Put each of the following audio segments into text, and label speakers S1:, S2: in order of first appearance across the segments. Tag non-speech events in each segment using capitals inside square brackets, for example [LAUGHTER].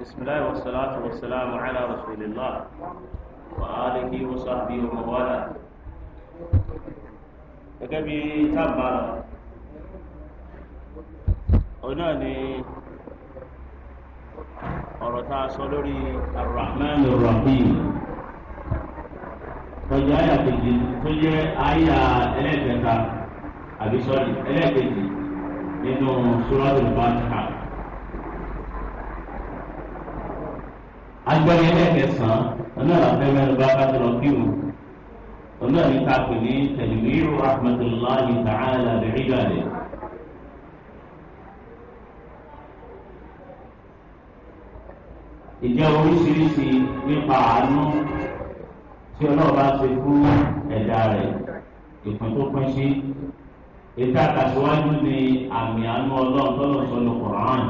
S1: بسم الله والصلاة والسلام على رسول الله وآله وصحبه وموالاه gẹ́gẹ́ bí tábà ọ̀nà ni ọ̀rọ̀ tá a sọ lórí Ar-Rahman Ar-Rahim tọ́jú àyà kejì tó jẹ́ àyà ẹlẹ́ẹ̀kẹta àbí sọ́ọ̀lì ẹlẹ́ẹ̀kejì nínú suratul Fatiha. agbẹ́rẹ́ ẹlẹ́kẹsàn-án onáàlà fẹ́mẹ́rin bá kájọ lọ kí wọn onáà ní káàpì ní tẹ̀lifíìrù rahmatullahi ta'ala bi'ibadihi. ìjẹ́ oríṣiríṣi nípa àánú tí ọlọ́ọ̀bá ṣe fún ẹ̀dá rẹ̀ ìpín tó pín sí ètò àtàṣíwájú ni àmì àánú ọlọ́run tọ́lọ̀ sọ́nù kùrán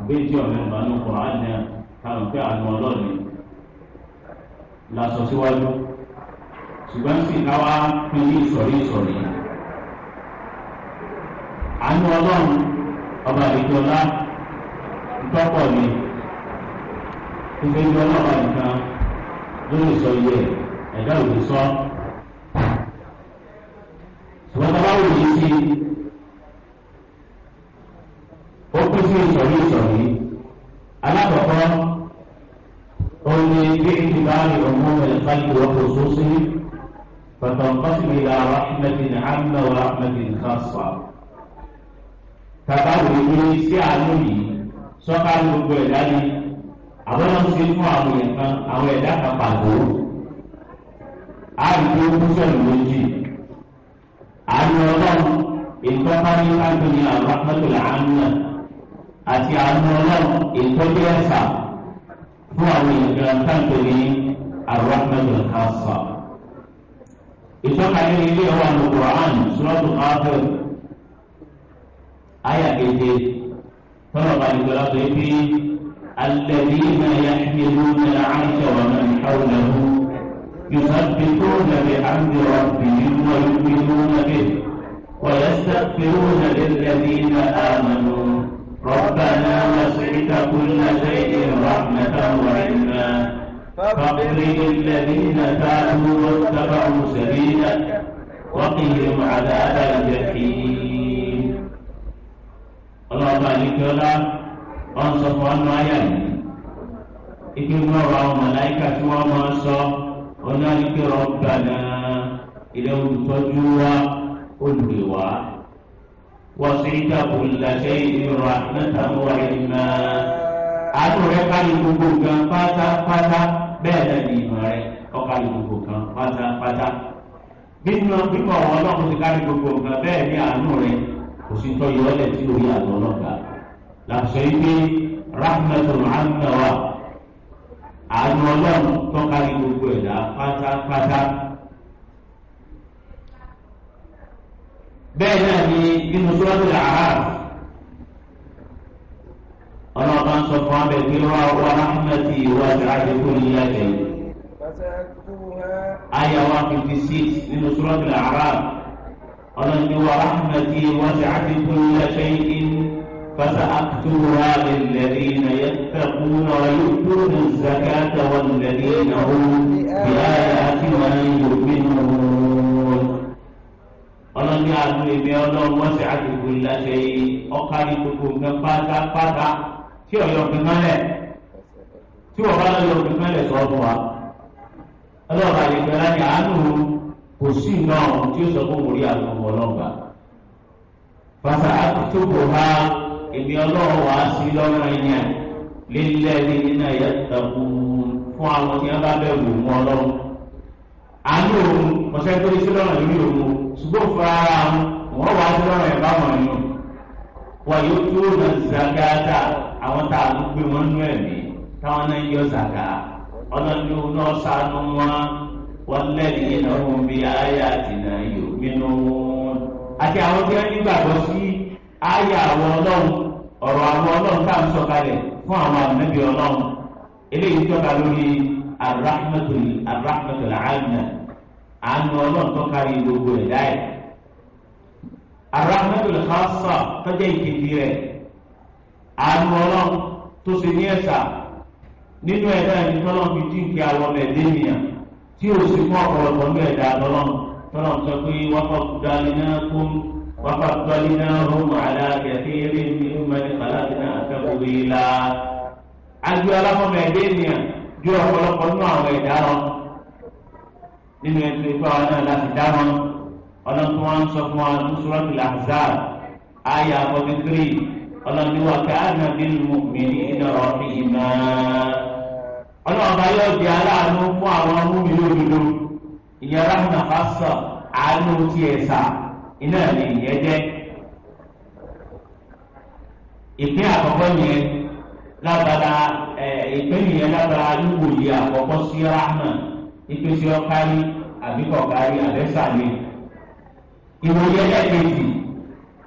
S1: àbẹ́tí ọ̀mẹ́ ìbánú kùrán náà káwọn pé àánú ọlọ́run lásọ síwájú ṣùgbọ́n sì káwá pín ní ìsọ̀rí ìsọ̀rí àánú ọlọ́run ọba ìjọlá ìtọ́pọ̀ ni ìgbẹ́jọ́ ọlọ́run nìkan lórí ìsọ̀rí ẹ̀ ẹ̀dá òbí sọ́ọ́. rahmatin amma wa rahmatin khassa tàbá wò ó ní sí àánú yìí sọ́ká gbogbo ẹ̀dá ni àwọn náà ń ṣe fún àwọn ẹ̀kan àwọn ẹ̀dá kan pàtó àdúgbò kúṣọ̀nù méjì àánú ọlọ́run ìtọ́kárí kájú ni àwọn akẹ́kọ̀ọ́ àánú náà àti àánú ọlọ́run ìtọ́jú ẹ̀sà fún àwọn ìgbìyànjú kájú ni àwọn akẹ́kọ̀ọ́ kájú. ìtọ́ka nínú ilé ọwọ́ àwọn Qur'an sọ́ọ́tù káfíọ̀ ayà kéde tọ́lọ̀ bá nígbà lọ́sọ̀ yìí bí alladhina yahmiluna al-'arsha wa man hawlahu yusabbihuna bihamdi rabbihim wa yu'minuna bihi wa yastaghfiruna lilladhina amanu rabbana wasi'ta kulla shay'in rahmatan wa 'ilma. فاغفر للذين تابوا واتبعوا سبيلك وقهم عذاب الجحيم اللهم عليك ولا وانصف عنه عيالي إكرم رواه ملائكة وما صار ọlọ́run pé ọ̀gbàna ilé olùtọ́jú wa olùwé wa wọ́n sì ń dàbò làṣẹ ìrọ̀ àtúntàmúwa ìmọ̀ àdùn rẹ̀ kárí gbogbo gan pátápátá bẹ́ẹ̀ náà ni ìmọ̀ rẹ ọkàlù gbogbo kan pátápátá nínú pípọ̀ ọ̀rọ̀ ọlọ́run ti kárí gbogbo nǹkan bẹ́ẹ̀ ní àánú rẹ kò sí tọ́ yọ ọ́lẹ̀ tí orí àlọ́ ọlọ́gà làṣọ ilé rahmatul hamdawa àánú ọlọ́run tọ́kárí gbogbo ẹ̀dá pátápátá. bẹ́ẹ̀ náà nínú sọ́dọ̀ àárọ̀. ومغفرتها ورحمتي واسعة كل شيء آية في 156 من سورة الأعراف قال ورحمتي وسعت كل شيء فسأكتبها للذين يتقون ويؤتون الزكاة والذين هم بآياتنا يؤمنون قال àánú أعلم ọlọ́run wọ́n sì àdìgún láṣẹ yìí ọ̀kárí gbogbo tí ò yọ òfin mọ́lẹ̀ tí wọ́n bá lọ yọ òfin mọ́lẹ̀ sọ fún wa ọlọ́ọ̀bà àlejò ẹ̀rọ ni àánú kò sí iná tí ó sọ fún orí àtọ̀mọ̀ ọlọ́ọ̀bà bàtà àtúntò ha èmi ọlọ́ọ̀ wá sí lọ́rùn ẹ̀yà lílẹ̀ ní nínú ẹ̀yà tàkùn fún àwọn tí wọ́n bá bẹ̀ wò mọ́ ọlọ́run àánú òun mọ̀sẹ́ tó lé sí lọ́rùn ìlú òun ṣùgbọ́n fún ara wọn wọ́n wá sí lọ́rùn wà yóò otu na zakata àwọn tá a ló gbé wọn nú ẹ̀mí táwọn náà yọ zaka ọlọ́dún náà sànú wọn wọn lẹ́yìn yìí bí ayé àti náà yóò mínú wọn. àti àwọn tí wọn nígbàgbọ́ sí ayé àwọn ọlọ́run ọ̀rọ̀ àwọn ọlọ́run tá a ń sọ fún àwọn àmọ́bí ọlọ́run eléyìí tọ́ka lórí arahmatul arahmatul àánú ọlọ́run tọ́ka gbogbo ẹ̀dá arahmatul khasa tọ́jà ìkejì rẹ̀ àánú ọlọ́run tó ṣe ní ẹ̀sà nínú ẹ̀dá ẹni tọ́lọ́ fi dín kí àwọn ọmọ ẹ̀dẹ́ ènìyàn tí ò sí fún ọ̀pọ̀lọpọ̀ ní ẹ̀dá lọ́lọ́run tọ́lọ́ sọ pé wàfàkùdálínákùn wàfàkùdálínáhùn àlàkẹ́fẹ́rẹ́ ní mẹ́rin kàlákìnà àtẹ́kùnrin la. ajú alámọ̀mọ̀ ẹ̀dẹ́ ènìyàn ju ọ̀pọ̀lọpọ̀ nínú àwọn ẹ̀dá lọ nínú ẹ̀sìn ìfọ̀ àwọn náà láti dá wọn. ọlọ́run tó wọn sọ fún wa ní suratul ahzab àyà forty three ọlọ́run ní yóò di aláàánú fún àwọn múmi lódodo ìyẹn àánú tí ẹ sà iná jẹ ìpín àkọ́kọ́ yẹn lábala ẹ ìpín yẹn lábala àkọ́kọ́ sí rahma ọkárí àbíkọ̀kárí àbẹ́sàlẹ̀. ìròyìn ẹlẹ́gbẹ̀ẹ́jì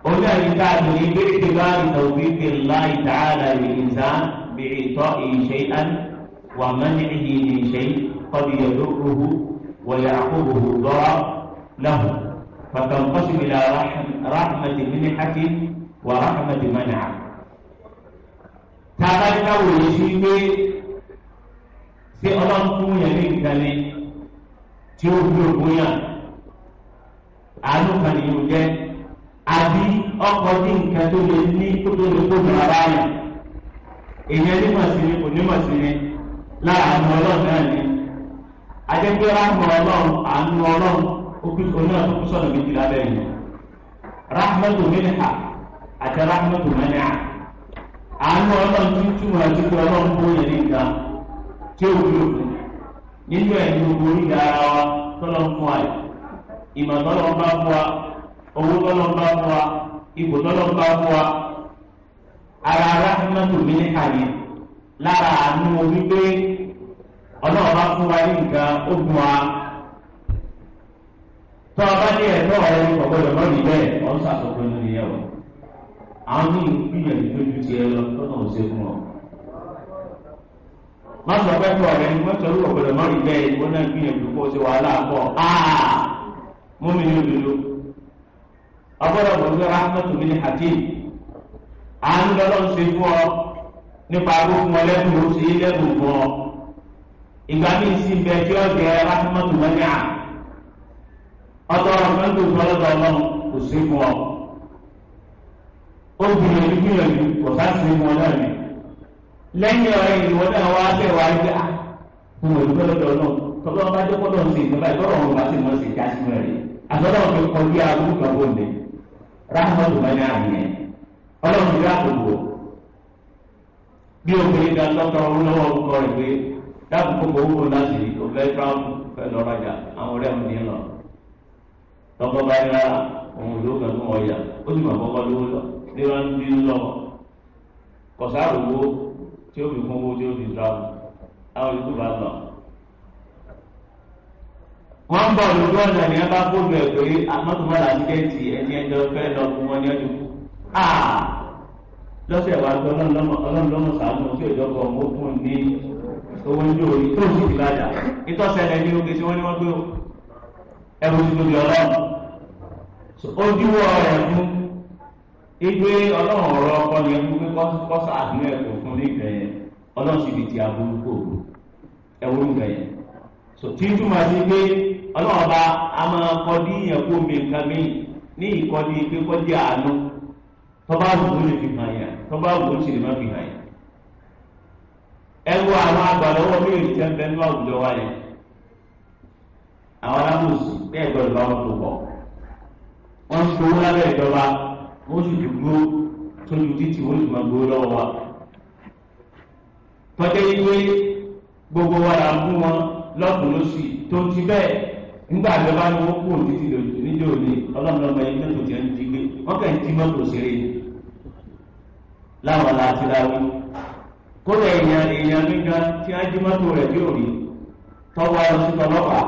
S1: oní àyíká àgbèrè bẹ́ẹ̀ bá ìtọ̀wé kẹlá ìdáhàlà ìrìnsá bẹ̀rẹ̀ tọ́ ìṣe án wà mẹ́ni ìdí ìṣe kọ́bi yẹ̀dọ́kùrù wọ̀yà àkóbòhù dọ́rọ́ lọ́hùn فتنقسم إلى رحمة منحة ورحمة منعة tàbá ní káwọ yìí sí pé ṣé ọlọ́run yẹn ní nǹkan tí ó gbé ògùn àánú kan nìyí jẹ́ àbí ọkọ̀ tí nǹkan tó lè ní tó tó lè kó nira báyà èèyàn nímọ̀ sí ni kò nímọ̀ sí ni lára àánú ọlọ́run náà ni adẹ́gbẹ́ ráhùn ọlọ́run àánú ọlọ́run òkúso náà tó kú sọ̀rọ̀ méjìlá bẹ́ẹ̀ ni rahmatu minha àti rahmatu mani'a àánú ọlọ́run tí túmọ̀ àti tí ọlọ́run kó yẹ ní nǹkan tí ó nínú ẹ̀ ní orí ara wa tọ́lọ́ fún àyè ìmọ̀ tọ́lọ̀ ń bá fún wa owó tọ́lọ̀ ń bá fún wa ipò tọ́lọ̀ ń bá fún wa ara arákùnmọ́tò mi ní kàyé lára àánú wípé ọlọ́run bá fún wa ní nǹkan ó fún wa tọ́ ọba ní ẹ̀tọ́ ọ̀rẹ́ ọ̀gbọ́dọ̀ náà ní bẹ́ẹ̀ ọ̀hún ṣàtọ́kọ inú ni yẹ̀wò àwọn ní ìgbìyànjú lójú tiẹ̀ lọ lọ́nà òṣè fún ọ. má sọ pé kọ́ ọ̀rẹ́ ni mọ́tò ọ̀gbọ́dọ̀ náà ní bẹ́ẹ̀ ìwọ náà gbìyànjú kó o ṣe wàhálà pọ̀ áà múmi lódodo ọgbọ́dọ̀ gbọ́dọ̀ rahmatu min hakim àánú lọ́lọ́run ṣe fún ọ nípa agbófin ọlẹ́kùn ló ṣe é lẹ́bùn fún ọ ìgbà míì sí ibẹ̀ tí ó jẹ rahmatu mania ọtọ ọ̀sán tó fún ọlọ́dọ̀ ọlọ́run kò ṣe fún ọ ó gbìyànjú gbìyànjú kò sá ṣe fún ọ náà ni lẹ́yìn ọ̀rẹ́ ìwọ́n náà wá bẹ̀ wá gbé à fún òdúgbò lọ́dọ̀ náà tọ́lọ́ bá dé kọ́dọ̀ ṣe ìjọba ìtọ́rọ̀ ọ̀run bá sì mọ̀ ṣe àtọ́lọ́wọ́ fi kọ́ bí aburú kan bó lè ráhùmọ́tò bá ní àyè yẹn ọlọ́run ti rákòlò bí obìnrin ga lọ́kọ̀ ọ̀hún lọ́wọ́ orúkọ rẹ̀ pé dábùkù kò wúwo láti òfẹ́ tíráàmù fẹ́ lọ rajà àwọn ọ̀rẹ́ mi ní lọ lọ́kọ̀ bá yára òun ló kàn fún ọ̀yà ó sì máa kọ́kọ́ lówó lọ ní wọn ń bí lọ kọ̀sáàrò wo tí ó fi kún owó tí ó fi tíráàmù àwọn ìlú bá lọ wọ́n ń bọ̀ lójú ọ̀nà ní ẹ bá fóònù ẹ̀ pé amọ́tòmọ́lá ti kẹ́ẹ̀tì ẹni ẹjọ́ fẹ́ lọ fún wọn ní ọdún kù. lọ́sẹ̀ wa gbọ́ ọlọ́run lọ́mọ sàánú tí òjò kọ̀ mọ́ fún ní owó ní orí tó sì ti bàjá ìtọ́sẹ̀lẹ̀ ní oge tí wọ́n ní wọ́n gbé ẹ̀rù ti tóbi ọlọ́run. ojúwọ́ rẹ̀ mú igbe ọlọ́run ọ̀rọ̀ ọkọ yẹn mú pé kọ́sà àdúrà ẹ̀kọ́ fún ní ìgbẹ́ yẹn ọlọ́run sì fi ti aburú kò ẹ̀wọ́n ìgbẹ́ yẹn. tí túmọ̀ sí pé ọlọ́ọ̀ba a máa kọ́dí yẹn kó mi nǹkan mi ní ìkọ́dí pé kọ́dí àánú tọ́ba wò lè fi hàn yẹn tọ́ba wò sì lè má fi hàn yẹn. ẹ wo àwọn agbàlọ́wọ́ mi ò ní jẹ́ bẹ́ẹ̀ ní àwùjọ wa yẹn àwọn alámòsì bẹ́ẹ̀ gbọ́dọ̀ bá wọn tó bọ̀ gbogbo wa fún nígbà tí wọ́n bá ní wọ́n kú òtítì níjó ni ọlọ́run ọmọ yẹn mẹ́tò jẹ́ ń jí gbé wọ́n kàn jí mọ́tò ṣeré láwọn aláfiláwí kódà èèyàn èèyàn gíga tí wọ́n jí mọ́tò rẹ̀ tí ò rí tọ́wọ́ ọtí tọlọ́pàá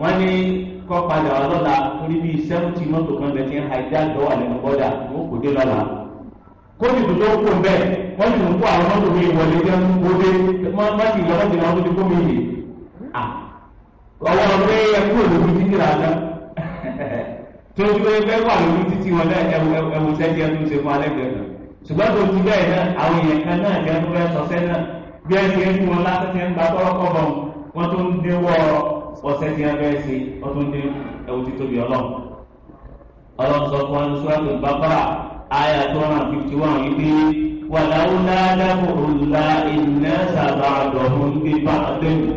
S1: wọ́n ní kọ́ padà ọlọ́la torí bíi sẹ́wọ́ntì mọ́tò kan bẹ̀ tí ń haidá lọ́wọ́ àlẹ́ bọ́dà wọ́n kò dé lọ́la kóòtù tó tó kó bẹ́ẹ̀ wọ́n ti mú kó àwọn mọ́tò mi wọlé jẹ́ kó dé mọ́tò ìyàwó ti náà wọ́n ti kó mi yìí ọwọ́ pé ẹkú lórí títí rà lọ tó ń pé bẹ́ẹ̀ wà lórí títí wọn náà ẹwù sẹ́jẹ́ tó ṣe fún alẹ́ gbẹ̀gbẹ̀ ṣùgbọ́n tó ti bẹ́ẹ̀ náà àwọn èèyàn kan náà jẹ́ sọ́sẹ́ náà bí ẹ ṣe ń fún wọn ṣe ń gba bọ̀ wọ́n tó ń ọ̀sẹ̀ tí bẹ́ẹ̀ ṣe wọ́n tó ń dé ẹwù ọlọ́run ọlọ́run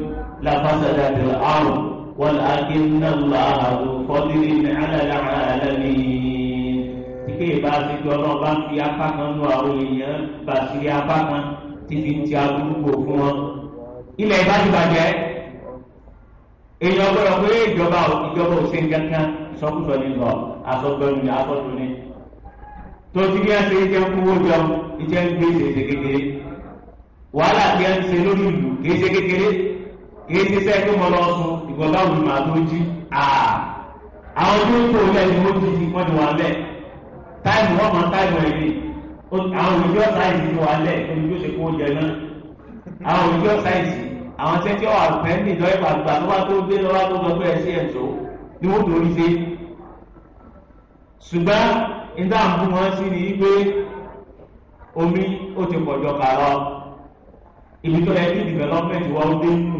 S1: sọ لفسدت الأرض ولكن الله ذو فضل على العالمين tí kì í bá ti di ọlọ́run bá fi apá kan lu àwọn èèyàn bá sì rí apá kan títí ti agbúgbò fún wọn. ilẹ̀ ìbájúbàjẹ́ èèyàn gbọ́dọ̀ pé ìjọba ìjọba ò ṣe ń kankan ìsọkúsọ ní lọ asọ́gbọ́n ní asọ́gbọ́n ní. tó ti bí ẹsẹ̀ ìjẹ́ ń kúwó jọ ìjẹ́ ń gbé ìṣèṣe kékeré wàhálà tí ẹ ń ṣe lórí ìlú kì í ṣe kékeré kìí ti sẹ́ẹ̀ tó mọ lọ sùn ìgbọ̀n báwo ni màá ló jí àwọn tó ń kó lẹ́ ni wọ́n ti di wọ́n ti wà lẹ̀ táìmù wọ́n máa táìmù ẹ̀ ní àwọn òbí ọ̀sá yìí ti wà lẹ̀ omi tó ṣe kó jẹ náà àwọn òbí ọ̀sá yìí àwọn tẹ́ tí wà pẹ́ ní ìjọ ìgbà àgbà tó bá tó gbé lọ́wọ́ tó lọ bẹ́ẹ̀ sí ẹ̀ṣọ́ ni wọ́n tó rí ṣe ṣùgbọ́n nígbà ń bú wọn sí ni wípé omi ó ti pọ̀jọ kà lọ ibi tó yẹ kí development wọ́n dé nù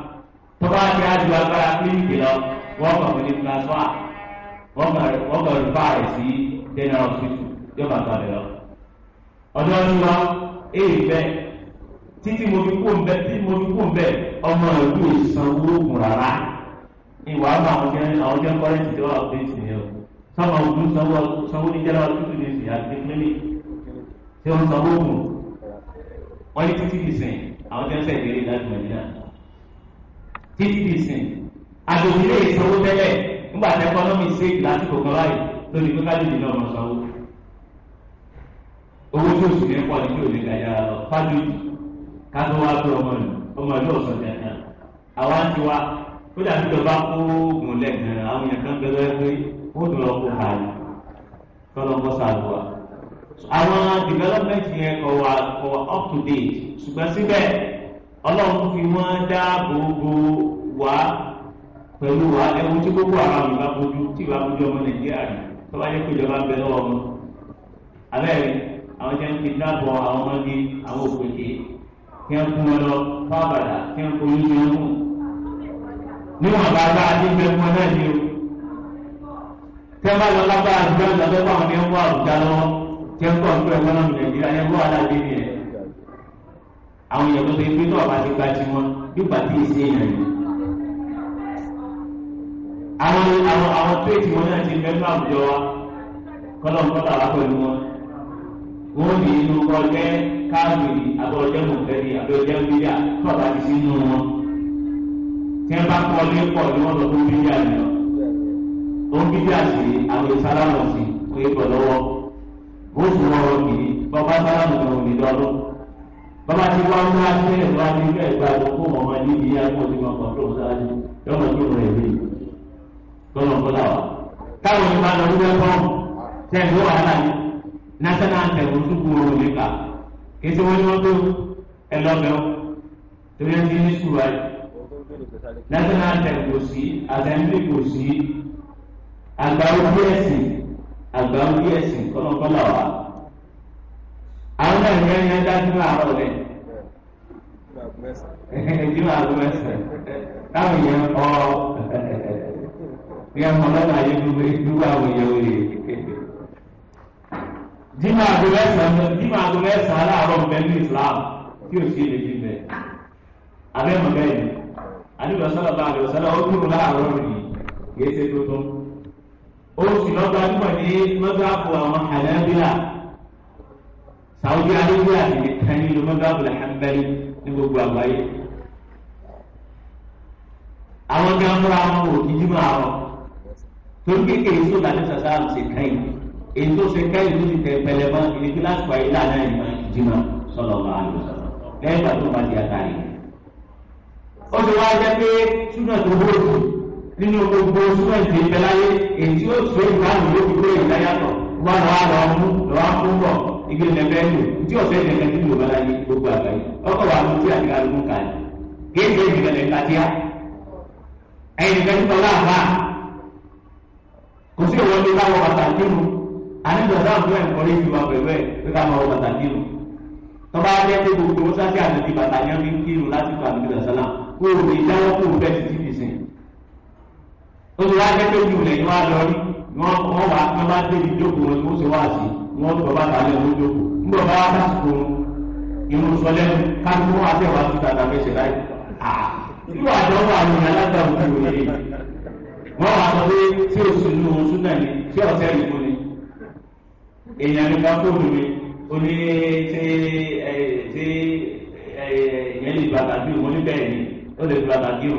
S1: tọ́ba ti á ju agbára kílíìkì lọ wọ́n mọ̀ fún ní plasma wọ́n mọ̀ rí báyìí sí dena hospital yóò bá gbàgbé lọ. ọ̀dọ́ ọdún wa èyí bẹ́ títí mo fi kú mbẹ́ títí mo fi kú mbẹ́ ọmọ ìlú ìsanwó oògùn rárá ìwà àwọn àwọn jẹ́ àwọn jẹ́ kọ́lẹ́tì tó wà ó bẹ́ẹ̀ sì ni o sọ́mọ ògùn sanwó sanwó ní jẹ́rọ hospital ní ìsìn àti clinic tí wọ́n sanwó oògùn wọ́n ní títí ìsìn àwọn jẹ́ sẹ́ẹ̀dì eré ìdájọ́ ìdájọ́ hpc àgbègbè ilé ìsanwó tẹ́lẹ̀ nígbà tí ẹkọ́nọ́mì ṣèkì lásìkò kan láyè lórí pé náà sanwó owó ní kí òní kájọ wá ọmọ ọmọ àwa ń tiwa ó dàbí ìjọba kó oògùn àwọn kan pé ó dùn báyìí sàlùwà àwọn development yẹn wà up to date ṣùgbọ́n síbẹ̀ ọlọ́run fi wọ́n dáàbò bo wá pẹ̀lú wá ẹ̀wọ̀n tí gbogbo àwọn ìbá fojú tí ìbá fojú ọmọ nàìjíríà rẹ̀ tó bá yẹ kó ìjọba ń bẹ lọ́wọ́ mu abẹ́rẹ́ àwọn jẹ́ ń fi dáàbò àwọn ọmọdé àwọn òkòtè kí wọ́n fún wọn lọ fábàdà kí wọ́n fojú ní ọmọ níwọ̀n bàbá adébẹ̀ fún ọ náà ni o tẹ́ bá lọ lágbára àdúgbò ìgbàgbọ́ fún àwọn ẹ̀wọ̀n àwùjá lọ tẹ́ ń kọ́ ọ̀dọ́ ẹ̀wọ̀n náà àwọn èèyàn tó ti gbé náà bá ti gba ti wọn bí pàtí ìṣe èèyàn yìí. àwọn àwọn àwọn péètì wọn náà ti mẹ́nu àwùjọ wa kọ́lọ̀ kọ́lọ̀ wá pẹ̀lú wọn. wọ́n ní inú ọjẹ́ káàmìlì àbọ̀jẹ́ mọ̀tẹ́lì àbọ̀jẹ́ mídíà tó àbá ti sí inú wọn. tí wọ́n bá kọ́ ilé pọ̀ ni wọ́n lọ fún mídíà ni lọ. òun mídíà sí àwọn ìsálámọ̀ sí pé pọ̀ lọ́wọ́ bó sùn wọn rọ kìíní bọ́ bá sálámọ̀ bàbá ti wá ń bá tẹ ẹ̀rọ abẹ́rẹ́ ẹ̀gbá lọ fún ọmọ níbi ayélujára tí wọ́n kàn tó sáájú lọ́mọ tó rẹ̀ lé lọ́nà kọ́lá wa. táwọn ìgbà lọ ní wẹ́pọ̀ tẹ̀lé wàhálà ní násánà tẹ̀lé sùkú oòrùn nìka kéṣe wọ́n ní wọ́n tó ẹlọ́bẹ̀ ọ́ torí ẹni ní sùúrà yìí. násánà tẹ̀lé kò sí àtẹ̀lé kò sí àgbà ojú ẹ̀sìn àgbà ojú ẹ̀sìn kọ́nà kọ́lá wa àwọn náà ní ẹni ẹja tí máa rọ̀ lẹ̀. Ẹjí máa lọ mẹ́sàn-án. Táwọn èèyàn kọ́ ní ẹ̀mọ́ lọ́nà ayé gbogbo ìdúgbò àwọn èèyàn òye. Jímọ̀ àgọ́ mẹ́sàn-án jímọ̀ àgọ́ mẹ́sàn-án aláàárọ̀ pẹ̀lú Islam tí ò sí èdè bẹ̀. Abẹ́ mọ̀ bẹ́ẹ̀ ni. Àdúgbò sọ́lá bá àdúgbò sọ́lá ó dúró láàárọ̀ yìí kì í ṣe tuntun. Ó sì lọ́gbàdúgbò ní mọ́tò àpò àwọn àlẹ́ bílà. Saudi Arabia nìkan ní lomọ́gbàbọ̀ lẹ́hàmbẹ́rì ní gbogbo àgbáyé. àwọn bí wọn fúnra wọn ò ní yíma àwọn torí kékeré tó lànà sàṣà àrùsè káyìn èyí tó ṣe káyìn ló ti tẹ pẹlẹ mọ ìní tí láti wáyé lànà ìmọ̀ ìjìmọ̀ sọlọ wà á lọ sọlọ lẹ́yìn ìgbà tó bá di àtàrí. ó ti wá jẹ́ pé súnà tó wó jù nínú gbogbo súnà ìdè ìbẹ́láyé èyí tí ó ṣe ìbáàmù ló ti wà lọ́wọ́ àwọn ọmú lọ́wọ́ àwọn igi lẹ́fẹ́ lò tí ọ̀sẹ̀ lẹ́fẹ́ tí Yorùbá la yé gbogbo àgbáyé ọkọ̀ wa ló ti àti ká kan? ń kà ní kéde ìdìbò lẹ́ka tíá ẹ̀yìn ìfẹ́ nípa láàbà kò sí ìwọ ní káwọ bàtà nínú àníjọ náà fún ẹ̀kọ́rí ìlú abẹ́wẹ́ pé ká máa wọ bàtà nínú tọ́ba jẹ́ pé gbogbo ó sáfì àdìdì bàtà yẹn fi ń kírun lásìkò àdìdì sálà kó o lè jáwọ́ kó o fẹ́ ti tìbì sìn ó ti wá jẹ́ pé ìlú lẹ́yìn wá lọ rí wọ́n wá wọ́n bá débi jókòó ló ṣe wá sí i. wọn tó bàbá tàbí ọdún tó kù bá wà àjọ wà ní yìí wọn wà sọ pé tí o sì nù oṣù náà ni tí ọ̀sẹ̀ yìí kú ni èèyàn ní ká fóònù mi ó ní ṣé ṣé ìyẹn lè bàtà bí òun ní ni ó lè bí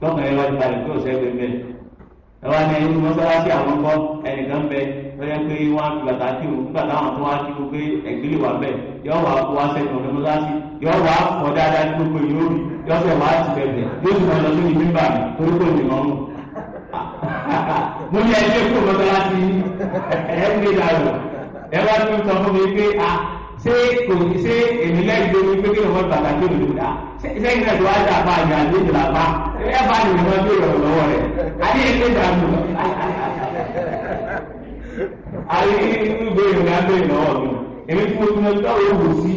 S1: tọkàn wá ti ẹ wá ní ẹni mọ́sálásí àwọn kọ́ ẹnìkan bẹ lọ́yẹ́ pé wọ́n á fi bàtà kí o nígbà táwọn tó wá kí o pé ẹ̀gbẹ́lẹ̀ wà bẹ̀ yọ wà kó wá sẹ́yìn ọ̀dọ́ mọ́sálásí yọ wà kọ́ dáadáa ní gbogbo yìí ó rí yọ sẹ́ wà á ti bẹ̀ bẹ̀ yóò sì máa lọ sórí mímbà mi torí kò ní mọ́ mo ní ẹgbẹ́ kó mọ́sálásí ẹ̀ ń gbé dàrú ẹ wá tún sọ fún mi pé ah, ṣé se ṣé èmi lẹ́yìn tó ní pé kí wọ́n gbàgbà tó lò dá sẹ́yìn náà tó wá dà bá àjà àti ìjọba bá ẹ bá lè wọ́n tó yọ̀ lọ́wọ́ rẹ̀ adé a dà mú lọ. ayé inú bẹ́ẹ̀ ni a bẹ́ẹ̀ lọ́wọ́ mi èmi tí mo tún lọ sọ̀rọ̀ wò sí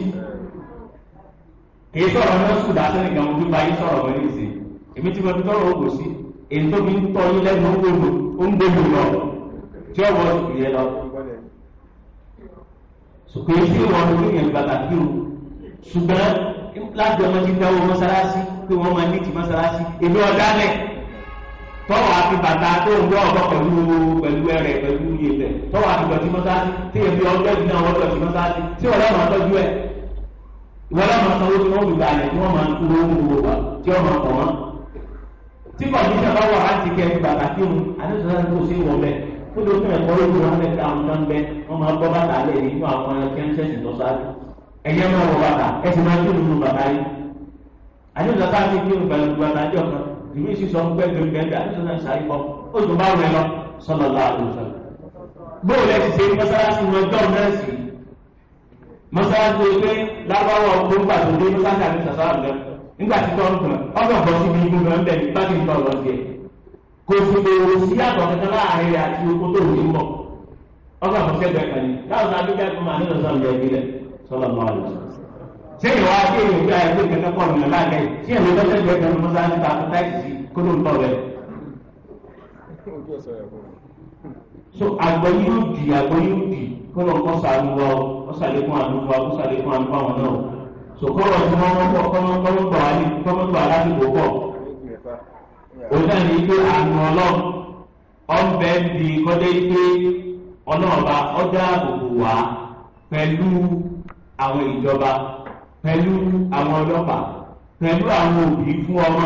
S1: èyí sọ̀rọ̀ náà sùn dáṣẹ́ nìkan mo tún bá yín sọ̀rọ̀ wọ́n yìí sí èmi tí mo tún sọ̀rọ̀ wò sí èyí tó fi ń tọ́ yín lẹ́nu ó ń gbogbo lọ tí ọ̀wọ́ ìyẹn lọ sòkè sí wọn ní ìyẹn bàbá kí o ṣùgbọ́n láti ọmọ ti dáwọ́ mọ́sálásí pé wọ́n máa ní ti mọ́sálásí èmi ọ̀dálẹ̀ tọ́wọ́ àti bàtà tó ń gbọ́ ọ̀bọ pẹ̀lú pẹ̀lú ẹ̀rẹ̀ pẹ̀lú ìyẹ̀bẹ̀ tọ́wọ́ àti dọ̀tí mọ́sálásí tí èmi ọ̀dọ́jú náà wọ́n dọ̀tí mọ́sálásí tí ọlọ́run ọ̀dọ́jú ẹ̀ ìwọ́n lọ́mọ sanwó tí wọ́n lù balẹ̀ tí wọ́n máa ń kúrò ń wò wá tí wọ́n máa pọ̀ wọ́n. tí kọ̀ọ̀dúnṣà bá wà láti kẹ́ bàtà kírun àdéhùn sọ́dọ̀ kó sí ìwọ̀n bẹ́ẹ̀ kótó fún ẹ̀kọ́ lójú wọn fẹ́ ka àwọn kan bẹ wọn máa gbọ́ bàtà lé nínú àwọn kẹ́ńtẹ́sì tó sáájú ẹ̀yẹ máa wọ bàtà ẹ sì máa kírun nínú bàtà yìí àdéhùn bàtà mi kírun pẹ̀lú bàtà jọ kan ìwé sì sọ pé gbẹgbẹgbẹ àdéhùn náà sáré kọ ó tún bá wẹ lọ sọlọ lọ àdéhùn bóòlù ẹ ti ṣe mọ́sálásí wọn jọ náà sí mọ́sálásí pé lábáwọ̀ gbóngbà tó dé mọ́sálásí àdéhùn sàṣà kò sì lè sí àtọ̀ kankan láàrin àti oko tó ní mọ̀ ọgbà fún sẹ́gbẹ̀ẹ́ kan ní láwọn náà gbígbà tó sọ̀rọ̀ ìjẹ́ ìbílẹ̀ sọ̀rọ̀ mọ́ àlọ́ ṣé ìwà àti èyí gbé ayé kankan pọ̀ nínú láàrin ṣé ìwé níta fún táìsì ń so yóò dì yóò dì kọ́ òun náà ní pé àánú ọlọ́run ọ̀bẹ di kọ́dé pé ọlọ́ọ̀ba ọjà àbùkù wá pẹ̀lú àwọn ìjọba pẹ̀lú àwọn ọlọ́pàá pẹ̀lú àwọn òbí fún ọmọ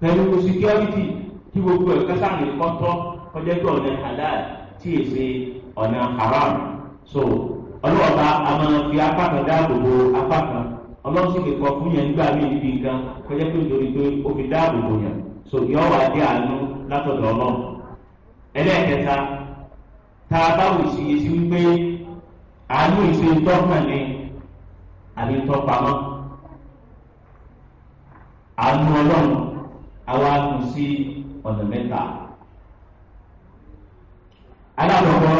S1: pẹ̀lú síkírọ́tì tí gbogbo ẹ̀ka sáàmì kọ́tọ́ kọjá tó ọ̀nà halal tí èsè ọ̀nà haram so ọlọ́ọ̀ba àmọ́ fi apá kan dáàbòbò apá kan ọlọ́sìn kẹ̀kọ́ fún yẹn nígbà míì níbi nǹkan kọjá tó ń dorí pé ó fi dáàbòbò yẹn sòyọ́ wà dé àánú látọ̀dọ̀ ọlọ́run ẹlẹ́ẹ̀kẹta tá a bá wù sí yìí sí wípé àánú ìṣe tọ́kàn ni àbí tọ́pamọ́ àánú ọlọ́run àwa kù sí ọ̀nà mẹ́ta alábọ̀bọ̀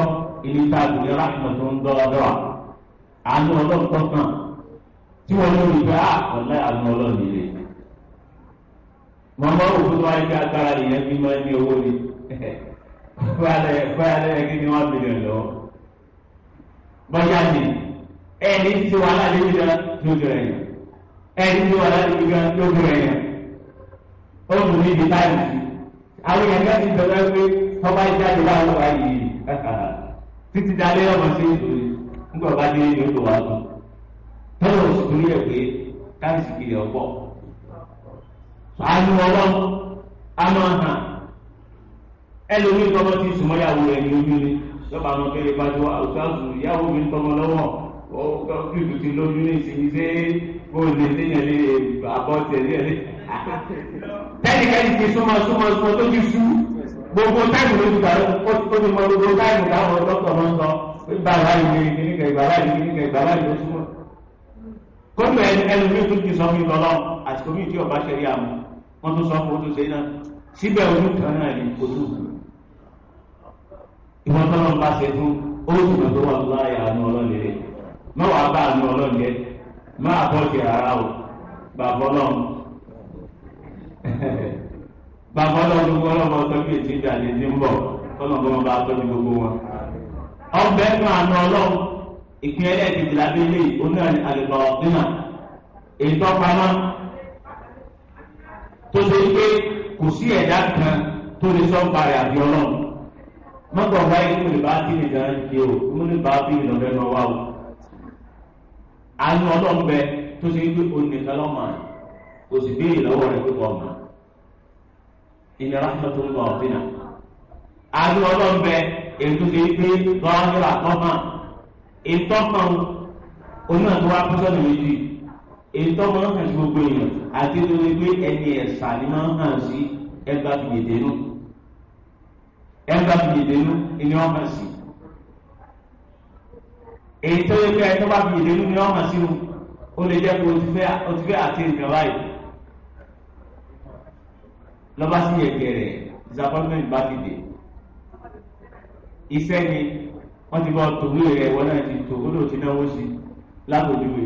S1: ìlú tá a kù ní rákìmọ̀ tó ń dọ́wọ́dọ́wà àánú ọlọ́run tọ́kàn tí wọ́n lórí pé àkọlẹ́ àánú ọlọ́run nílé. mọ̀mọ́ òfin wa ní agbára nìyẹn fi máa ní owó ni fúyàlẹ̀ fúyàlẹ̀ kí ni wọ́n bìnrin lọ. bọ́jà ni ẹni tí wàhálà níbi náà lójú ẹni tí wàhálà níbi ó dùn ní ibi táyì sí. àwọn èèyàn ti pé ìjà ti yìí títí dalẹ́ ọmọ sí nígbà bá dé ní oṣù wa lọ. ẹ̀ pé àánú ọlọ́run a máa hàn ẹlòmíì tọmọ ti sùmọ́yàwó rẹ̀ ní ojú ni lọ́ba àwọn kẹlẹ́ bá tó àwùjáwù ìyàwó mi tọmọ lọ́wọ́ ọ̀gá kìlù ti lójú ní ìsinyìí ṣé kó lè léyìn lé àbọ̀ tẹ̀lé ẹ̀ tẹ́nìkẹ́ni ti súnmọ́ súnmọ́ súnmọ́ tó ti sú gbogbo táìmù ló ti gbà ó ti mọ gbogbo táìmù táwọn dọ́kítọ̀ máa ń sọ ìgbà láyé ní kíníkà ìgbà láyé ní kíníkà ìgbà láyé ló súnmọ́. gómìnà ẹni ẹni mi tún ti sọ mí lọ́lọ́ àsìkò mi tí ọba ṣẹlẹ̀ àmọ́ wọ́n tún sọ fún ojúṣe náà síbẹ̀ ojú kan ní ojú ìwọ́n tó lọ́n bá ṣe fún ó tó wà láàyè àánú ọlọ́lẹ̀ má wàá bá àánú ọlọ́lẹ̀ má àbọ̀jì rárá o bàbá gbogbo bí èsì ìjà lè ń bọ̀ tọ́lọ́n bá tọ́jú gbogbo wọn. ọbẹ̀ àánú ọlọ́run tó ṣe pé kò sí ẹ̀dá kan tó lè sọ ń parẹ́ àbí ọlọ́run mọ́tò wáyé ní olùbá tí mi gan ṣe o ní olùbá tí mi lọ́fẹ́ lọ wá o àánú ọlọ́run bẹ tó ṣe pé o nìkan lọ́mọ rẹ̀ o sì bí ìlọ́wọ́ rẹ̀ pé kọ́ ọ̀mà ìnira tó ń lọ ọ̀sìn náà àánú ọlọ́run bẹ èyí tó ṣe pé lọ́wọ́ nílà tọ́mà ìtọ́kàn onímọ̀ tó wá pẹ́sọ́nù méjì èyí tó máa ń hàn sí gbogbo èèyàn àti tó lè gbé ẹni ẹ̀sà ni máa ń hàn sí ẹgbà fìyèdénú ẹgbà fìyèdénú ni wọ́n hàn sí èyí tó lè gbé ẹni tó bá fìyèdénú ni wọ́n hàn sí wọn ó lè jẹ́ pé o ti fẹ́ àti nǹkan báyìí lọ́ba sí yẹ̀kẹ̀ rẹ̀ disappointment bá ti dé iṣẹ́ ni wọ́n ti bọ́ tòwé rẹ̀ wọ́n náà ti tò ó lò ti náwó sí lábòjúwe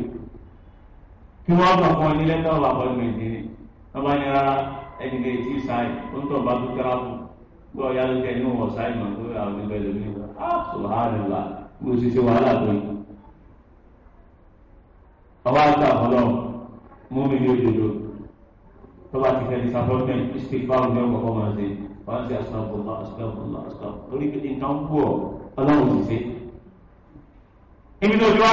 S1: kí wọ́n gbà fún ẹni lẹ́tọ̀ ọ̀bà apọ́ìmẹ̀ntì ni wọ́n bá ní rárá ẹni lè tí sáì ó ń tọ̀ bá tó kẹ́rà fún gbọ́ ya ló kẹ́ ní wọ́n sáì mọ̀ tó àwọn ìbẹ̀ lè ní wọ́n á sọ̀rọ̀ mo sì ṣe wàhálà tó yìí. ọba àgbà ọlọ mú mi ní òdodo tó bá ti fẹ́ ní sàfọ́nmẹ̀ ìsìkfàrù ní ọkọ̀ máa ṣe wọ́n ṣe àṣàbọ̀lá àṣàbọ̀lá àṣàbọ̀lá torí pé nǹkan ń bọ̀ ọlọ́run sì ṣe. ibi tó ti wá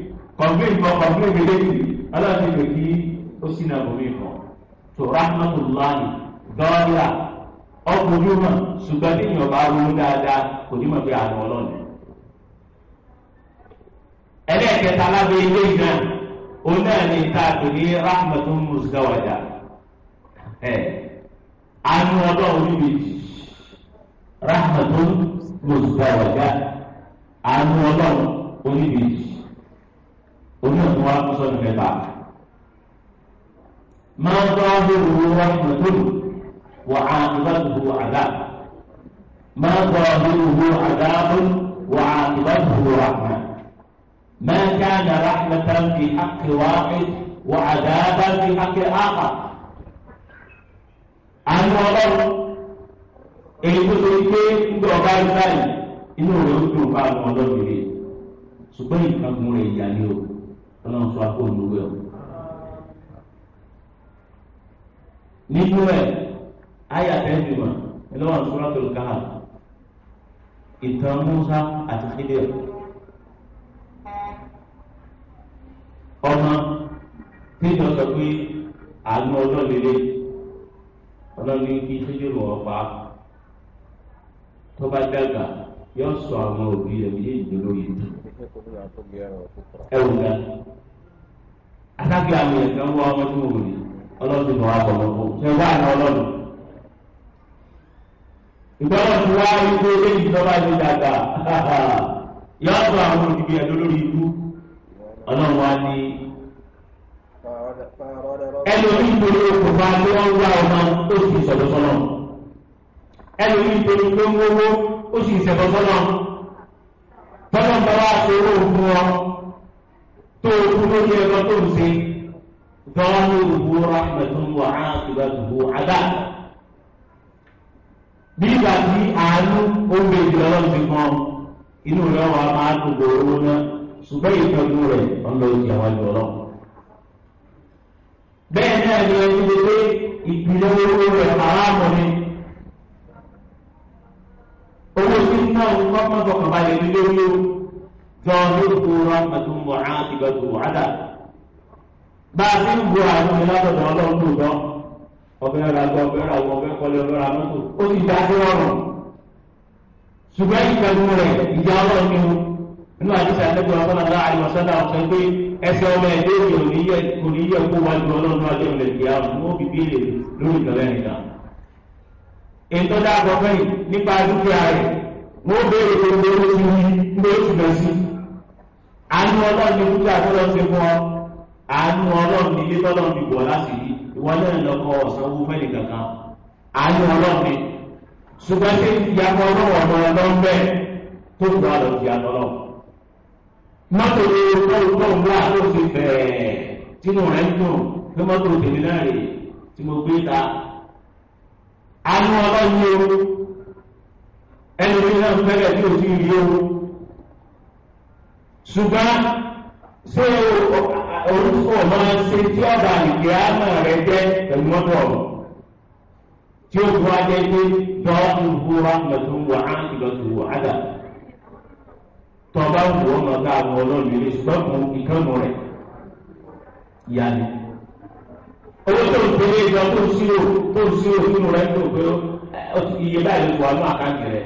S1: kọ̀m̀pléǹ kan kọ̀m̀pléǹ méjèèjì ọlọ́run ìlú kí ó sì náà bòmí kan tó rahmatulahi dọ́ọ̀là ọkùnrin mọ̀ ṣùgbọ́n ní ìyọ̀bá ronú dáadáa kò ní mọ̀ bí àná ọlọ́run. ẹlẹ́ẹ̀kẹta lábẹ́ ilé náà òun náà ní ìta àpèlé rahmatul musgawaja ẹ̀ eh, àánú ọlọ́run ní méjì rahmatul musgawaja àánú ọlọ́run oníbejì oní ọ̀tún wa kó sọ́nù mẹ́ta. máa bá wúwo wá pẹ̀lú wà á ìbá tuntun àdá máa bá wúwo àdá wà á ìbá tuntun àmà. ما كان رحمة في حق واحد وعذابا في حق آخر àwọn ọlọ́run èyí tó ṣe pé nígbà ọba ìsáyìí inú rẹ̀ ó dùn bá àwọn ọlọ́run rẹ̀ ṣùgbọ́n ìkàkùn rẹ̀ ìyá ni o ọlọ́run sọ akó òmùwé o. nínú ẹ̀ ayà tẹ́jú mọ̀ ẹlọ́wọ̀n suratul Kahf ìtàn Musa àti Khidir ọmọ tíjọ sọ pé àánú ọlọ́ọ̀lẹ́lẹ́ ọlọ́ọ̀lẹ́ kí sójú lọ́ pa tó bá dàgbà yóò sọ àwọn òbí rẹ̀ méjèèjì lórí ìtàn ẹ wù yà asájú àwọn èèyàn kan wọ ọmọ tí mo wòlé ọlọ́dún náà wà bọ̀ lọ́wọ́ ṣe wá àná ọlọ́dún. ìgbọ́dọ̀ tí wá wípé lẹ́yìn tí wọ́n bá ti dàgbà [LAUGHS] yọ ọ́ sọ àwọn olùdíje ẹ̀ lórí ikú ọlọ́run wá ní. ẹlòmí nítorí okò bá lé wọn wá ọmọ ó sì sọ̀rọ̀ sọ́nà ẹlòmí nítorí pé ń wọ́wọ́ ó sì sẹ̀fọ́ sọ́nà tọ́lọ́ ń bá wá ṣe owó fún ọ tó o kú lórí ẹ̀rọ tó ń ṣe gan ló wù ú rahmatun wa áàtúbà dùbò àdá. bí ìgbà tí àánú ó gbé ìjọba ti mọ inú rẹ wà máa tó gbòòrò náà ṣùgbọ́n ìtọ́jú rẹ̀ ọ̀nà òsì àwọn ìjọba. bẹ́ẹ̀ náà ni ìpìlẹ̀ owó rẹ̀ aráàmọ̀ ni. ẹni lórí o jọ lóko rahmatu mọ̀ọ́á ìgbàgbọ́ wàhálà bá a ti ń bu àwọn ọmọ ìlànà ọlọ́run lòdọ́ ọbẹ̀ ra gbọ́ ọbẹ̀ ra wọ ọbẹ̀ kọ́lé ọbẹ̀ ra mọ́tò ó sì dá sí ọrùn ṣùgbọ́n ìgbàgbọ́ rẹ̀ ìjà ọlọ́run ni o nínú àdìsí àdébò ọlọ́run náà àyọ̀sọ́dà ọ̀sẹ̀ pé ẹsẹ̀ ọmọ ẹ̀dẹ́ òní yẹ mo béèrè pé mo ló ti rí mo ló ti bẹ̀ sí àánú ọlọ́run ní kúkú àtọ́lọ́ ti fún ọ àánú ọlọ́run ní létọ́lọ́ ní bọ̀ láti rí ìwọ náà lọ́kọ́ ọ̀sán owó fẹ́lẹ̀ kankan àánú ọlọ́run ní ṣùgbọ́n ṣé ìyàtọ̀ ọlọ́wọ́ ọmọ ọlọ́run bẹ́ẹ̀ tó gbọ́ àlọ́ ti yàtọ̀ lọ. mọ́tò ní ọgbọ́n ọgbọ́n wà ló ti fẹ̀ẹ́ tínú rẹ̀ ń dùn pé mọ́tò tèmi náà rè tí mo gbé ta àánú ọlọ́run ẹni tí náà bẹ̀rẹ̀ tí o ti rí o ṣùgbọ́n ṣé orúkọ máa ṣe tí ọba ìgbé àmà rẹ jẹ pẹ̀lú mọ́tò tí ó bu ajẹ́ pé dọ́ọ̀tù búra lọ́tù wà á lọ́tù wà á dà tọ́ba wù ọ́ máa ká àwọn ọlọ́run ilé ṣùgbọ́n kò ìkànnù rẹ̀ yá ni owó tó ń gbélé ìjọ tó ń ṣírò tó ń ṣírò nínú rẹ̀ tó ń gbé iye báyìí wà ní àkáǹtì rẹ̀.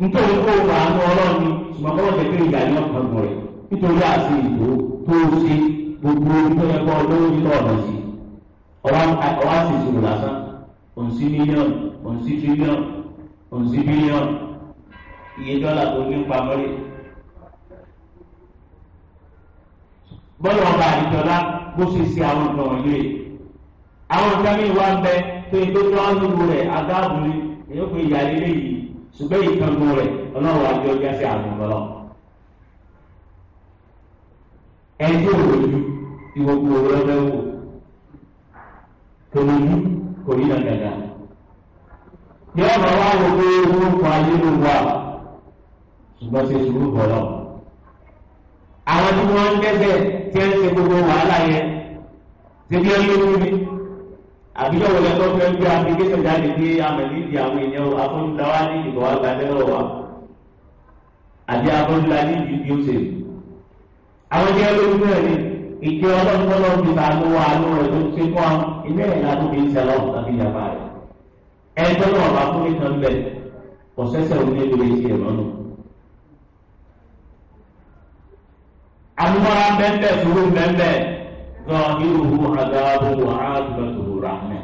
S1: nítorí kó o máa nu ọlọ́run ni ṣùgbọ́n kọ́ lọ́jọ́ pé ìyá yẹn kan mọ̀ rẹ̀ nítorí àti ìbò tó o ṣe gbogbo tó yẹ kọ́ lówó nílò ọ̀nà sí ọwá sì ìṣòro lásán òǹsí mílíọ̀nù òǹsí tírílíọ̀nù òǹsí bílíọ̀nù iye dọ́là tó ní pamọ́lé. bọ́lá ọba àdìjọba bó ṣe ṣe àwọn nǹkan wọ̀nyí àwọn nǹkan mìíràn ń bẹ pé tó tó àwọn ìlú rẹ̀ agáàbùrì èyí ṣùgbọ́n ìtàngún rẹ̀ ọlọ́run àti ọjà sí àgùnbọ̀lọ́. ẹjọ́ òwòjú ìwọ̀gbọ̀ òwò lọ́fẹ́ wò kò ní bí kò ní dàgàdà. ní ọ̀rọ̀ wa wò pé owó ń kọ ayé ló wà ṣùgbọ́n ṣe sùúrù bọ̀lọ́. àwọn tí wọ́n ń dẹ́sẹ̀ tí ẹ ń ṣe gbogbo wàhálà yẹn ṣe bí ẹ lóyún ni àbíjọ́ wo lẹ́tọ́ fẹ́ gbé application jáde pé amẹ̀lídìí àwọn èèyàn afọ́nùdáwá ní ìbò agbadẹ́rọ̀ wa àbí afọ́nùdá ní ìdí ọ̀sẹ̀. àwọn jẹ́ lórí bẹ́ẹ̀ ni ìjọ ọlọ́dúnrún ti ta ló wà ló rẹ̀ tó ṣe kọ́ ilé ẹ̀ la tó fi ń sẹ́lọ̀ tàbí ìyàpá rẹ̀. ẹjọ́ náà bá fún mi kan bẹ̀ ọ̀sẹ̀sẹ̀ òní ló lè ṣe ìrọ́nù. àlùmọ́ra bẹ́ẹ̀ bẹ́ẹ̀ ظاهره عذاب وعاقبته رحمة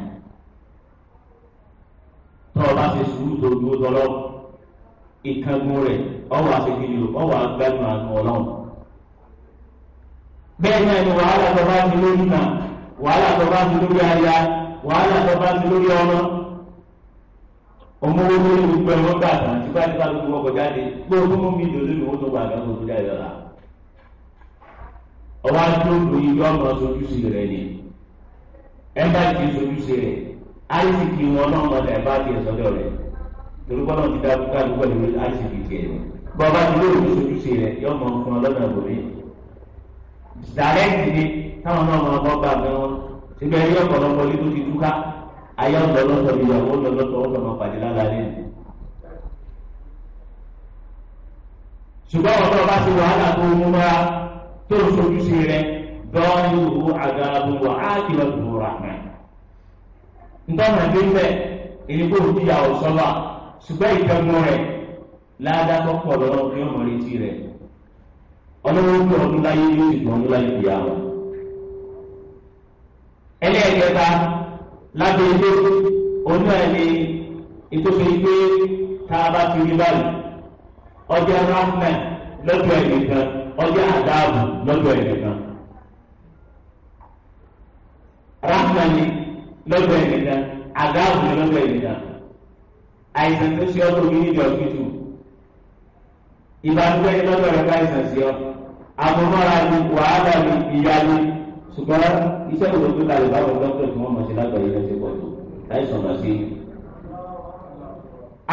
S1: tọ́ọ̀bá ṣe sùúrù tó dúró tọ́lọ́ ìkángun rẹ̀ ọwọ́ àṣekìlì ọwọ́ náà ni wàhálà tó bá ti lórí kan wàhálà tó bá ti lórí aya wàhálà tó bá ti lórí ọmọ ọmọwé lórí gbogbo ni tó gbàgbà ọba tó lu yíyọ ọmọ sojúsì rẹ ni ẹnba ti sojúsì rẹ àìsìkì wọn náà mọ ẹ̀bá ti sọ́dọ̀ rẹ torúkọ náà ti dáa kúkà lùkọ ìwé àìsìkì tiẹ̀ bọba tó lóòrùn sojúsì rẹ yọ ọmọ fún ọ lọ́nà ìbòmí dàrẹ́ǹtì ni táwọn náà máa bọ́ bá gan wọn síbẹ̀ yọ ọ̀pọ̀lọpọ̀ yìí tó ti túká ayé ọ̀dọ́lọ́tọ̀ ìyàwó ọ̀dọ́lọ́tọ̀ ọ̀dọ́mọ pàdé lálẹ́ ṣùgbọ́n ọ̀dọ́ bá ti wàhálà tó mú mọ́ra tó o sojú sí rẹ dọ́ọ̀nù wo àgàbù wà á kì lọ tó rà mẹ́. ntọ́nà dé bẹ́ èyí kò fi yàwó sọ́wà ṣùgbọ́n ìtẹ́gun rẹ̀ ládàkọ́ pọ̀ lọ́wọ́ ní ọmọ létí rẹ̀ ọlọ́wọ́ bí ọdún láyé yóò sì gbọ́n ọdún láyé ìyá wọn. ẹlẹ́ẹ̀kẹta lábẹ́ ilé onú ẹ̀ ní ìtòsí pé tá a bá ti rí báyìí ọjọ́ rahman lọ́jọ́ ẹ̀ nìkan ọjọ́ àdáàbò lọ́dọ̀ ẹnìkan rákàní lọ́dọ̀ ẹnìkan àdáàbò lọ́dọ̀ ẹnìkan àìsàn tó ṣe ọ́ tó ní níbi ọ̀gbìtù ìbánújẹ́ ní lọ́dọ̀ rẹ̀ káìsàn sí ọ àmúmọ́ra ni wàhálà ni ìyá ni ṣùgbọ́n iṣẹ́ òdo tó kalẹ̀ báwọn dókítà tí wọ́n mọ̀ sí lágbàáyé rẹ̀ ti pọ̀ tó láìsàn lọ sí.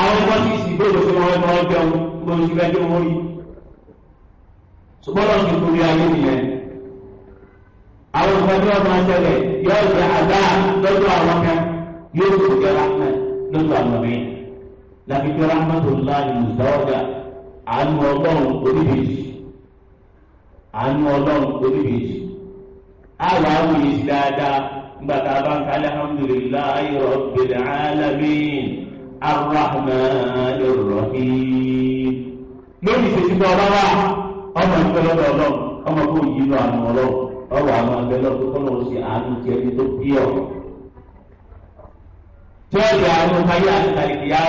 S1: àwọn ọmọ tí ìsìnkú òdo tí wọ́n mọ̀ ọ́ jẹun ló ń ṣe fẹ́ kí wọ́n yìí ṣùgbọ́n lọ́n ti kúrò ayé nìyẹn. àwọn ìfọdí ọmọ ẹgbẹ́ yóò jẹ àgbà lọ́dọ̀ àwọn kan yóò sì jẹ ráńpẹ́ lọ́dọ̀ àwọn mi. làbíkí ráńpẹ́tò ńlá ìlú sáwọ́jà àánú ọlọ́run oníbejì àánú ọlọ́run oníbejì. àwọn àwọn yìí dáadáa nígbà tá a bá ń ka alhamdulillahi rabbil alamin arrahmanir rahim. lórí ìṣèjúbọ ọlọ́wà ọmọ ìgbẹ́ lọ́dọ̀ ọlọ́run ọmọ kò yí inú àánú ọlọ́run ọwọ́ àwọn ọbẹ̀ lọ́dọ̀ kọ́ lọ́wọ́ sí àánú ti tó bí ọ. tí ó yẹ àánú káyé àti kàlìkì yá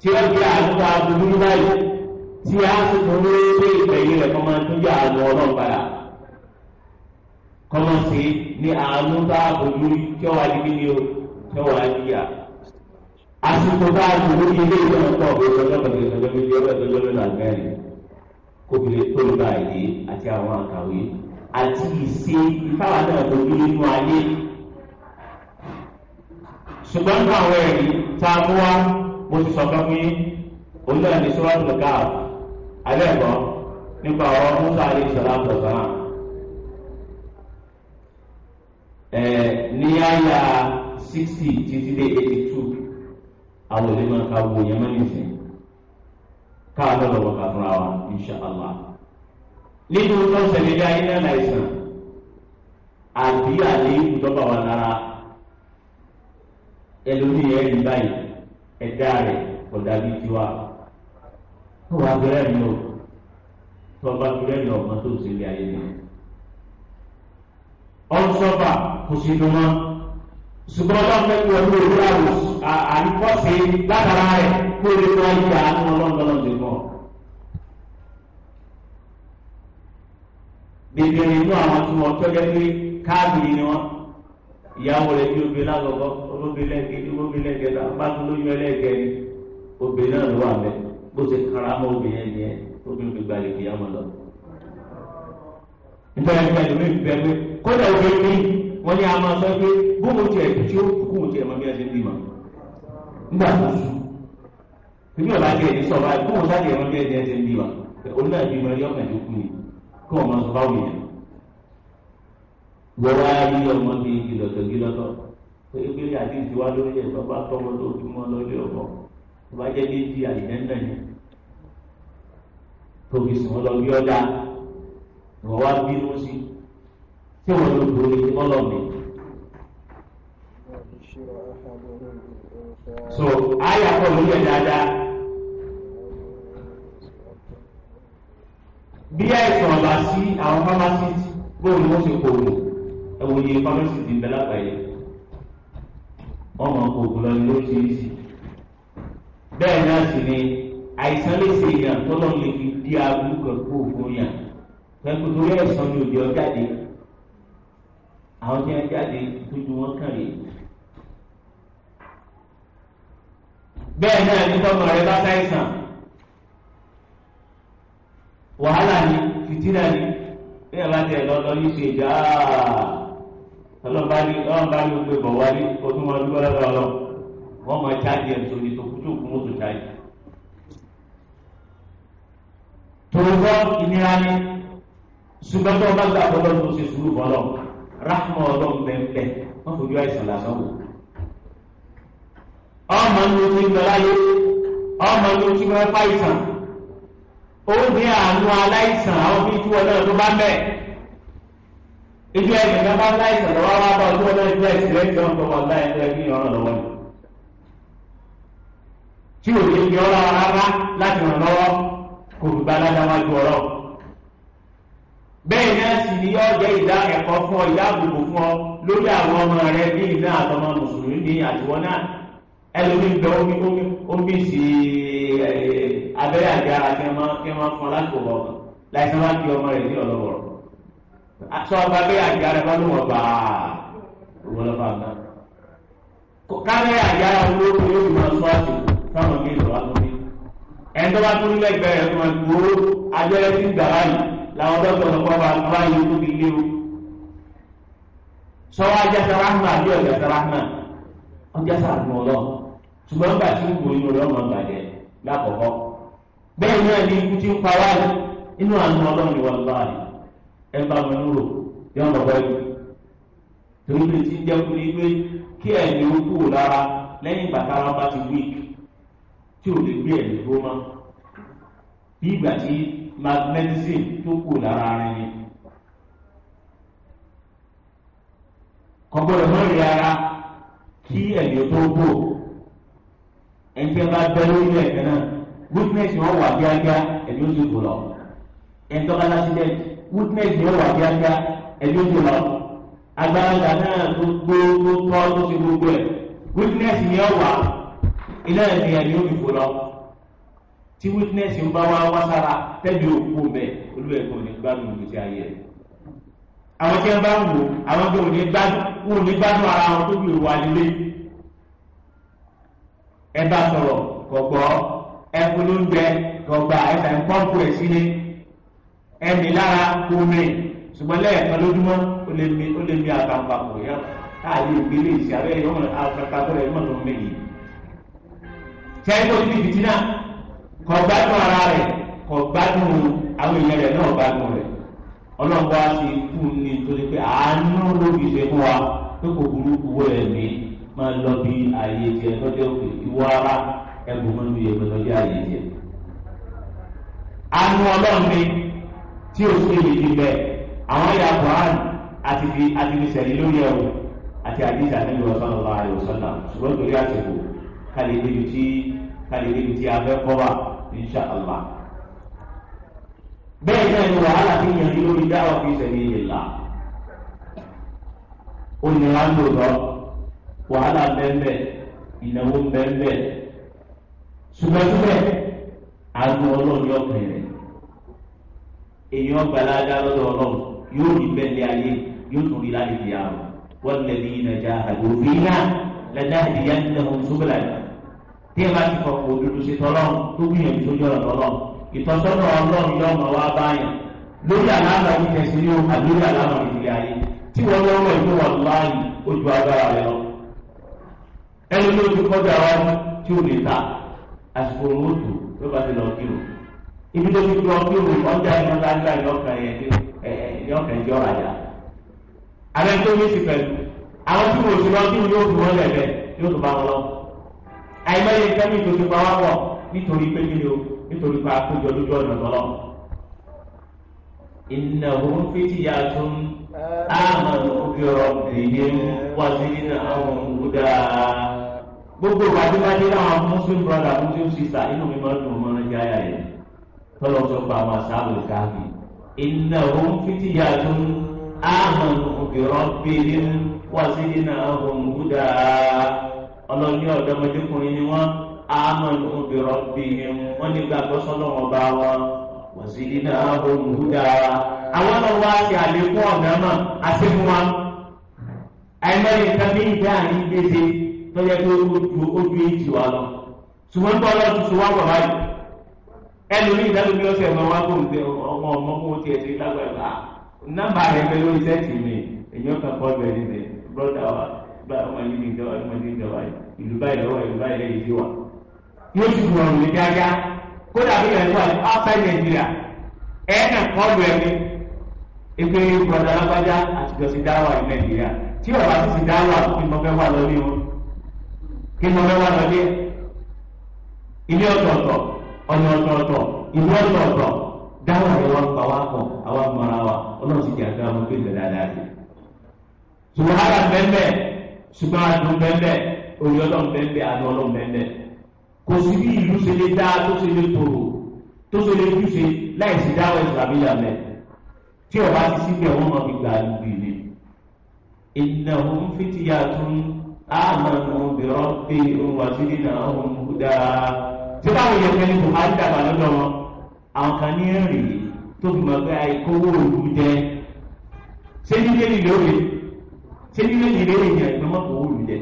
S1: tí ó yẹ àánú ká burú báyìí tí a sì tún ní pé ìgbẹ̀yìn rẹ̀ kọ́ máa tún yẹ àánú ọlọ́run padà. kọ́mọ sí ní àánú ká burú kí ọ wá di kí o kí ọ di yà. àsìkò tó ọ̀gbìn ìjọba ìjọba ìjọba kóbìlẹ̀ tó ń gba èdè àti àwọn àkàwé àti ìṣe ìfáwọn náà tó ní nínú ayé. ṣùgbọ́n ní àwọn ẹ̀rí tá a mú wá mo ti sọ fún yín òun náà ní sọ́wọ́n tó ká alẹ́ ẹ̀kọ́ nípa ọ̀rọ̀ musa alẹ́ ìṣọ̀lá àbọ̀sán. ẹ̀ ní àyà sixty títí dé eighty two àwọn onímọ̀ ká wo yẹn mọ́ nísìnyí káà lọ́dọ̀ wọ̀ kàfúnra wa insha allah. nínú lọ́sẹ̀lẹ̀ ilé ayé náà láìsàn àbí àlè ìdọ́gba wa lára ẹlòmíì ẹ̀rí báyìí ẹ̀dá rẹ̀ ọ̀dà bíi tiwa tó wàá bẹ̀rẹ̀ mi o tó ọba bẹ̀rẹ̀ mi ọ̀kan tó sì ilé ayé mi. ọ̀sọ́fà kò sí inú mọ́ ṣùgbọ́n ọlọ́run fẹ́ kí wọ́n ní òwúrọ̀ àrùn àríkọ́sí látara rẹ̀. kó lè fọ ìyá àánú ọlọ́ọ̀lọ́ ti bọ̀. bèbè inú àwọn tí wọ́n tọ́jọ́ pé káàbìrì ni a máa sọ pé bóun tiẹ̀ tí ó kú tiẹ̀ bí ọba tiẹ̀ ní sọ̀rọ̀ àti kóhùn sáà tiẹ̀ wọ́n tiẹ̀ tiẹ̀ ti ń bí wa òun náà bímọ ẹni ọkàn yókù ni kóhùn máa sọ fáwọn èèyàn. wọ́n wá rí ọmọ bí gìlọ̀tọ̀ gìlọ̀tọ̀ pé pé àti ìtiwá lórí ẹ̀ tọ́ bá tọ́wọ́ tó fi mọ́ lọ ilé ọkọ̀ tó so ayé àkọlù yẹ dáadáa. bí àìsàn ọ̀la sí àwọn pharmacist bóun ni wọ́n ṣe kò wò ẹ̀wọ̀n yìí pharmacist ń bẹ lágbàáyé wọ́n mọ̀ kó ògùn lọ ní lóṣìṣì bẹ́ẹ̀ náà sì ni àìsàn lè ṣe èèyàn tó lọ́n lè fi dí agbó kan kó ògùn yàn pẹ̀lú torí àìsàn ni òde ọjáde àwọn tí wọ́n jáde tójú wọn kàn lè. bẹ́ẹ̀ náà ní tọ́mọ rẹ bá sáìsàn wàhálà ni fìtínà ni bí ẹ bá tẹ̀ lọ́lọ́ yìí ṣe jà á ọlọ́ba ní ọlọ́ba ní gbogbo ìbọ̀ wáyé o tún máa dúró lọ́dọ̀ ọlọ́ wọ́n máa jáde ẹ̀ sórí tó kútó kú mọ́tò jáde. tòótọ́ ìnira ni ṣùgbọ́n tó o bá gbà bọ́lọ́ tó ṣe sùúrù bọ́lọ́ ráfùmọ́ ọlọ́run bẹ́ẹ̀ wọ́n fojú àìsàn lásán wò. ọmọ ní o ti gbẹ láyé ọmọ ní o ti gbẹ fáìsàn ó ní àánú aláìsàn àwọn bíi tí wọn náà tó bá mẹ ibi ẹgbẹ́ náà bá láìsàn lọ́wọ́ wá bá ọdún ọdún ẹgbẹ́ ìsìlẹ ìjọ ń tọwọ ọdún ẹgbẹ́ ẹgbẹ́ ìyọràn lọ́wọ́ ni tí ò ní yọ ọ̀rọ̀ rárá láti ràn lọ́wọ́ kò gbà ládàwájú ọ̀rọ̀ bẹ́ẹ̀ náà sì ni yọ jẹ ìdá ẹ̀kọ́ fún ọ ìdá àbùkù fún ọ lórí àwọn ọmọ rẹ bí ìná àtọmọ mùsùlùmí ní àtiwọ náà ẹlòmíín bẹ abẹ́rẹ́ àjára kí wọ́n fún alákòwọ́ láìsàn wá kí ọmọ rẹ̀ ní ọlọ́wọ́ sọ ọba bẹ́ẹ̀ àjára bá lóun ọba òun lọ́ba náà kábẹ́rẹ́ àjára olóró yóò fi máa sọ àti fáwọn mi lọ́wọ́ tó bí ẹni tó bá tún lẹ́gbẹ̀ẹ́ rẹ̀ fún ẹ gbòòrò abẹ́rẹ́ ti ń gbà báyìí làwọn dọ́kítọ̀ lọ́kọ́ bá báyìí tó fi léwu sọwọ́ ajásá rahma bí ọ̀jásá rahma ọjásá àtúnwọ̀lọ́ ṣùgbọ́n gbà tí ń gbòòrò gbàjẹ́ lákọ̀ọ́kọ́. bẹ́ẹ̀ náà ní ikú tí ń pa wáyé inú àánú ọlọ́run ni wọ́n báyìí ẹ bá wọn lóró yọ ọ́n torí pé ń pé kí ẹ̀mí ó kúrò lára lẹ́yìn ìgbà tára bá ti wíìk tí ò lè gbé ẹ̀mí tó mọ́ bí ìgbà tí magnetism tó kúrò lára rẹ̀ ni. kọ́gbọ́dọ̀ mọ́ rí ara kí ẹ̀mí ó tó witness yẹn wà kíákíá ẹni ó ti kù lọ ẹni tó bá lásìdẹ́t witness yẹn wà kíákíá ẹni ó ti lọ agbára náà tó gbó tó tọ́ tó ti gbogbo ẹ̀ witness yẹn wà iná ẹni ẹni ó ti kù lọ tí witness ń bá wá wá sára tẹ́bi òkú bẹ́ẹ̀ olú ní gbádùn ìgbésí ayé rẹ̀ àwọn tí wọn bá ń wò àwọn tó ní gbádùn wọn ní gbádùn ara wọn tó bí ìwà líle ẹ bá sọ̀rọ̀ kọgbọ ẹkùn ló ń gbẹ rọgbà ẹsẹ̀ ń pọ́ǹpù ẹ̀ sílé ẹnì lára kó mi ṣùgbọ́n lẹ́ẹ̀kan lójúmọ́ ó lè mi ó lè mi àgbàǹgbà kò yá káàyè ìgbélé ìsì abẹ́ yìí wọ́n àkàkà tó rẹ̀ mọ̀ tó ń mi yìí. sẹ́yìn tó ti fìtí náà kò gbádùn ara rẹ̀ kò gbádùn àwọn èèyàn rẹ̀ náà gbádùn rẹ̀ ọlọ́run wá sí ikú ni torí pé àánú ló fi ṣe fún wa pé kò burúkú wọ ẹ̀mí máa lọ bí ààyè tiẹ̀ lọ́jọ́ ìwọ ara ẹ̀bùn mọ́ níbi ìyẹ̀pẹ̀ lọ́jọ́ àyè jẹ. anu ọlọ́run ni tí o sì lè di bẹ́ẹ̀ àwọn ìyá Quran àti fi àti fi sẹ̀rí lórí ẹ̀wù àti àdìsí àtẹ́lẹ̀ ọ̀sán ọ̀la àyè ọ̀sán náà ṣùgbọ́n torí àsìkò kálí níbi tí kálí níbi tí a fẹ́ insha Allah. bẹ́ẹ̀ náà ni wàhálà ti yànjú lórí dáwà fi sẹ̀rí ìlà ó nira ń lò lọ wàhálà bẹ́ẹ̀ bẹ́ẹ̀ ìnáwó bẹ́ẹ̀ bẹ́ẹ̀ ṣùgbọ́n síbẹ̀ àánú ọlọ́run yọ kàn rẹ̀ èèyàn gbalaga lọ́dọ̀ ọlọ́run yóò rí bẹ́ẹ̀lẹ́ ayé yóò tún rí láti di àrùn wọ́n lè ní ìnàjà àgbòbí náà lẹ́dá ìdíyà ń tẹ̀ wọn sóbìlà yìí tí ẹ bá ti fọ̀pọ̀ òdodo sí tọ́lọ́run tó gbìyànjú tó yọ̀rọ̀ tọ́lọ́run ìtọ́sọ́nà ọlọ́run yọ ọmọ wa báyàn lórí àlàáfà ní tẹ̀sí ní àlórí àlàáfà ìdílé ayé tí wọ́n lọ́wọ́ ìlú wọn láàyè ojú agbára rẹ lọ ẹni tó ti kọjá wa tí ò lè ta àsìkò mọ́tò tó bá ti lọ kí o ibi tó ti lọ kí o ọjà iná lágbá ìlọ́kàn yẹn ìlọ́kàn ìjọ àjà àbẹ tó ní sí pẹ̀lú àwọn tí mo sì lọ kí o yóò fi wọn lẹ̀lẹ̀ yóò tó bá wọn lọ àìmọye sẹ́mi tó ti pa wá pọ̀ nítorí pé kí ni o nítorí pé àkójọ lójú ọ̀nà lọ́lọ́ ìnáwó fìdíyà tó ń àmọ̀ òkè ọ̀rọ̀ bìyẹn gbogbo ìwádìí láwọn muslim brother muslim sister inú mi máa ń dùn ọmọ ẹgbẹ́ ayá yẹn tọ́lọ́ sọ pé àwọn àṣàlù káàbì iná òun fìtí yá tó ń áhùn òkè rọ́bìrì ń wá sí iná òun gúdà ọlọ́ni ọ̀dọ́mọdékùnrin ni wọ́n áhùn òkè rọ́bìrì ń wọ́n ní gbàgbọ́ sọ́dọ̀ wọn bá wọn wá sí iná òun gúdà àwọn náà wá sí àlékún ọ̀nà náà àṣẹ́gun wa ẹ̀mẹ́rin kan ní ìdá àyíǹde ṣe tọ́jà pé ó ju ojú èjì wa lọ ṣùgbọ́n tó ọlọ́run ti wá wà báyìí ẹnu ní ìdálóbi ọ̀sẹ̀ ọmọ wa kò ń tẹ ọmọ ọmọ mú tiẹ̀ ṣe lágbàgbà nọ́mbà rẹ̀ bẹ lórí sẹ́ẹ̀tì mi èèyàn kan kọ́ bẹ̀rẹ̀ níbẹ̀ bọ́dà wa bá ọmọ yìí ní ìjọba ọmọ yìí ní ìjọba ìlú báyìí lọ́wọ́ ìlú báyìí lẹ́yìn sí wa yóò ti rọrùn ní kíákíá kódà bí ìyàwó wa outside Nigeria ẹ̀ẹ́nà kọ́ bẹ̀rẹ̀ ẹgbẹ́ bọ́dà alágbájá àtijọ́ ti dáwà ní Nàìjíríà tí ọ̀rọ̀ àti ti dáwà ní mo fẹ́ wà lọ́rí wọn kí ni ọbẹ̀ wà lọ́lé ilé ọ̀tọ̀ọ̀tọ̀ ọ̀nà ọ̀tọ̀ọ̀tọ̀ ìlú ọ̀tọ̀ọ̀tọ̀ dáwọ̀ ni wọ́n pa wá pọ̀ àwa mọ̀ra wa ọlọ́run sì jẹ́ àti àwọn tó ìlẹ̀ dáadáa rẹ̀. sùwárà bẹ́ẹ̀ ṣùgbọ́n àdùn bẹ́ẹ̀ òye ọlọ́run bẹ́ẹ̀ àdùn ọlọ́run bẹ́ẹ̀ kò sí bí ìlú ṣe lè dá tó ṣe lè tòrò tó ṣe lè júṣe láì sí dáwọ̀ ìsàmìlà mẹ́ tí ọba ti síbi ọ̀wọ́n mọ́ fi gbà lùbì ni amanu bi rabbihim wa zidnahum huda tí báwo yẹ kẹ́ni buhari dàgbà lọ́dọ̀ wọn àwọn kan ní rìn tó fi mọ̀ pé àìkówó òdu jẹ ṣé nílé nílé òye ṣé nílé nílé òye yẹn ìgbẹ́ mọ̀ kówó òdu jẹ.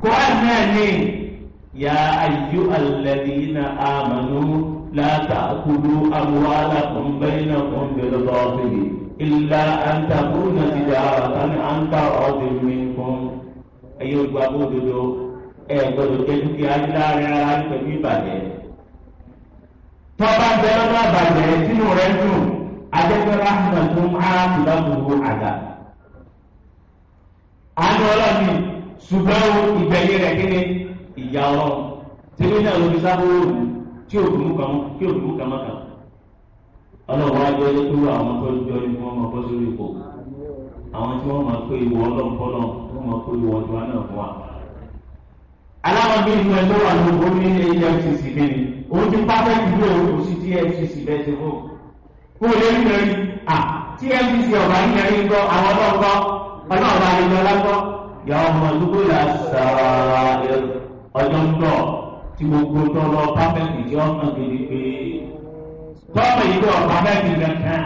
S1: kóhán náà ní ya ayyuhal ladhina amanu la ta'kulu amwalakum bainakum bil batil ìlà àǹtàkùn náà ti dà àtàní àǹtà ọ̀dọ̀ mi fún ẹ̀yẹ ògbà bódodo ẹ̀ gbọ́dọ̀ jẹ́ dúkìá láàrin ara pẹ̀lú ìbàjẹ́. tọ́ba jẹ́ lọ́dọ̀ àbàjẹ́ sínú rẹ̀ dùn adẹ́gbẹ́rẹ́ ahmed tó ń á ìlànà àdá. àánú ọlọ́ọ̀ni ṣùgbọ́n ìgbẹ̀yìn rẹ̀ kí ni ìyá ọlọ́ọ̀ tẹ́lẹ̀ náà ló fi sábó tí tí òògùn kàn ọlọ́run wá jẹ́ kí wọ́n àwọn tó ń jọ ní wọ́n máa bọ́ sórí ipò àwọn tí wọ́n máa pé ìwọ ọlọ́nkọ́lọ́ wọ́n máa pé ìwọ ọdún àná fún wa. aláwọ̀ bíi ìfẹ́ tó wà ní orí ilé EFCC lẹ́nu òun ti pápẹ́kì bí òun kò sí tí EFCC bẹ́ẹ̀ ti fún. kó o lè rí mẹ́rin à tí EFCC ọ̀gá ń mẹ́rin gbọ́ àwọn ọlọ́nkọ́ ọlọ́run bá yẹn lọ́lọ́kọ́ yà ọmọ dúró là sàrà ọjọ́ ń bọ̀ tí gbogbo tọ́lọ pápẹ́kì jẹ́ ọmọ gidi pé tọ́ọ̀mù yìí kò ọ̀pá bẹ́ẹ̀ ti kankan.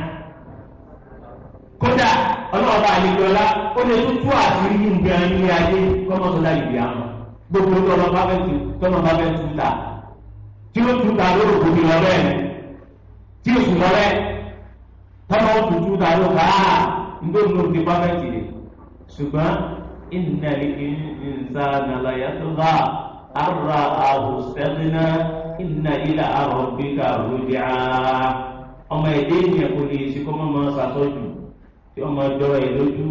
S1: kódà ọlọ́ọ̀bá àlejò ọlá ó lè tún tú àṣírí yìí nǹkan ní ayé kọ́mọ́sọ́lá ìbí àmọ́ gbogbo ọlọ́ọ̀bá bẹ́ẹ̀ ti tọ́ọ̀mù bẹ́ẹ̀ ti ta tí ó tún ta lórí òkúbi lọ bẹ́ẹ̀ tí ó sùn lọ bẹ́ẹ̀ tọ́mọ ó tún tún ta lórí káà ndóbi ló ti bá bẹ́ẹ̀ ti lè ṣùgbọ́n ìnàlẹ́ ìnsánalayàtọ̀ bá àrà àbùsẹ́gbẹ́nà. inna ila rabbika ruj'a ọmọ èdè ènìyàn kò lè ṣe kó máa ṣàtọ́jú tí ọmọ ìjọra ẹ̀ lójú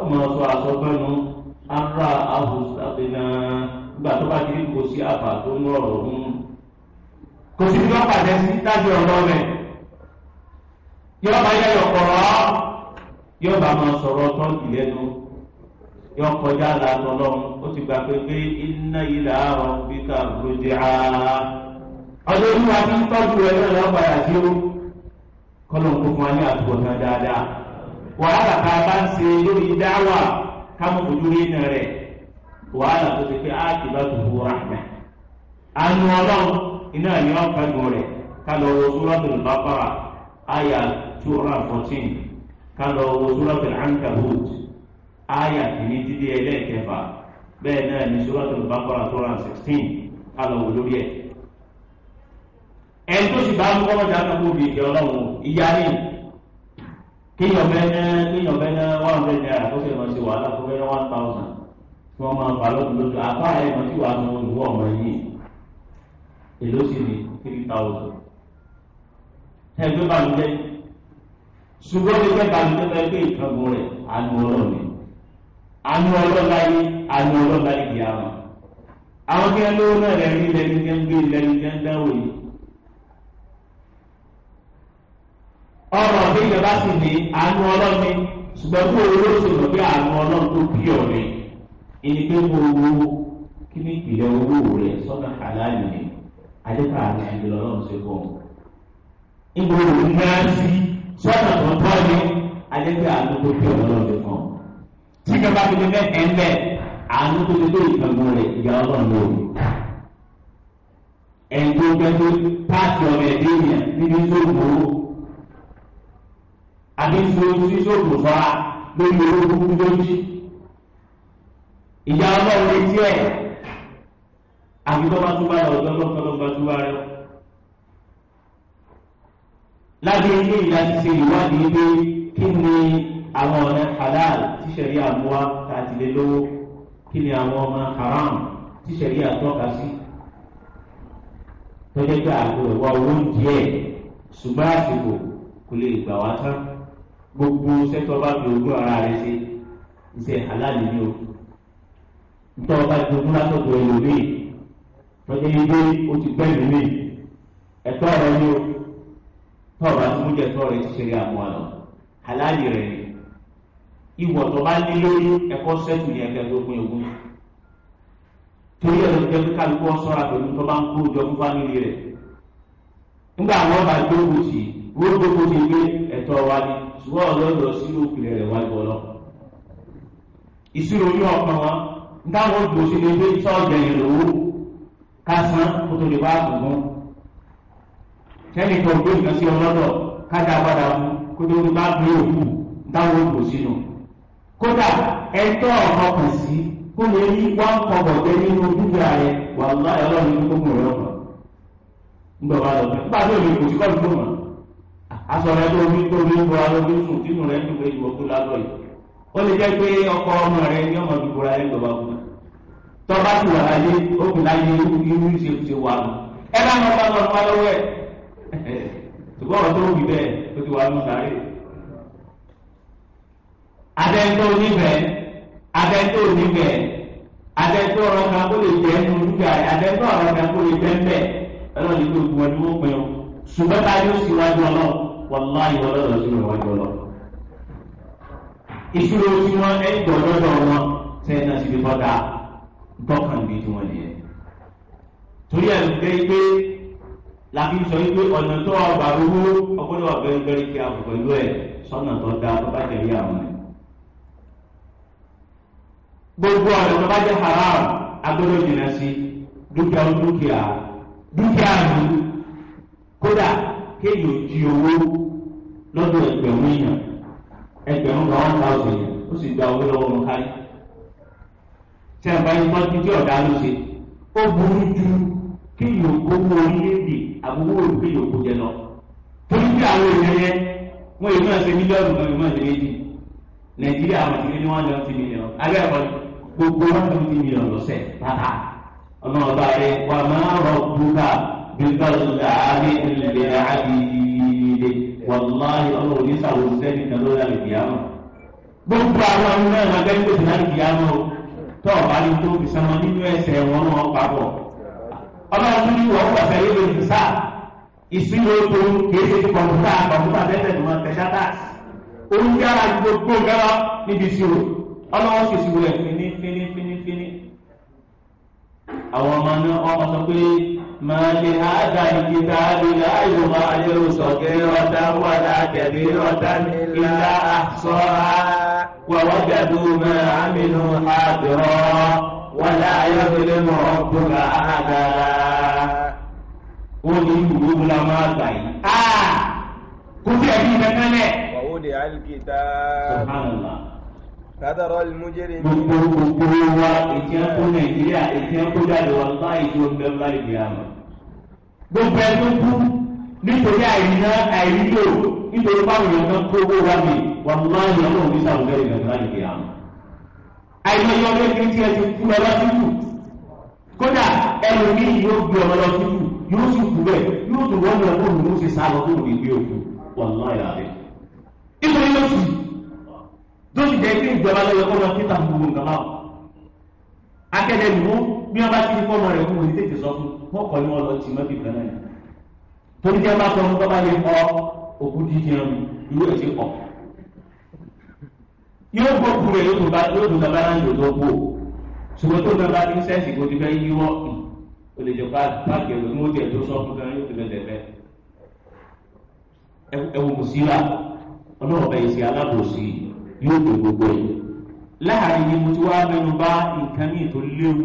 S1: ọmọ sọ àsọgbẹ́nu ara àbùsàbẹ̀nà nígbà tó bá ti kò sí àbà tó ń rọrọ̀ ọ̀hún. kò sí bí sí yóò bá yẹ yóò bá máa yọ kọjá ó ti gbà pé pé ọjọ́ olúwa ń tọ́jú rẹ náà ó fún wa ní àdúgbò dáadáa wàhálà a bá ń ṣe lórí dáwà káwọn rí náà rẹ̀ wàhálà tó ti pé á bá tòun rahmẹ anu ọlọ́run iná ni wọ́n fẹ́ gan rẹ̀ ká lọ wo suratul baqara àyà ka hundred and ká lọ wo suratul ankabut àyà kìíní dídí ẹlẹ́ẹ̀kẹfà bẹ́ẹ̀ náà ni ká lọ wo ẹni tó sì bá ń kọ́ ọjà kan lóbi ìjọ ọlọ́run ìyá ni kéèyàn bẹ́ẹ̀ kéèyàn bẹ́ẹ̀ one hundred naira kó sì lọ sí wàhálà kó bẹ́ẹ̀ one thousand kí wọ́n máa bà lọ́dún lójú apá ẹ̀ mọ̀ sí wàhálà olùwọ́ ọmọ yìí èló sì ní three thousand ẹgbẹ́ balùwẹ̀ ṣùgbọ́n ẹgbẹ́ balùwẹ̀ bá ẹgbẹ́ ìkàgbọ́ rẹ̀ àánú ọlọ́ọ̀ni àánú ọlọ́ọ̀láyé àánú ọlọ́ọ̀láyé kìí àwọn àwọn kí wọn lówó náà rẹ̀ rí lẹ́ni jẹ́ ń gbé lẹ́ni jẹ́ ń dáwò ọ̀rọ̀ bí ìjọba sì ní àánú ọlọ́ni ṣùgbọ́n fún owó ló ṣèlú pé àánú ọlọ́ni tó bí ọ̀rẹ́ ẹni pé mo wo kí ni ìpìlẹ̀ owó rẹ̀ sọ́nà àlàyé ni adéka àti ìdílé ọlọ́run ṣe fọ́ ìgbò òun náà sí sọ́nà tọ́tọ́ ni adéka àánú tó bí ọlọ́run ṣe fọ́ tí ìjọba fi ní mẹ́tẹ̀ẹ́ ń bẹ̀ àánú tó ti dé ìgbàgbọ́ rẹ̀ ìyá ọlọ́run àbí nítorí tí yóò dùn fọ́ra lórí owó kúkú lójú ìyá ọlọ́run létí ẹ̀ àbí tó bá tó bá yọ ọjọ́ lọ́kọ́ ló bá tó bá rẹ. lábẹ́ ilé ìdájí ṣe ìwádìí pé kí ni àwọn ọ̀nà halal tí ṣẹ̀rí àmúwá tàbí lè lówó kí ni àwọn ọmọ haram tí ṣẹ̀rí àtọ́ka sí. tọ́jú pé àgbo ẹ̀wà owó ń di ẹ̀ ṣùgbọ́n àsìkò kò lè gbà wá tán gbogbo sẹ́tọ̀ bá fi ogún ara rẹ̀ ṣe iṣẹ́ aláàlú ni o ntọ́ ọba ti ogún látọ̀dọ̀ ẹlòmíì tọ́jú ilé o ti gbẹ́ ìlú míì ẹ̀tọ́ rẹ̀ ni o tọ́ ọba ti mújẹ tọ́ rẹ̀ ti ṣeré àwọn àlọ́ aláàlú rẹ̀ ni ìwọ̀ tó bá ní lórí ẹ̀kọ́ sẹ́tù ni ẹ̀kẹ́ tó pín ogún torí ẹ̀rọ jẹ́ kí kálukú ọ̀ṣọ́ra pẹ̀lú tó bá ń kó jọ fún fámìlì rẹ̀ nígbà àwọn ọba ìjókòó sí wọ́n gbogbo ti gbé ẹ̀tọ́ wa ni ṣùgbọ́n ọlọ́dọ̀ sírò òpìlẹ̀ rẹ̀ wájú ọlọ́ ìṣirò yóò ọkàn wọn dáwọn gbòòsì lè gbé sọ́ọ̀gbẹ̀ yẹn lówó kásán kó tó lè bá àgùngún kẹ́nìkan gbé nǹkan sí ọlọ́dọ̀ kájà padà mú kó tó bá gbé òkú nù kódà ẹjọ́ sí kó lè rí kọ̀bọ̀ jẹ́ nínú dúkìá asọ̀rọ̀ ẹgbẹ́ omi tó omi ń bora lórí sùn sínú rẹ̀ ń dùn ìwọ tó lálọ́ yìí ó lè jẹ́ pé ọkọ ọmọ rẹ ní ọmọ tó bora ẹ̀ lọ́wọ́ fún tọ́ba ti wà láyé obìnrin láyé irú ṣe ṣe wà lọ ẹ bá lọ bá lọ pa lọ́wọ́ ẹ̀ ṣùgbọ́n ọ̀rọ̀ tó wù bẹ́ẹ̀ ó ti wà lọ́sàárè. abẹ́ńtó oníbẹ̀ẹ́ abẹ́ńtó oníbẹ̀ẹ́ abẹ́ńtó ọ̀rọ̀ kan kó lè jẹ́ ẹnu dúkìá rẹ̀ abẹ́ńtó ọ̀rọ̀ kan kó lè jẹ́ ń bẹ̀ ẹ lọ́ọ́ ní gbogbo ẹni wọ́n pẹ́ o ṣùgbọ́n ta sì wájú ọlọ́run wàláyé wọn lọ́dọ̀ sí wọn jọ lọ. ìṣúra oṣù wọn ẹ jọ lọ́dọ̀ wọn sẹ́yìn náà síbi tọ́ da tọ́kàn níbi tí wọ́n nìyẹn. torí ẹ̀ ń gbé pé làbí sọ pé ọ̀nà tó ọgbà owó ọgbọ́dọ̀ wà gbẹ́rẹ́gbẹ́rẹ́ kí a kò pẹ̀lú ẹ̀ sọ́nà tó da tó bá jẹ̀rí àwọn ẹ̀. gbogbo ọ̀nà tó bá jẹ́ haram agbọ́dọ̀ jìnnà sí dúkìá dúkìá dúkìá mi kódà kéèyàn di owó lọ́dọ̀ ẹgbẹ̀rún èèyàn ẹgbẹ̀rún gba one thousand ó sì gba owó lọ́wọ́ wọn tí a bá yí tọ́jú tí ló ṣe ó burú ju kéèyàn gbogbo orílẹ̀-èdè àbúrò kéèyàn kó jẹ lọ torí bí àwọn èèyàn wọn èèyàn ṣe mílíọ̀nù kan nàìjíríà àwọn lọ fífọ́sù ààrẹ ìlẹ̀ àbíyíde wàlúmáyé ọmọ oníṣà òṣìṣẹ́ni kan lórí àlùkìyàmọ̀. gbogbo àwọn ọmọ náà máa gẹ́gẹ́ bó ti náà kìyàmọ̀ tó ọ̀bá ní tó fi sanwó nínú ẹsẹ̀ wọn náà papọ̀. ọlọ́run ní wọ́n wọ̀ sẹ́yìn lórí sáà ìsinmi tó kìí ṣe kọ̀ǹpútà kọ̀ǹpútà tẹ́tẹ̀ tó máa tẹ̀sà tà òun yára gbogbo gbẹ́rọ níbi ìṣirò ọlọ́wọ́ ṣèṣirò ẹ̀ fínífínífínífíní àwọn ọmọ náà ọmọ sọ pé ما لهذا الكتاب لا يغادر صغيرة ولا كبيرة إلا أحصاها ووجدوا ما عملوا حاضرا ولا يظلم ربك أحدا ó ní ìwé wo la máa gbà yìí. kò sí ẹ̀rí kankan lẹ̀. wàhùn de alikita. subhanallah. kádàrọ̀ alimujere. gbogbo gbogbo wa ètí ẹ̀kọ́ nàìjíríà ètí ẹ̀kọ́ jáde wà láì tó ń bẹ́ẹ̀ láì bí a mọ̀ gbogbo ẹ tó kú nítorí àìríná àìrílò nítorí báwo yẹn kan gbogbo wa mi wà mú máa ń yọ náà nígbà wọlé ìgbà tó bá lè kéèyàn. àìmọ̀ yọ ọdún kí n tiẹ̀ ti kú lọ síkù kódà ẹlòmíì yóò gbé ọmọ lọ síkù yóò sì kú bẹ́ẹ̀ yóò tún wọ́n lọ fóònù ló ṣe sá lọ fóònù ìgbé òkú wà mú máa yà rẹ̀. nítorí ló sì tó ti jẹ́ pé akẹ́dẹ̀ lùmú bí wọ́n bá ti ní fọ́ọ̀mù rẹ̀ fún mi tètè sọ fún wọn kọ́ ni wọ́n lọ tì mọ́ bí kan náà torí jẹ́ bá sọ fún bọ́bá lè kọ́ òkú dídí ẹran ìwé ẹ̀ ti kọ̀ yóò gbó kú rẹ̀ yóò tún bàbá náà yóò tó kú ṣùgbọ́n tó bàbá ní sẹ́ẹ̀sì kò ti fẹ́ yíwọ́ o lè jọ pàgẹ́ ìwé mú tiẹ̀ tó sọ fún kan yóò ti lọ tẹ̀fẹ́ ẹ̀wù láàrin yìí mo ti wá mẹ́nu bá nǹkan míì tó léwu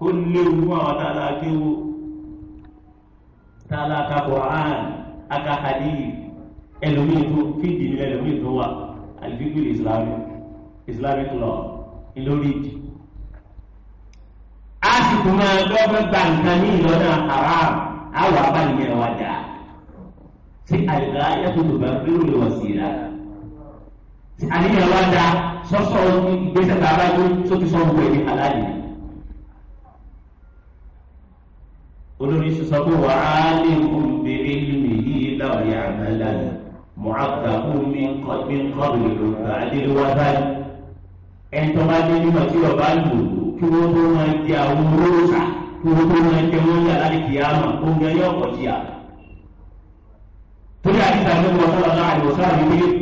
S1: [LAUGHS] ó léwu fún àwọn tá a la kéwu tá a la ka Quran aka hadith ẹlòmíì tó fídì ní ẹlòmíì tó wà alifíkìlì islamic islamic law lórí ìdí. a sì tún máa dọ́gbọ́n gba nǹkan ní ìlọ́nà haram àwọn abániyẹn wájà sí àlùkò ayé tó tó bá ń bí sí i rárá àníyàn wá da sọ́sọ́ ìgbésẹ̀ tá a bá gbé sókè sọ gbogbo ẹ̀mí aláàlì. olórí sísọ pé wà á lè kún bèrè lómi yìí láwọn yà á máa láyè mọ̀ákàkú mi ń kọ́ mi ń kọ́ mi lò ká adéléwájú. ẹ̀ńtọ́ bá dé nígbà tí ọba lò kí wọ́n tó máa jẹ àwọn olóró sáà gbogbo ọmọ ẹgbẹ́ wọn yà láti kì í àmà oúnjẹ yóò pọ̀ sí à. torí àdìsá ló ń wọ sọ́dọ̀ náà àdìwọ̀sọ́ àdìwọ̀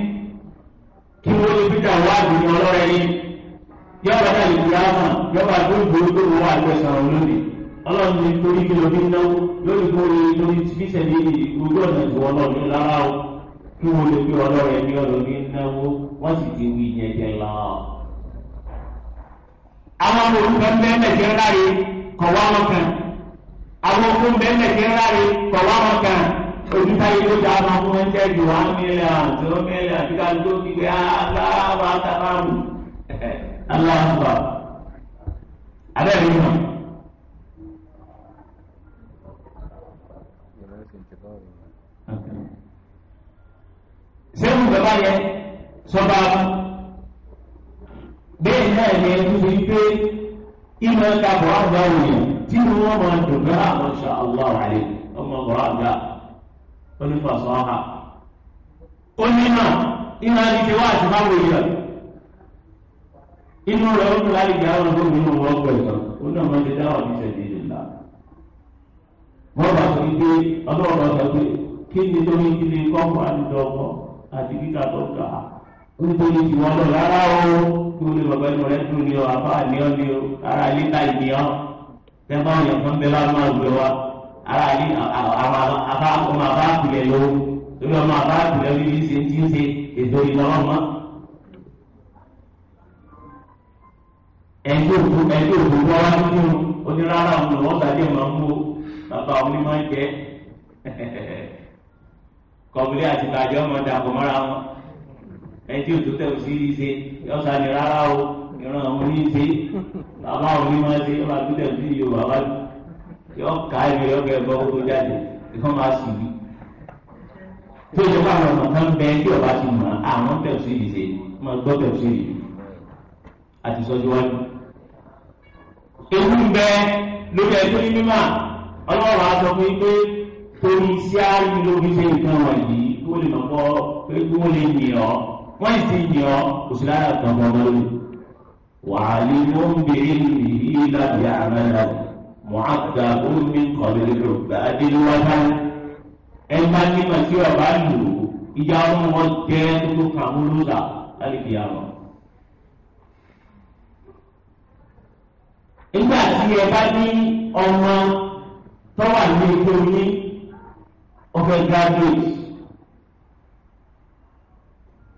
S1: kí wọ́n lè bíjà wá àdúgbò ọlọ́rẹ́ yín yọ̀ọ́ bàtà ìgbéyàwó yọ̀ọ́ bàtà gbogbo owó àgbẹ̀sán olóde ọlọ́run ní torí kí lóbi náwó lórí kórè lórí fífẹ́ ní gbogbo ọ̀nà ìwọ ọlọ́run lára o kí wọ́n lè fi ọlọ́rẹ́ ní ọ̀rọ̀ ní náwó wọ́n sì ti wí yẹn jẹ lọ. àwọn ọmọ olùkọ́ mẹ́mẹ́jẹ láre kọ̀wá wọn kan àwọn ọkọ mẹ́mẹ́jẹ láre kọ̀wá wọn kan òbítáyé ló dáa máa mú ẹgbẹ́ ju one million zero million tí ká ló ti gbé aláwọ̀ àtàkàrù aláwọ̀ abẹ́rẹ́ ìmọ̀. sẹ́yìn bàbá yẹn sọ́ba bẹ́ẹ̀ náà yẹn tó fi gbé ìmọ̀ ẹ̀ka bọ̀ àgbà wòye tí wọ́n máa dùn náà àwọn ṣàlọ́ àlè ọmọ bọ̀ àgbà onímọ̀ sọ́ha onímọ̀ iná ní ti wá àti bá wò yẹ inú rẹ̀ ó tún láyé gbà wọn gómìnà nínú wọn pẹ̀ tán ó náà máa ti dáhùn ní sẹ́yìn ìlú ńlá wọ́n bá sọ pé ọlọ́run ọ̀sán pé kí ni tó ní kí ni kọ́kọ́ àdúgbò ọkọ̀ àti kíkà tó kà á nítorí ìwọ lọ rárá o kí wọ́n lè bàbá inú rẹ̀ tún ní ọ àbá àníọ́ ní ọ ara ilé ta ìníọ́ tẹ́ ara yìí àwọn àbá ọmọ àbá àkùlẹ̀ ló lórí ọmọ àbá àkùlẹ̀ bíbí ṣe ti ń ṣe ètò ìlọ́wọ́ mọ́. ẹjọ́ òkú ẹjọ́ òkú wọ́n wá nínú onírárá ọ̀nà wọ́n gbàdé ọ̀nà mú bàbá òní máa ń jẹ́ [LAUGHS] kọ̀bùlé àti bàjẹ́ ọmọ dàpọ̀ mọ́ra wọn ẹjọ́ òtún tẹ̀ sí rí ṣe yọ̀ọ́sà ní rárá o ìran àwọn oníṣe bàbá òní máa ṣe bàbá tó tẹ̀ sí Yorùbá bá tó yọ káyọ̀ yọ kẹ́ bọ́ kó jáde yọ máa sì wí. tó ṣe fún àwọn ọ̀nà kan bẹ bí ọba ti mọ̀ àwọn pẹ̀lú ìdí ṣe máa gbọ́ pẹ̀lú ìdí àti sọ́júwájú. ewu ń bẹ lórí ẹjọ́ ní mímọ́ ọlọ́run á sọ fún yín pé torí iṣẹ́ ààrùn lórí ṣe nǹkan wọ̀nyí kó lè lọ́kọ́ pé kó lè yìn ọ́ wọ́n sì yìn ọ́ kò sí lára kan bọ́ lórí. wàhálì ló ń bèrè ìrírí lábẹ́ àmàlà rẹ̀ mọ̀ágbàgbó mi kọ̀lẹ́lẹ́ ló gbà á dé lọ́wọ́dá ẹ bá ní màtí ọ̀bá lò ó ìjà ọmọ wọn jẹ́ tó kà mú lóla láti fi àwọn. nígbà tí ẹ bá ní ọmọ tó wà ní epo yín ọfẹ graduate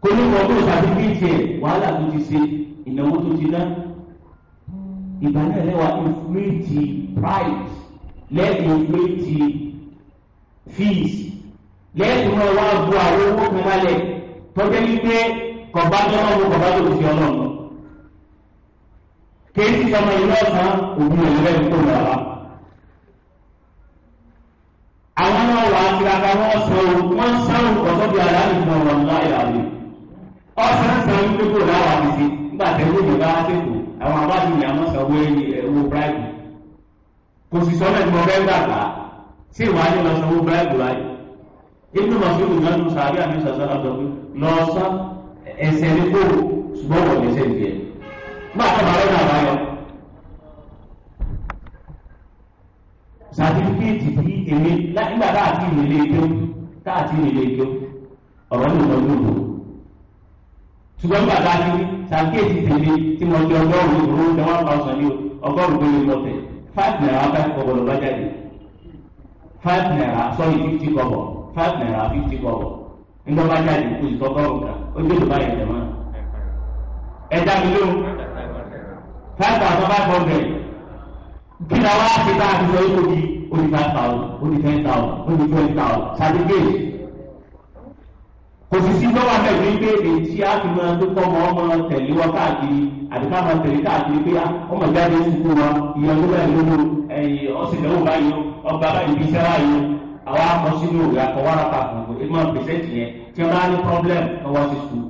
S1: kò ní mọ̀ tó bíi tiẹ̀ wàhálà tó ti ṣe ìnáwó tó ti ná ìbànújẹ́ lẹ́wà inflate pride lẹ́ẹ̀kì inflate fees lẹ́ẹ̀kì wọn wá bu àwọn owó kan lálẹ́ tọ́jú wípé kọ̀bá tó náà wọ kọ̀bá tó fi ọlọ́run kéésì ọmọ ìlú ọ̀sán òun ò lẹ́ẹ̀ tó lọ wá. àwọn náà wà á tiraka wọn sọ wọn sáwọn ọ̀sán bíi aláàbí náà wọn láyà rè ọ̀sán sàn ń gbégbó láwàá bìbí nígbà tẹ́lẹ̀ ìjọba á dẹ́kun. àwọn abájú ni àwọn sanwó owó bíráìbù kò sì sọ́nà tí mo gbàgbà ìwà ni lọ sanwó bíráìbù láyé inú àmì sàṣà sọ pé ẹsẹ̀ ní kó ṣùgbọ́n wọ̀ lẹ́sẹ̀ nìyẹn má kọ́ bàbá náà báyọ̀ sàtífíkẹ́ẹ̀tì tí èmi nígbà tá àti ìrìnlẹ̀ ẹjọ́ tá àti ẹjọ́ ọ̀rọ̀ ṣùgbọ́n bàbá ti ṣàkíyèsí tèmi tí mo jẹ ọgọ́rùn-ún ìrún ní one thousand ní ọgọ́rùn-ún tó lè lọ́tẹ̀ five naira five kọ́bọ̀ ló bá jáde five naira sorry fifty kọ́bọ̀ five naira fifty kọ́bọ̀ nígbà bá jáde kò sì tọ́gọ́rùn kan ó dé ló bá yẹ jẹ mọ́. ẹja mi ló five thousand five hundred kí ni àwọn àti bá a ti sọ yóò tóbi ó ní five thousand ó ní ten thousand ó ní twenty thousand ṣàdégbé òsìsì lọ́wọ́ àtẹ̀ ní pé èyí á fi máa tó kọ́ ọmọ ọmọ tẹ̀lé wọn káàkiri àdìpá máa tẹ̀lé káàkiri pé ah, ọmọ jáde ń sùn wọn ìyẹn tó bẹ̀rẹ̀ lóko ẹ̀yìn ọ̀sìn lẹ́wọ̀ báyìí ọgbà báyìí fi sẹ́wà yìí àwa akọ sínú òwe akọ wàrà pàtó ẹ máa pèsè tiẹ̀ tí wọ́n bá ní problem ọwọ́ ti sùn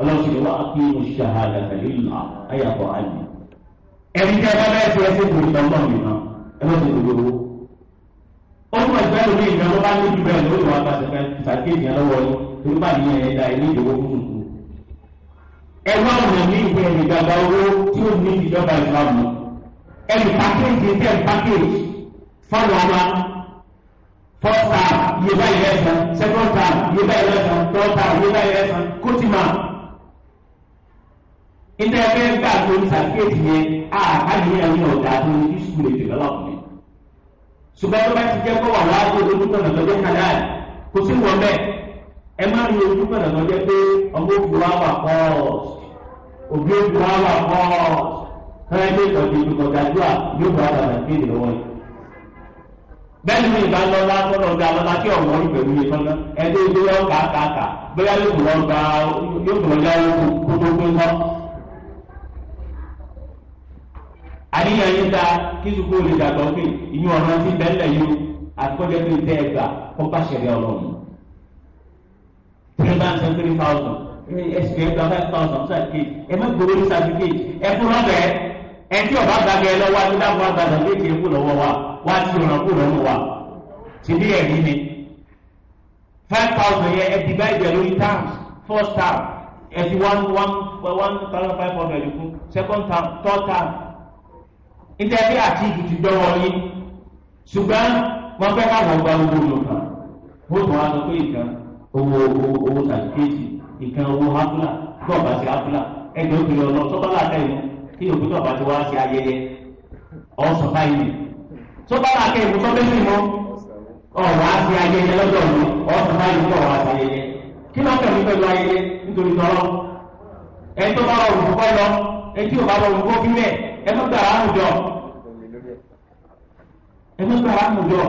S1: ọlọ́sìn lọ́wọ́ akí mo ṣàhàdà tẹ̀lé ìlà ayàpọ̀ àyè ẹni tẹ́ bá bẹ́ẹ̀ tiẹ̀ sí ìgbòho ìtọ́ ọmọ ìgbẹ́ lómi ìgbà ló bá ní ìgbà lórí wa bá ti fẹ́ ìsàkéyìn lọ́wọ́ yìí nígbà yẹn ẹ̀dá ilé ìdòwò fún un. ẹ̀rọ ọ̀nà ní ìwé ìdàgbà owó tí ó ní ìjọba ìsìlámù ẹ̀rì pàkéjì tẹ̀ pàkéjì fọ́ọ̀lù ọba fọ́ọ̀tà yẹba ìrẹsàn sẹ́kọ̀tà yẹba ìrẹsàn tọ́ọ̀tà yẹba ìrẹsàn kótìmá. ìdá ẹgbẹ́ gbà tó ń sàkéjì yẹn àkàdéyàn ní ọ̀dà tó ń ní sùkúlù ìdìbẹ̀lọ́pù ṣùgbọ́n tó bá ti jẹ́ kó wà wá tó lójútọ̀nà lọ́jọ́ kan láàyè kò sí wọn bẹ́ẹ̀ ẹ má rí ojú pẹ̀lú ọ̀nà jẹ́ pé ọmọ òkú wa wà pọ́ọ̀s òbí òkú wa wà pọ́ọ̀s fẹ́rẹ́ pé ìtọ́jú ìdúgbò gàdúrà yóò bá bàbá sí ìdè lọ́wọ́ yìí. bẹ́ẹ̀ni mi ìbá lọ bá tọ́lọ̀ ga lọ bá kí ọ̀wọ́ ìfẹ́ mi yé tọ́lá ẹgbẹ́ ìgbé yọ kàkàkà bóyá yóò lọ gba yóò lọ yá owó kótó tó ń lọ. àníyàn yín ta kí sukuu lè dàgbọ́ pé ìyún ọ̀nà ti bẹ́ẹ̀ lẹ̀ yó àtúkọ́jọ́ tó ń tẹ́ ẹ̀gbà kó bá ṣẹlẹ̀ ọlọ́run three hundred and three thousand ẹsì ẹ gba five thousand certificate ẹ má gbowó ní certificate ẹ kú lọ́bẹ̀ ẹ tí ọba gbàgbé ẹ lọ́wọ́ adúlá fún agbada ló ti kú lọ́wọ́ wa wá sí ọ̀nà kú lọ́wọ́ wa ti bí ẹ̀rí ni five thousand yẹ ẹ divide lórí terms first term ẹ ti one one one thousand five hundred kú second term third term níta bí àti ìdìtì dọ́wọ́ yín ṣùgbọ́n wọ́n fẹ́ ká wọ́n gba gbogbo olùkọ́ wọ́n tún owó owó owó sàkíyèsí nǹkan owó hapula tí ọba ṣe hapula ẹgbẹ́ òkèlè ọ̀nà sọ́kọ́lá àtẹ̀yìn kí òkú tí ọba ti ṣe ayẹyẹ ọ̀sán báyìí sọ́kọ́lá àtẹ̀yìn tó bẹ́sẹ̀ mọ́ ọ̀rọ̀ àti ayẹyẹ lọ́jọ́ òní ọ̀sán báyìí tó àti ayẹyẹ kí ló kẹ́ mi pẹ̀lú ayẹyẹ nítorí tọ́lọ́ ẹ tó bá rọrùn kọ́ lọ ẹ tí ò bá rọrùn kọ́ bílẹ̀ ẹ tó gbà áhùjọ ẹ tó gbà áhùjọ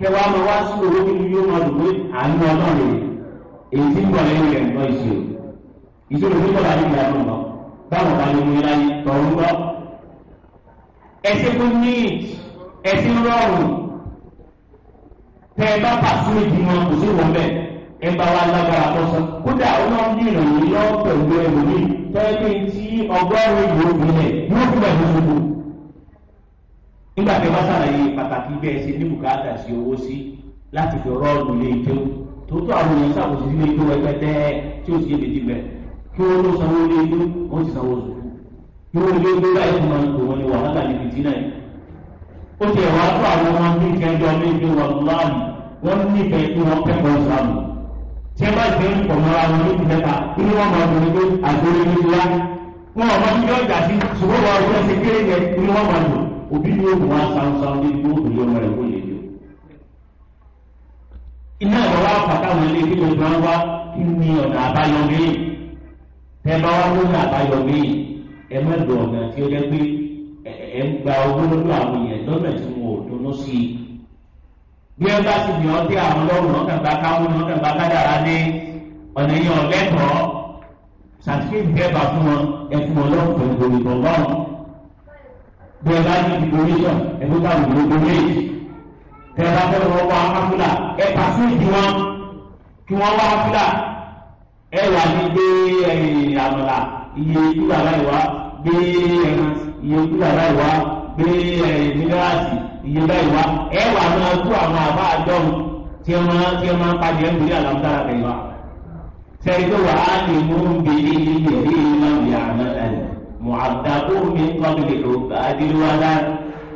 S1: kẹwàá lọ wá sí owó kí ni yóò máa dùn pé àánú ọlọ́run yìí èyí tí ń bọ̀ lẹ́yìn rẹ̀ ń lọ ìṣirò ìṣirò tó bọ̀ láti gbà fún ọ báwọn bá lè mú ilá yìí tọ̀hún lọ. ẹsẹ̀ tó ní ẹsẹ̀ rọrùn tẹ ẹ bá pàṣẹ méjì wọn kò sí wọn bẹ́ẹ̀ ẹ bá wa lágbára kọ́sọ́ kódà ọlọ́run ní ìrànlẹ́ yọ pẹ̀lú ẹlòmí tẹ́lẹ̀ tí ọgọ́rùn-ún yóò gbilẹ̀ yóò gbilẹ̀ gbogbo. nígbà tí wọ́n ṣàlàyé pàtàkì bẹ́ẹ̀ ṣe ní bùkátà sí owó sí láti fi rọ́ọ̀lù lé ìkéwù tòótọ́ àwọn èèyàn sáà kò sí sílé tó rẹpẹtẹ tí ó sì lè dìbẹ̀ kí wọ́n tó sanwó lé inú wọ́n ti sanwó sùn kí wọ́n lé gbé láì fún wọn kò wọ́n ní wàhálà ní fìtí náà ó ti ẹ̀wà tó àwọn ọmọ ní ìkẹjọ ní ìlú wàlúwàlù wọ́n nífẹ̀ẹ́ kí wọ́n kẹ́kọ̀ọ́ sàmù tí ẹ bá jẹ́ ìpọ̀ mọ́ra wọn ní ìfẹ́ta kí wọ́n máa dùn ní àgbóyè ní ìlú wọn ọmọ tí yóò jà sí ṣùgbọ́n wọn ọdún ẹsẹ̀ kéré yẹn kí wọ́n máa dùn òbí ni ó wù wọn sáwọn sáwọn ní ìlú òkú yóò mọ̀ ẹ̀kọ́ yẹn iná ọ̀rọ̀ wa pàtàkì ilé tí gbogbo wọn wá kí ni ọ̀nà àbáyọ mi ẹ bá wá lónà àbáyọ mi ẹ má lò ọ̀nà tí ó jẹ́ pé ẹ ń gba owó lọ́dọ̀ àwọn èèyàn lọ́nà tí wọn ò dunnú sí i bí ẹ bá ti yàn dé àwọn lọ́rùn ọ̀kàn bá káwọn ọ̀kàn bá kádàrá ní ọ̀nà yẹn ọ̀lẹ́kọ̀ọ́ sàtìkì kẹfà fún wọn ẹ fún wọn lọ́rùn pẹ̀lú ìgbòmìgbò lọ́rùn bí ẹ bá ní ìgbòmìgbò ẹ tó bá ìgbòmìgbò tẹ̀lá fẹ́ wọ́n wá káfílà ẹ pàṣẹ ìdí wọn kí wọ́n wá káfílà ẹ wà ní gbé ẹ̀yìn àmàlà iye ìdúrà láì wá gbé ẹ̀yìn iye ìdúrà láì wá gbé ẹ̀yìn mílíọ̀nù iye láì wá ẹ wà máa tú àwọn àbá àjọrò tí ẹ máa tí ẹ máa pàdé ẹ̀ ń gbé àlàmúdára bẹ̀rẹ̀ wá. sẹ́yìn tó wà á lè mú bí ilé ìyẹ̀rí máa ń yà àmàlà yìí mọ̀ àdàkùn mi kọ́ lè lò àdìrúwá láì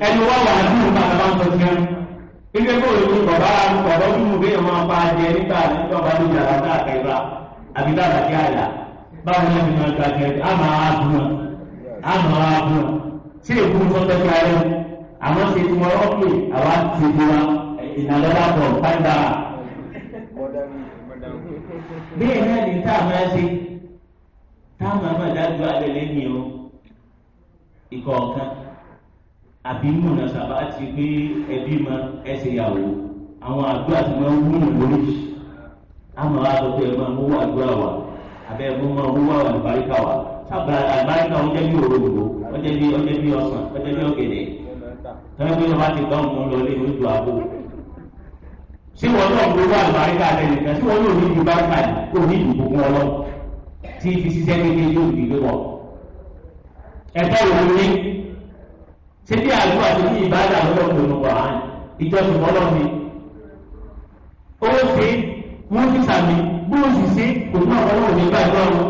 S1: ẹni wá wà á dùn bàbá tó fẹ́ràn ilé bóyá ní bàbá bàbá tó mú bẹ́ẹ̀ máa bá a jẹ níta níta bá ní yàrá tá a kẹ́ bá àbí tá a bá kí a yà báwo ni a ti máa ta kẹ́ a máa bùn a máa bùn sí èkó sọ́tọ̀ kí a yẹ àwọn ṣe ti wọ́n ọ́pẹ́ àwa ti di wa ìnàlọ́lá pọ̀ pàdà. bẹ́ẹ̀ náà ni tá a máa ṣe tá a máa dájú alẹ́ lẹ́yìn o ìkọ̀ọ̀kan àbí múna sábà ti gbé ẹbí ma ẹsẹ̀ ìyàwó àwọn àdúrà tí wọ́n wúlò lórí àmọ́ àtọ́tọ́ ẹ̀ máa mú àdúrà wa abẹ́ ẹ̀mú máa mú wà àlùbáríkà wa sábà àlùbáríkà wọn jẹ́ bí òròǹgbò wọ́n jẹ́ bí ọjẹ́ bí ọsàn wọ́n jẹ́ bí ọ̀gẹ̀dẹ̀ tọ́lá pé wọ́n ti gbọ́ ọmọ lọ lé ojú àbò sí wọn náà ló wà àlùbáríkà lẹ́nu kan sí wọn náà ní ìbáríkà òní ìdìbò wọn lọ tí ibi ṣiṣẹ́ ṣé bí àlọ́ àti bí ìbáàdà lọ́dọ̀ pẹ̀lú wà á ìjọsìn mọ́lọ́ mi ó ṣe wọ́n ti sàmì bóun sì ṣe kò ní ọ̀pọ̀lọpọ̀ ní gbàgbọ́ wọn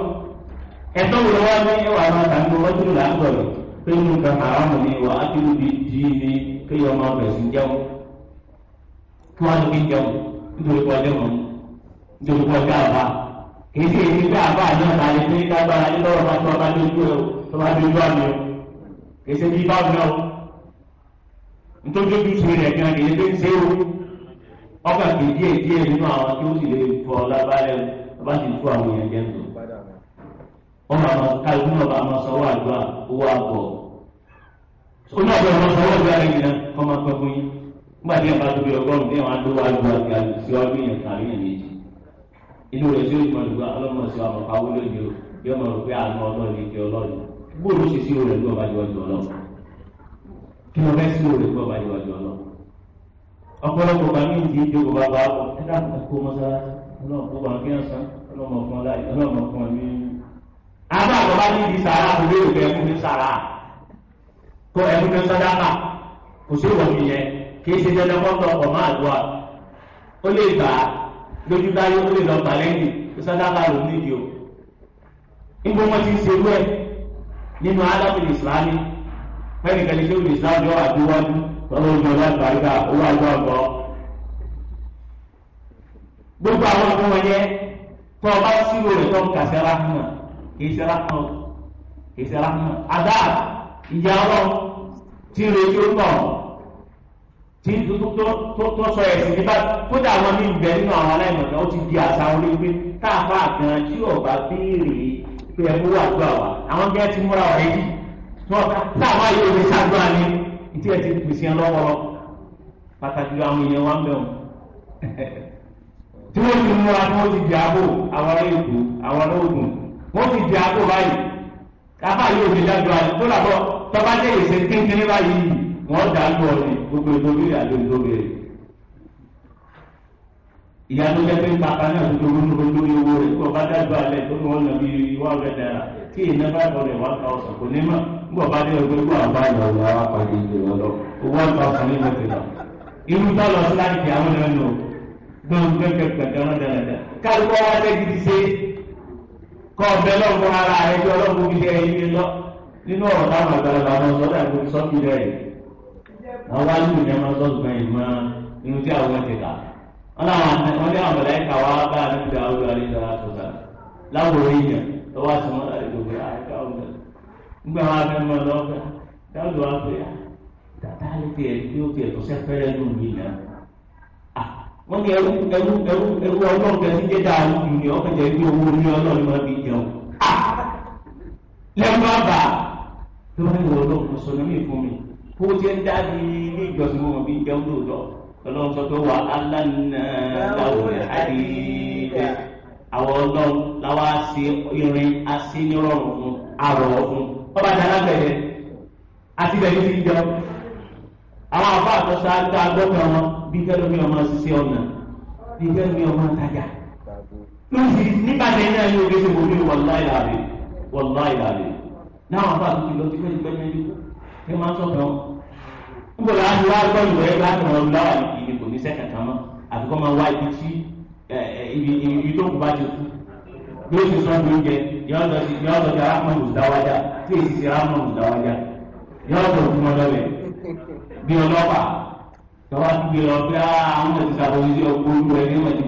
S1: ẹ̀tọ́ wo wá ní ẹwà àwọn àtàkùn ọdún làǹgọ̀ rẹ̀ pé mo kà haramu ni wà á kílù bí di ni kéèyàn ọmọ ọbẹ̀ sí jẹun kí wọ́n á lè jẹun nítorí pọ̀ jẹun nítorí pọ̀ jẹ́ àbá kì í ṣe èyí pé àbá àjọ àtàlẹ́ pé dábàá kèsè bí bá ọ̀nà o ntọ́jú ojú sí rẹ̀ gan kèsè bí ń ṣe o ọkàn kì í díẹ̀ díẹ̀ nínú àwọn tó sì lè fọ lábàárẹ̀ bá ti tu àwọn èèyàn jẹ́ nù. wọ́n máa ma ká ìlú náà bá ma sọ́wọ́ àdúrà owó àbọ̀ ó náà bẹ̀rẹ̀ ma sọ́wọ́ àdúrà rẹ̀ yìí kọ́ máa pẹ́ fún yín nígbà tí ẹ̀ka tóbi ọgọ́rùn-ún tí wọ́n á lówó àdúrà àti àlùsíwájú yẹn kàrí yẹn méjì inú rẹ̀ tí ó ti mọ̀ nígbà ọlọ́mọ sí wa mọ̀ ká wọlé yìí o yọ gbóòlù ṣe sí òòlù ẹgbẹ́ ọba ìwájú ọlọ kí ló fẹ́ sí òòlù ẹgbẹ́ ọba ìwájú ọlọ ọ̀pọ̀lọpọ̀ bá ní ìdí ìdí ọba bá wọ ẹ̀dá àkókò mọ́sálásí ọlọ́run kó bá ń gẹ́ràn sán ọlọ́run ọ̀fun ọláyé ọlọ́run ọ̀fun ọ̀ní. àbá àkọ́bá ní di sàrà kò lè rògbé ẹkún ní sàrà kó ẹkún ní sàdákà kò sí ìwọ̀n nìyẹn kì í ṣe dandan mọ́tò ọkọ̀ máa dùn à ó lè gbà á lójú táyé ó lè lọ gbà lẹ́yìn sàdákà ló ní ìdí o. ìgbọ́n wọn ti ṣerú ẹ̀ nínú alábìlì ìsìlámì fẹ́nìkan ní kéwìlì ìsìlámì yọ àdúwájú tọ́lá ojú ọ̀dọ́ àgbàríkà owó àjọ ọ̀dọ́. gbogbo àwọn ọdún wọn yẹ tó ọba sílò rẹ̀ tó ń kà sí aláhùnmá kì í sí aláhùnmá kì í sí aláhùnmá adá ìyá ọlọ tí ń retí tọ̀ tí tó sọ ẹ̀sìn nígbà kódà àwọn mí bẹ nínú àwọn aláìmọ̀tàn ó ti di àṣà orí pé káàfáà gan tí ọba béèrè pé ẹ̀kọ́ wà gbà wá àwọn gẹ́gẹ́ ti múra ọ̀rẹ́ bí wọ́n táwọn ayé omi sáájú àní ìtí ẹ̀ ti pèsè ẹ̀ pàtàkì àwọn èèyàn wa ń bẹ̀ wọ́n tí wọ́n ti múra tí wọ́n ti di àbò àwọn ará àwọn ará wọ́n ti di àbò báyìí káfá yóò fi dájú àní kó làbọ̀ tọ́ba jẹ́ na báyìí wọ́n dà á lọ gbogbo ìdókòwò àti ìdókòwò ìyanu jẹ́pẹ́ pàpà náà tó lórí lórí owó rẹ̀ kó ọba dágbà alẹ́ tó ní wọ́n lọ bí wá ọ̀rẹ́ dára tí ìyẹn bá bọ̀ rẹ̀ wá ta ọ̀sán kò ní mọ̀ nígbà bá dé ọgbẹ́ kó àbá ìyàwó wa pàdé ìdèrò lọ owó àgbà ọ̀sán nínú ìdèrò. irú bá lọ sí láti àwọn ẹ̀rọ nù gbọ̀ngbẹ́ kẹ̀kẹ́ ọ̀rọ̀ dáadáa kálukọ́ wa tẹ́ gidi ṣe kọ́ ọ̀bẹ lọ́gbọ̀n ara ẹjọ́ ọlọ́ wọn làwọn wọn ní àwọn mọlẹ́kà wá bá àdúgbò àwùjọ àlẹ́ ìlú àtọ̀tà láwòrán èèyàn lọ́wọ́ àti wọn láti gbogbo àyíká ọ̀gbẹ́ nígbà wọn abẹ́ mọ́ lọ́gbà dáwọ́dù wá pé tàtà lè tiẹ̀ tí ó tiẹ̀ tó sẹ́ fẹ́rẹ́ nù mí nà wọ́n ní ẹrú ẹrú ẹrú ẹrú ọlọ́run kẹ́ sí dédá àwọn ìrìn ọ̀pẹ̀ jẹ́ bí owó ní ọlọ́run máa bí jẹun lóòótọ́ ọlọ́run sọ pé wà aláǹnà láwùrẹ́ àdìyẹ àwọn ọlọ́run láwa ṣe irin asínirọ̀rùn fún arọ̀ ọ̀fun ọba dáná bẹ̀rẹ̀ àti bẹ̀rẹ̀ ti jọ àwọn àbá àtọ́sá gbá agbọ́pẹ̀ wọn bí kẹ́lú mi ọmọ ṣiṣẹ́ ọ̀nà bí kẹ́lú mi ọmọ tajà lóṣì nípasẹ̀ náà yóò gbé ṣòwò ní wàláì làbẹ̀ wàláì làbẹ̀ náà àbá àtúntò lọ sí pẹ́ẹ́lí pẹ́ẹ́lí níbo la ti wá gbọ́ ìwé láti wọn lọ ìdí kò ní sẹ́kẹ̀ kan mọ́ àti kọ́ máa wá ibi tí ibi tó kù bá ti kú bí ó ti sọ ní oúnjẹ yọ̀ọ́ lọ sí yọ̀ọ́ lọ arákùnrin olùdáwájà tí èyí ti arákùnrin bí ọlọ́pàá ti gbé lọ àwọn ti ọkọ̀ olú ẹ̀ ní ìwọ̀n ti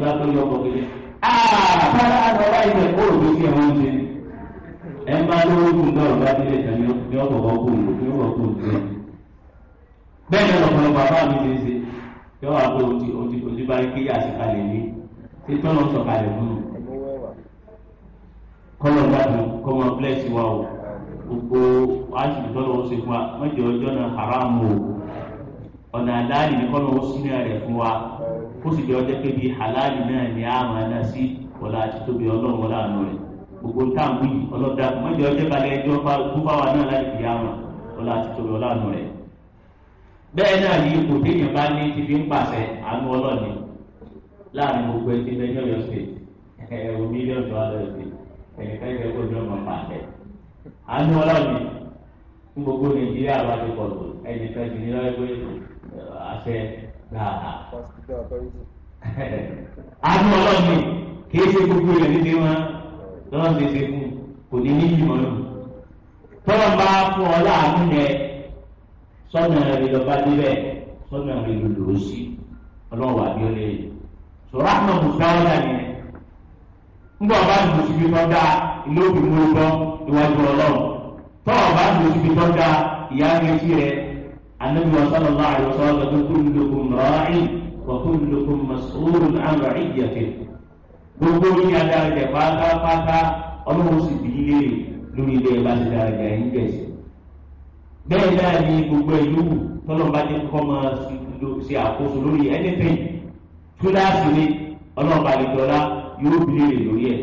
S1: tó yọ bẹ́ẹ̀ ni ọ̀pọ̀lọpọ̀ bàbá mi ti ṣe yọ wà pé òtí òtí òtí bá rí kéyà sí kalẹ̀ ní tí tọ́lọ̀ ń sọ̀kalẹ̀ fún un. kọ́lọ̀ gbàdùn kọ́mọ bílẹ̀sì wa o gbogbo àṣìṣe tọ́lọ̀ ń ṣe fún wa mọ́jọ ọjọ́ náà haramu o ọ̀nà àdáàlì ni kọ́lọ̀ ń sún rẹ̀ fún wa ó sì jẹ́ ọjọ́ pé bíi halali náà ni a máa ná sí ọ̀la àti tóbi ọlọ́run ọ̀la àná rẹ̀ gbogbo táwọn ọlọ́dà mọ́jọ ọjọ́ balẹ̀ ẹjọ́ fún wa náà láti fi yá wọn ọ̀la àti tóbi ọlọ́run rẹ̀ bẹ́ẹ̀ náà ní ipò téèyàn bá ní ti fi ń pàṣẹ àánú ọlọ́ọ̀ni láàrin gbogbo ẹtí lẹ́yìn ọ̀yọ́ state ẹ̀rọ mílíọ̀nù ọ̀yọ́ state ẹ̀yìnká ìjẹ́ kó máa pàṣẹ. àánú ọlọ́ọ̀ni fún gbogbo nàìjíríà wà ní pọ̀tò ẹ̀yìn ní lọ́wọ́ àṣẹ gbàgbà. àánú ọlọ́ọ̀ni kì í ṣe sọ́nà ìlọba débẹ̀ sọ́nà ìlú lòsì ọlọ́wọ́ àbíọ́lẹ̀ sọ̀rọ̀ àmọ́ mùsùlùmí ni ńgbà ọba ní mùsùlùmí tó dáa ìlú òbí mú ibọ́ ìwájú ọlọ́run tọ́ ọba ní mùsùlùmí tó dáa ìyá ní etí rẹ̀ anabi wa sallallahu alayhi wa sallam tó kún lókun rọ́ọ̀rì wà lókun mas'ulun àmọ̀ ìjẹ̀fẹ̀ bẹ́ẹ̀ náà ni gbogbo ìlú tọ́lọ́mọba ti kọ́ máa ṣe àkóso lórí anything túláàsì ni ọlọ́mọba ìjọba yóò bí lè lórí ẹ̀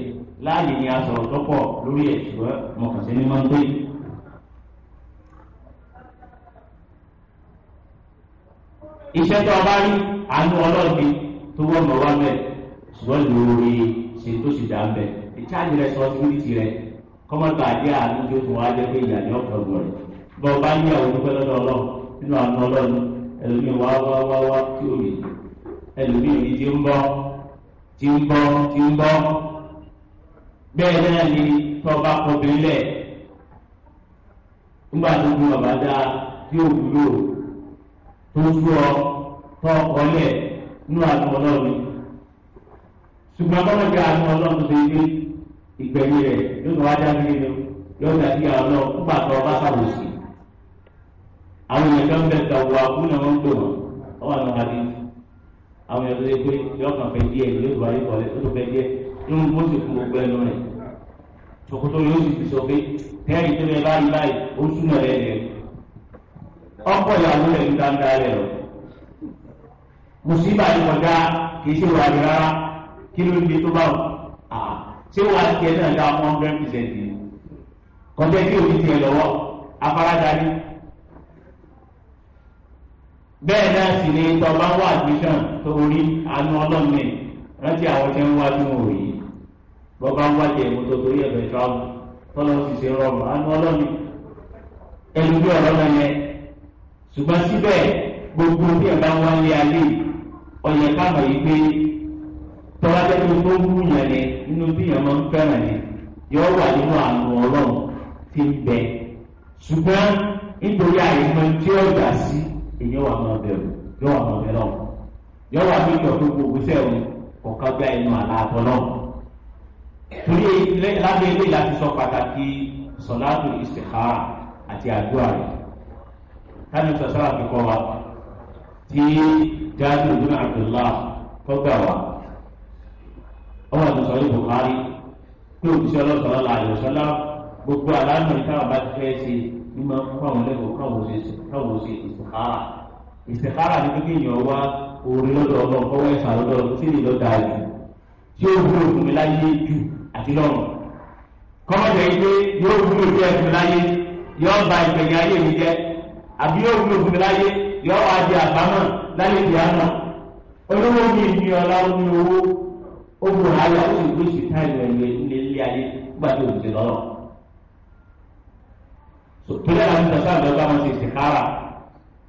S1: láàyè ni a sọ̀rọ̀ tọ́pọ̀ lórí ẹ̀ ṣùgbọ́n mọ̀kànṣẹ́ ni máa ń gbé. iṣẹ́ tó o bá rí àánú ọlọ́ọ̀dì tó wọ́n mọ̀ wá bẹ̀ ṣùgbọ́n lórí ṣe tó ṣì dá bẹ̀ ìcháàjì rẹ̀ sọ́ọ́ sí rẹ̀ kọ́mọ́tò àdé àánú tó wá jẹ́ pé ìyàní ọ̀pọ̀ ọ̀gbọ̀n rẹ̀ bọ́ ọ bá ní àwọn olùkọ́ lọ́dọ̀ ọlọ́run nínú àná ọlọ́run ẹlòmíì wá wá wá wá tí ò rí ẹlòmíì ní ti ń bọ́ ti ń bọ́ ti ń bọ́ bẹ́ẹ̀ náà ni tọ́ba kọbìnrin lẹ̀ nígbà tó gun bàbá dá tí ò wúlò tó sú ọ tọ́ ọ lẹ̀ nínú àná ọlọ́run ṣùgbọ́n bọ́lá bí àánú ọlọ́run ṣe dé ìgbẹ̀yìn rẹ̀ yóò tó mi nínú yóò dá àwọn ọlọ́run nígbà tó ọba kàwé sí àwọn èèyàn kan bẹ ta wà kú náà wọ́n ń pè wọ́n wọ́n wà lọ́wọ́ adé àwọn èèyàn tó yẹ pé yọ kàn fẹ́ díẹ̀ yóò tó ayé kọ́lé tó tó fẹ́ díẹ̀ tó ń gbóṣe fún gbogbo ẹnu rẹ̀ tòkòtò yóò sì fi sọ pé tẹ́rì tó yẹ báyìí báyìí ó túnmọ̀ rẹ̀ rẹ̀ ọ̀pọ̀ ìyàwó rẹ̀ ń dáadáa rẹ̀ lọ. mùsíbà ìwọ̀dá kì í ṣe wà ní rárá kí ló ń gbé tó bá wọn ṣé wà á tiẹ̀ náà bẹ́ẹ̀ náà sì ni tọba wà admission tó rí àánú ẹ̀ rántí àwọn tẹ́ ń wá bí wọn bọ́ba ń wájú ẹ̀mú torí tọ́lọ́ sì ṣe rọrùn gbogbo bí ẹ̀ bá ń wáyé ayé ọ̀yẹ̀ yìí pé tọ́lá tó ń yẹn ni nínú bí máa ń fẹ́ràn yọ wà nínú èyàn wà máa bẹ̀rù yọ wà máa bẹ̀rù yọ wà ní ìjọ tó gbogbo sẹ́wọ̀n kọ̀ọ̀kan gbá inú àlá àtọ̀ náà. torí lábẹ́ ilé láti sọ pàtàkì sọ̀láàtù istikhara àti àdúrà rẹ̀ táni sọ̀sọ́rọ̀ àfikọ́ wa tí jáde ìdúrà Abdullah tó gbà wá ọmọ àtúnṣe ọ̀rẹ́ Bukhari pé òkúṣe ọlọ́sọ̀rọ̀ làyò sọ́lá gbogbo àlànà ìtàwọn bá ti fẹ́ ṣe ní máa ń kọ́ àwọn lẹ́kọ̀ọ́ káwọn ò ṣe Ah, ìsìnkára ìsìnkára ni kíkẹ́ èèyàn wá orí lọ́dọ̀ ọlọ́run kọ́wọ́ ẹ̀sà lọ́dọ̀ ọlọ́run sí ìlú ọ̀dà ìlú tí ó wúlò fún mi láyé jù àti lọ́run kọ́mọ̀jẹ̀ yìí pé yóò wúlò fún ẹ̀sìn láyé yóò ba ìgbẹ̀yìn ayé mi jẹ́ àbí yóò wúlò fún mi láyé yóò wá di àbámọ̀ láyé ìdí àná olówó mi ní ọlá ní owó ó bu àyà ó sì gbé ṣìkà ìrẹ̀lẹ̀ ilé ilé ayé nígbà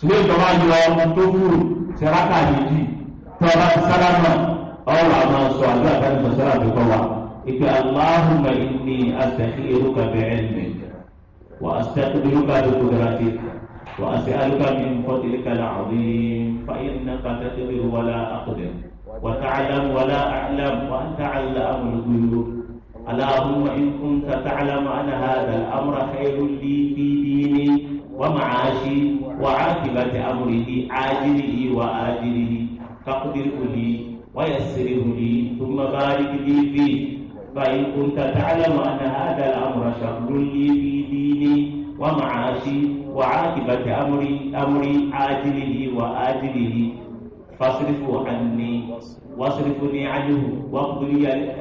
S1: ṣùgbọ́n ìjọba yọ tó kúrò ṣẹ̀ráka yìí tọ́ba sálámà ọ̀rọ̀ àwọn sọ àdúrà bẹ́ẹ̀ sọ sára fi kọ́ wa ìpè aláhùnmá ìní àṣẹ̀kí erúkà bẹ̀rẹ̀ ẹ̀mẹ̀ wà á ṣẹ́kù erúkà tó kúrò ti wà á ṣe alúkà mi ń fọ́tí lè kàlà ọ̀dí fàyè ní kàtà tó kúrò wàlá àkùdẹ̀ wà tàcàlám wàlá àcàlám wà á tàcàlá àmàlùkúrò aláhùnmá ìkúntà tàcàlám àná hàdà àmúra xeyru lì ومعاشي وعاقبة أمره عاجله وآجله فاقدره لي ويسره لي ثم بارك لي فيه فإن كنت تعلم أن هذا الأمر شر لي في ديني ومعاشي وعاقبة أمري أمري عاجله وآجله فاصرفه عني واصرفني عنه واقضي لي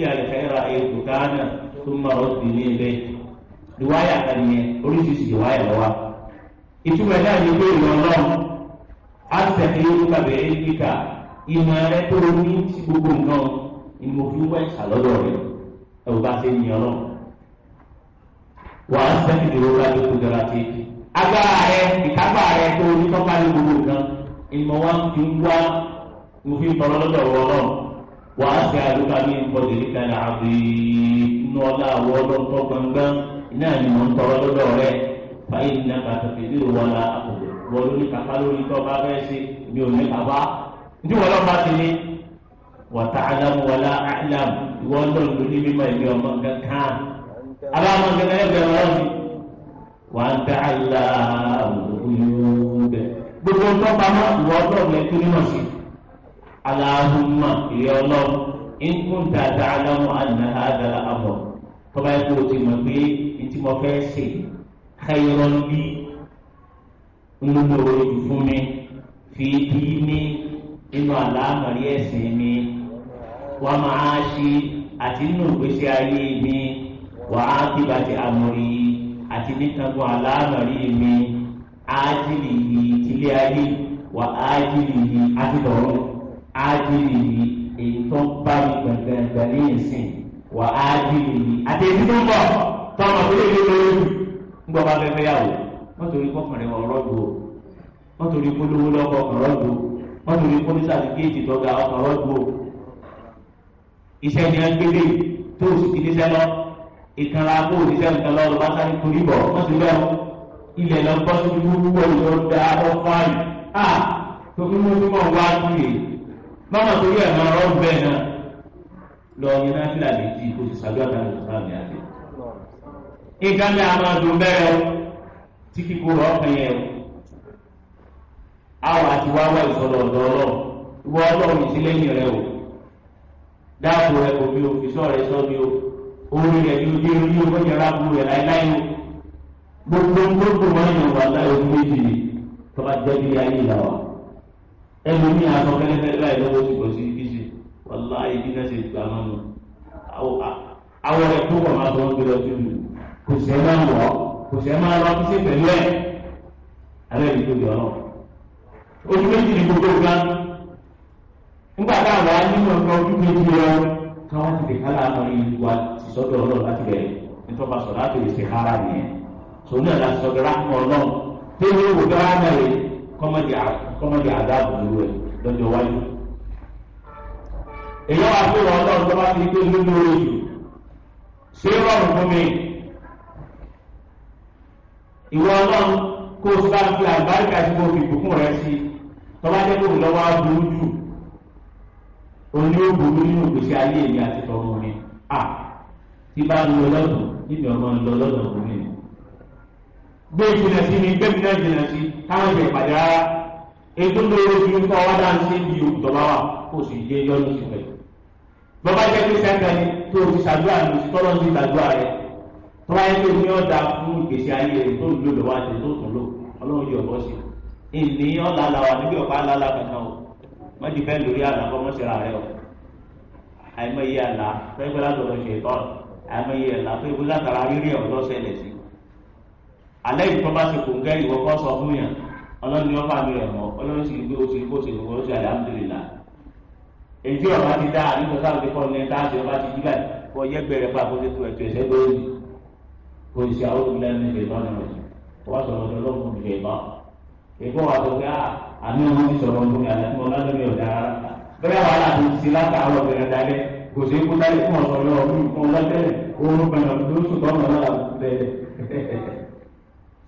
S1: الخير حيث كان ثم ردني به ìwáyà kan nìyẹn oríṣiríṣi ìwáyà lọ́wọ́ ìtumọ̀ náà ni pé ìwọ ọlọ́run á bẹ̀rẹ̀ níkà ìmọ̀ rẹ tó o ní ti gbogbo nǹkan ni mo fi wá ìsàlọ́dọ̀ rẹ ẹ ò bá ṣe ní ọlọ́run wà á sẹ́kì ní orúkọ tó kù dára sí agbára rẹ ìkápá rẹ tó o ní tọ́ka ní gbogbo nǹkan ìmọ̀ wa fi ń wá mo fi ń tọrọ lọ́dọ̀ wọ ọlọ́run wà á sẹ́ àdúgbò mi ń bọ̀ dèmí kan àbí inú ọlá àwọn ọlọ́run tó gbọ̀ngbọ̀n iná ni mò ń tọrọ lọ́dọ̀ rẹ báyìí ní nàkà tẹ̀síbí wọn la àkùrẹ́ wọn ló ní kápá lórí tó bá fẹ́ ṣe mi ò ní kápá ní wọn lọ́ba ti ní wàtá alamu wàlá alam ìwọ lọ́n ló ní mímọ ìmí ọmọ kankan alámọ kankan ẹgbẹ́ wọn ni wàá ń tẹ àlá òyìnbó gbogbo ń tọ́pa mọ́ ìwọ ọlọ́run lẹ tó nímọ̀ sí aláhùnmá ìyá ọlọ́run ń kúntà dáadáa mọ́ àdìnnà àbọ̀ tọ́ba yẹ kó o ti mọ̀ pé etí mo fẹ́ ṣe káyọ̀rọ̀ bí ńlọ́dọ̀ ojú fún mi fi bí ní inú àlámọ̀rí ẹ̀sìn mi wà máa ṣe àti nínú ìgbésí ayé mi wà á ti bàtì àmọ̀rí àti nítàgbọ́ àlámọ̀rí mi ájìlì yìí tilé ayé wà ájìlì yìí àti ájìlì yìí èyí tó bá mi gbàgbàgbà ní ìsìn wà á di èyí àti èyí tó ń bọ̀ tọmọ tó lè lórí ojú ń gbọ́ bá fẹ́fẹ́ yàwó wọ́n torí kọkànlẹ̀ ọ̀rọ̀ ju o wọ́n torí polówó lọ́kọ̀ ọ̀rọ̀ ju o wọ́n torí polisa ti géèjì tọ́ga ọ̀rọ̀ ju o iṣẹ́ ni a ń gbélé tó o sì ti níṣẹ́ lọ ìkànnà kó o níṣẹ́ nǹkan lọ́ọ́ bá sáré torí bọ̀ wọ́n ti bẹ́ẹ̀ ilẹ̀ lọ bọ́ sí wúwú ọ̀yọ́ da ah tó fi mú mọ́ wá sí i lọ́nà lọ yẹn náà fìlà méjì kó ti sàdúrà tàbí ìtura mi àti. nǹkan mi àwọn ọdún bẹ́ẹ̀ tí kíkó rọ̀ ọ̀kan yẹn o. àwọn àti wá wá ọ̀dọ̀ o. dáàbò rẹ kò o ìṣọ́ rẹ sọ o. orí rẹ ni orí o rẹ o. gbogbo gbogbo wọn yàn wà láyé ojú méjì ni tọ́ba jẹ́ bí ayé ìlà wa. ọlá ibi náà ṣe gbà máa nù àwọn rẹ̀ tó wà máa tó ń gbé lọ sílùú kò sẹ́ máa wọ̀ kò sẹ́ máa lọ sí pẹ̀lú ẹ̀ alẹ́ ìlú tó yọ̀ náà ojú méjì ní gbogbo ìgbà nígbà tá a wà nínú ọ̀pọ̀ ojú méjì lọ káwọn ti lè kálá àwọn ìlú wa ti sọ́dọ̀ ọlọ́run láti bẹ̀rẹ̀ nítorí wọn sọ̀rọ̀ láti lè ṣe kára nìyẹn sọ náà láti sọ̀rọ̀ rákùn ọlọ́run tẹ́lẹ̀ wò dáhà náà kọ́mọ́dé àdáàbò lórí ẹ̀ lọ́jọ́ wáyé èyí wà fún wọn lọ́wọ́ tó bá ti gbé nínú orí ṣé rọrùn fún mi ìwọ ọlọ́run kó o sáà fi àlùbáríkà tí mo fi bùkún rẹ sí tọ́lá jẹ́ kó o lọ́wọ́ aburú jù oní òbòrú nínú ìgbésí ayé èyí àti tọ́mọ mi à tí bá ń lọ lọ́dún níbi ọmọ ń lọ lọ́dún òun ni gbé ìjìnlẹ̀ sí mi gbé ìjìnlẹ̀ ìjìnlẹ̀ sí táwọn ìjẹ̀ ìpàdé rárá ètò lórí ojú ń kọ́ wá dáhùn sí ibi ìjọba wa kó o sì yé yọ́nù síbẹ̀ bọ́bá jẹ́ pé ni tó o ti ṣàdúrà ní tọ́lọ́ ní ìgbàdúrà rẹ̀ tó wáyé pé ní ọ̀dà fún ìgbésí ayé rẹ̀ tó lò lọ́wọ́ àti tó tún lò ọlọ́run yóò bọ́ sí i ènìyàn lálá wa níbi ọ̀pá lálá kankan o wọ́n ti fẹ́ lórí àlá fọ́ mọ́sẹ̀rà rẹ̀ o àìmọye àlá fẹ́ gbé látọ̀rọ̀ ṣe tọ́ àìmọye àlá fẹ́ gbé látara rírí ọ̀dọ́ ṣẹlẹ̀ sí alẹ́ yìí tó bá ṣe kòńgẹ́ ìwọ́kọ́ sọ fún yàn ọlọ́run ni wọ́n èyí tí ọba ti dá àdúgbò sáwọn ti kọ́ ní ẹ̀ta àti ọba ti jílẹ̀ kọ́ yẹ́gbẹ̀rẹ̀ pa kó tètè ẹ̀tọ́ ẹ̀sẹ̀ lórí polisi àwọn òbílẹ̀ ní ìgbè náà nìyẹn wọ́n sọ̀rọ̀ ọ̀dọ́ lọ́kùn ìgbè náà èkó wà tó ká ah, àmì òun ti sọ̀rọ̀ ọ̀dún yàrá tí mo bá lórí ọ̀dà rárá bẹ́ẹ̀ wà láti ti látàárọ̀ bẹ̀rẹ̀ dalẹ̀ kò sí ikú dálé fún ọ̀sọ̀rọ̀ ọ̀dún ìfún ọlọ́tẹ̀lẹ̀ oorun pẹ̀lú ọdún oṣù tó ń lọ lára bẹ̀rẹ̀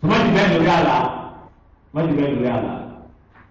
S1: mọ́tì bẹ́ẹ̀ lórí àlá mọ́tì bẹ́ẹ̀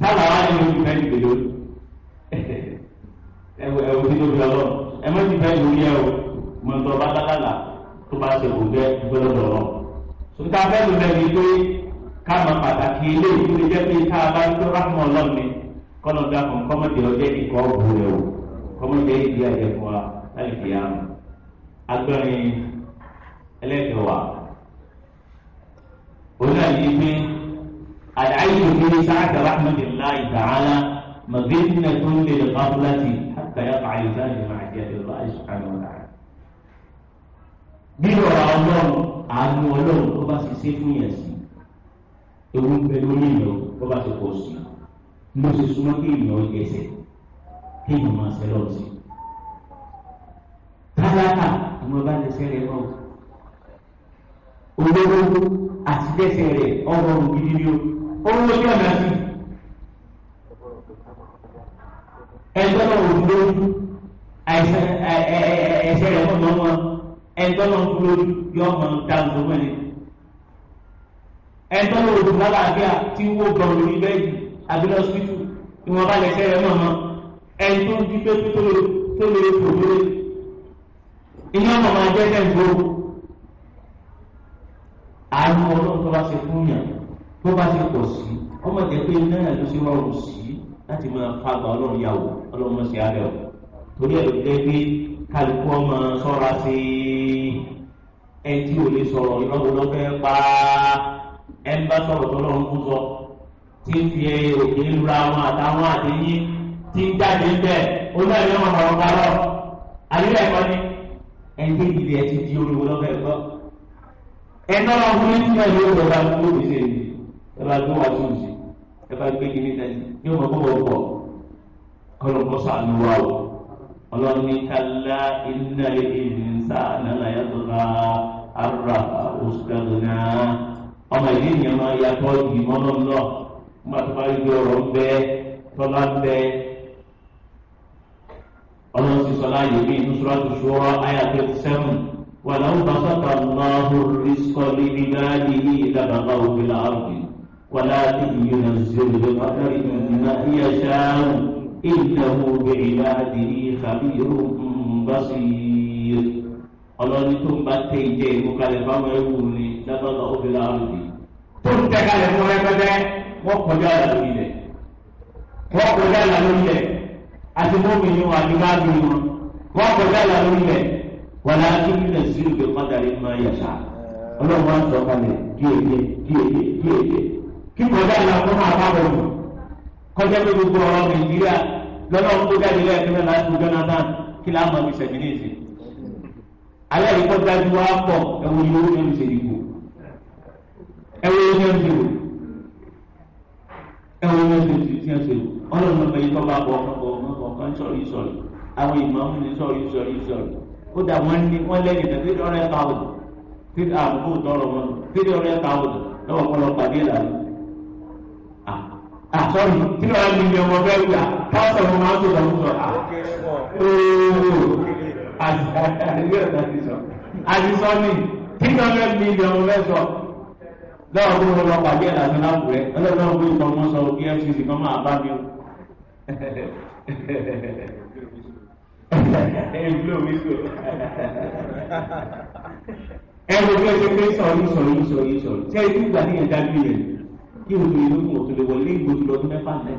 S1: sábà wá ní ojú fẹ́ ìpè lórí [LAUGHS] ẹwọ ẹwọ tí lórí ọlọ ẹ mọ ti fẹ́ lórí ẹ o mọ tó bá dákàlà tó bá ṣe kò jẹ gbọdọdọ lọ. sùkà fẹ́ lórí ẹni pé ká mọ pàtàkì eléyìí tó lè jẹ́ pé ká bá tó rámọ̀ ọlọ́ọ̀ni kọ́nà dá fún kọ́mọ̀tì ọjọ́ ìkọ́ òbú rẹ o kọ́mọ̀tì ìdí ẹ̀jẹ̀ fún wa láì fi hàn. agbẹ́rin العيش في سعة رحمة الله تعالى مظنة للغفلة حتى يقع الإنسان مع جهة الله سبحانه وتعالى bíbọ̀ ọlọ́run àánú ọlọ́run tó bá sì ṣe fún yẹn sí ewu pẹ̀lú oníyàn tó bá ti pọ̀ sí mo ṣe súnmọ́ kí ènìyàn gẹ̀ẹ́sẹ̀ kí ènìyàn máa ṣe lọ́wọ́ sí. tálákà àwọn bá lè sẹ́rẹ̀ náà olówó àtidẹ́sẹ̀ rẹ̀ ọ̀rọ̀ ògidì ni ó. owó sí ọ̀nà sí ẹjọ́ náà ò dúró àìsàn ẹ̀ṣẹ̀ rẹ̀ fún ọmọ ẹjọ́ náà ń dúró yọ ọmọ ta ọmọ mẹ́rin ẹjọ́ náà ò dúró lálàáfíà tí wọ́n gbọ́n lórí bẹ́ẹ̀dì àbílẹ̀ ọ̀sìpìtì ni wọ́n bá lẹ́sẹ̀ rẹ̀ mọ̀ mọ́ ẹjọ́ ń dúpẹ́ tó lè tó lórí ìyá ọmọ máa jẹ́ sẹ́ńgbó àánú ọlọ́run tó bá ṣe fún yàn tó bá ti pọ̀ sí ọmọ jẹ́ pé náà ló ṣe rọrùn sí láti máa fagbà ọlọ́run yà wò ọlọ́run mọ̀ sí abẹ́ ọ̀ torí ẹ̀ ló jẹ́ pé kálukú ọmọ sọ́ra sí ẹ tí ò lè sọ̀rọ̀ ìrọ́wọ́ lọ́fẹ́ pa ẹ ń bá sọ̀rọ̀ tọ́lọ́run kú sọ tí ń fi òkè lura wọn àtàwọn àtẹ̀yìn tí ń jáde bẹ́ẹ̀ ó náà yẹ wọn ọ̀rọ̀ parọ́ àyíká ẹ̀kọ́ ni ẹ ń ìdílé ẹ ti di olówó lọ́fẹ́ gbọ́ ẹ náà wọn fún ní ìgbà yóò gbọ́dọ̀ àwọn olóògbé ẹ bá gbé wàá tún sí ẹ bá gbé kí ní tẹ̀sí yóò mọ kó wọ́n pọ̀ kọ́lọ́ kó sànù wá o ọlọ́run ní kálá iná ìrìnsá nàlá yàtọ̀ náà ara òṣùkàlù náà ọmọ ìdí ìyẹn máa yàtọ̀ ìgbìmọ̀ lọ́nà nígbà tó bá rí bí ọ̀rọ̀ ń bẹ tọ́lá ń bẹ ọlọ́run ti sọ láàyè inú sọ́ra tó ṣọ́ra àyà twenty seven. ولو بسط الله الرزق لعباده لبغوا في الأرض ولكن ينزل بقدر ما يشاء إنه بعباده خبير بصير ọlọ́ni tó ń bá tẹ ìjẹ́ ìmúkalẹ̀ fáwọn ẹrú ni lábàbà obìnrin àrùbí. tó ń tẹ kalẹ̀ fún ẹgbẹ́gbẹ́ wọ́n kọjá lórí rẹ̀ wọ́n kọjá lórí rẹ̀ àti mọ́mí ni wọ́n àti báàbí ni wọ́n wọ́n kọjá lórí rẹ̀ wọ́n á kí nílẹ̀ sí ìgbẹ́ pátá ní máa yàtà ọlọ́run á sọ kalẹ̀ díẹ̀ díẹ̀ díẹ̀ díẹ̀ díẹ̀ kí kọjá ìlà fún máa bá bọ̀ lù kọjá pé gbogbo ọ̀rọ̀ nàìjíríà lọ́nà tó jáde lẹ́ẹ̀kan náà láti Jonathan kí láà máa fi sẹ̀mí ní ìsìn. alẹ́ yìí kọjá ju wá pọ̀ ẹ̀wọ̀n yìí ó ní oṣù ìdìbò ẹ̀wọ̀n yìí ó ní oṣù ẹ̀wọ̀n yìí ó ní oṣù tí wọ́n ṣe ọlọ́run ọ̀bẹ yìí tọ́ba bọ̀ ọkàn sọ̀rọ̀ ìsọ̀rọ̀ àwọn ìmọ̀ọ́mù ní sọ̀rọ̀ ìsọ̀rọ̀ ìsọ̀rọ̀ ó dà wọ́n ní wọ́n lẹ́yìn tẹ̀síọ̀rẹ́ tàwọn tẹ̀síọ̀rẹ́ tàwọn lọ́wọ́ kọ́lọ́ pàdé làwọn àtọ́rì ah, tí wọ́n á nílé ọmọ bẹ́ẹ̀ gbà káàtọ̀ ọmọ máa ń tó sọmú ah. [LAUGHS] sọ àdìsọ́ ni tí wọ́n bẹ́ẹ̀ nílé ọmọ bẹ́ẹ̀ sọ lọ́wọ́ tó wọ́n lọ pàdé àdàsán láàbù rẹ̀ ọlọ́dún ọ̀gbìn ìtàn wọn sọ kí fcc kan máa bá mi o. [LAUGHS] ẹ̀rù kẹ́sẹ̀ [LAUGHS] pé sọ̀rọ̀ sọ̀rọ̀ sọ̀rọ̀ sọ̀rọ̀ sẹ́yìn tí ìgbà níyẹn dájú yẹn kí o lè lókun o tó lè wọlé ìgbò tó lọ́dún mẹ́fà lẹ̀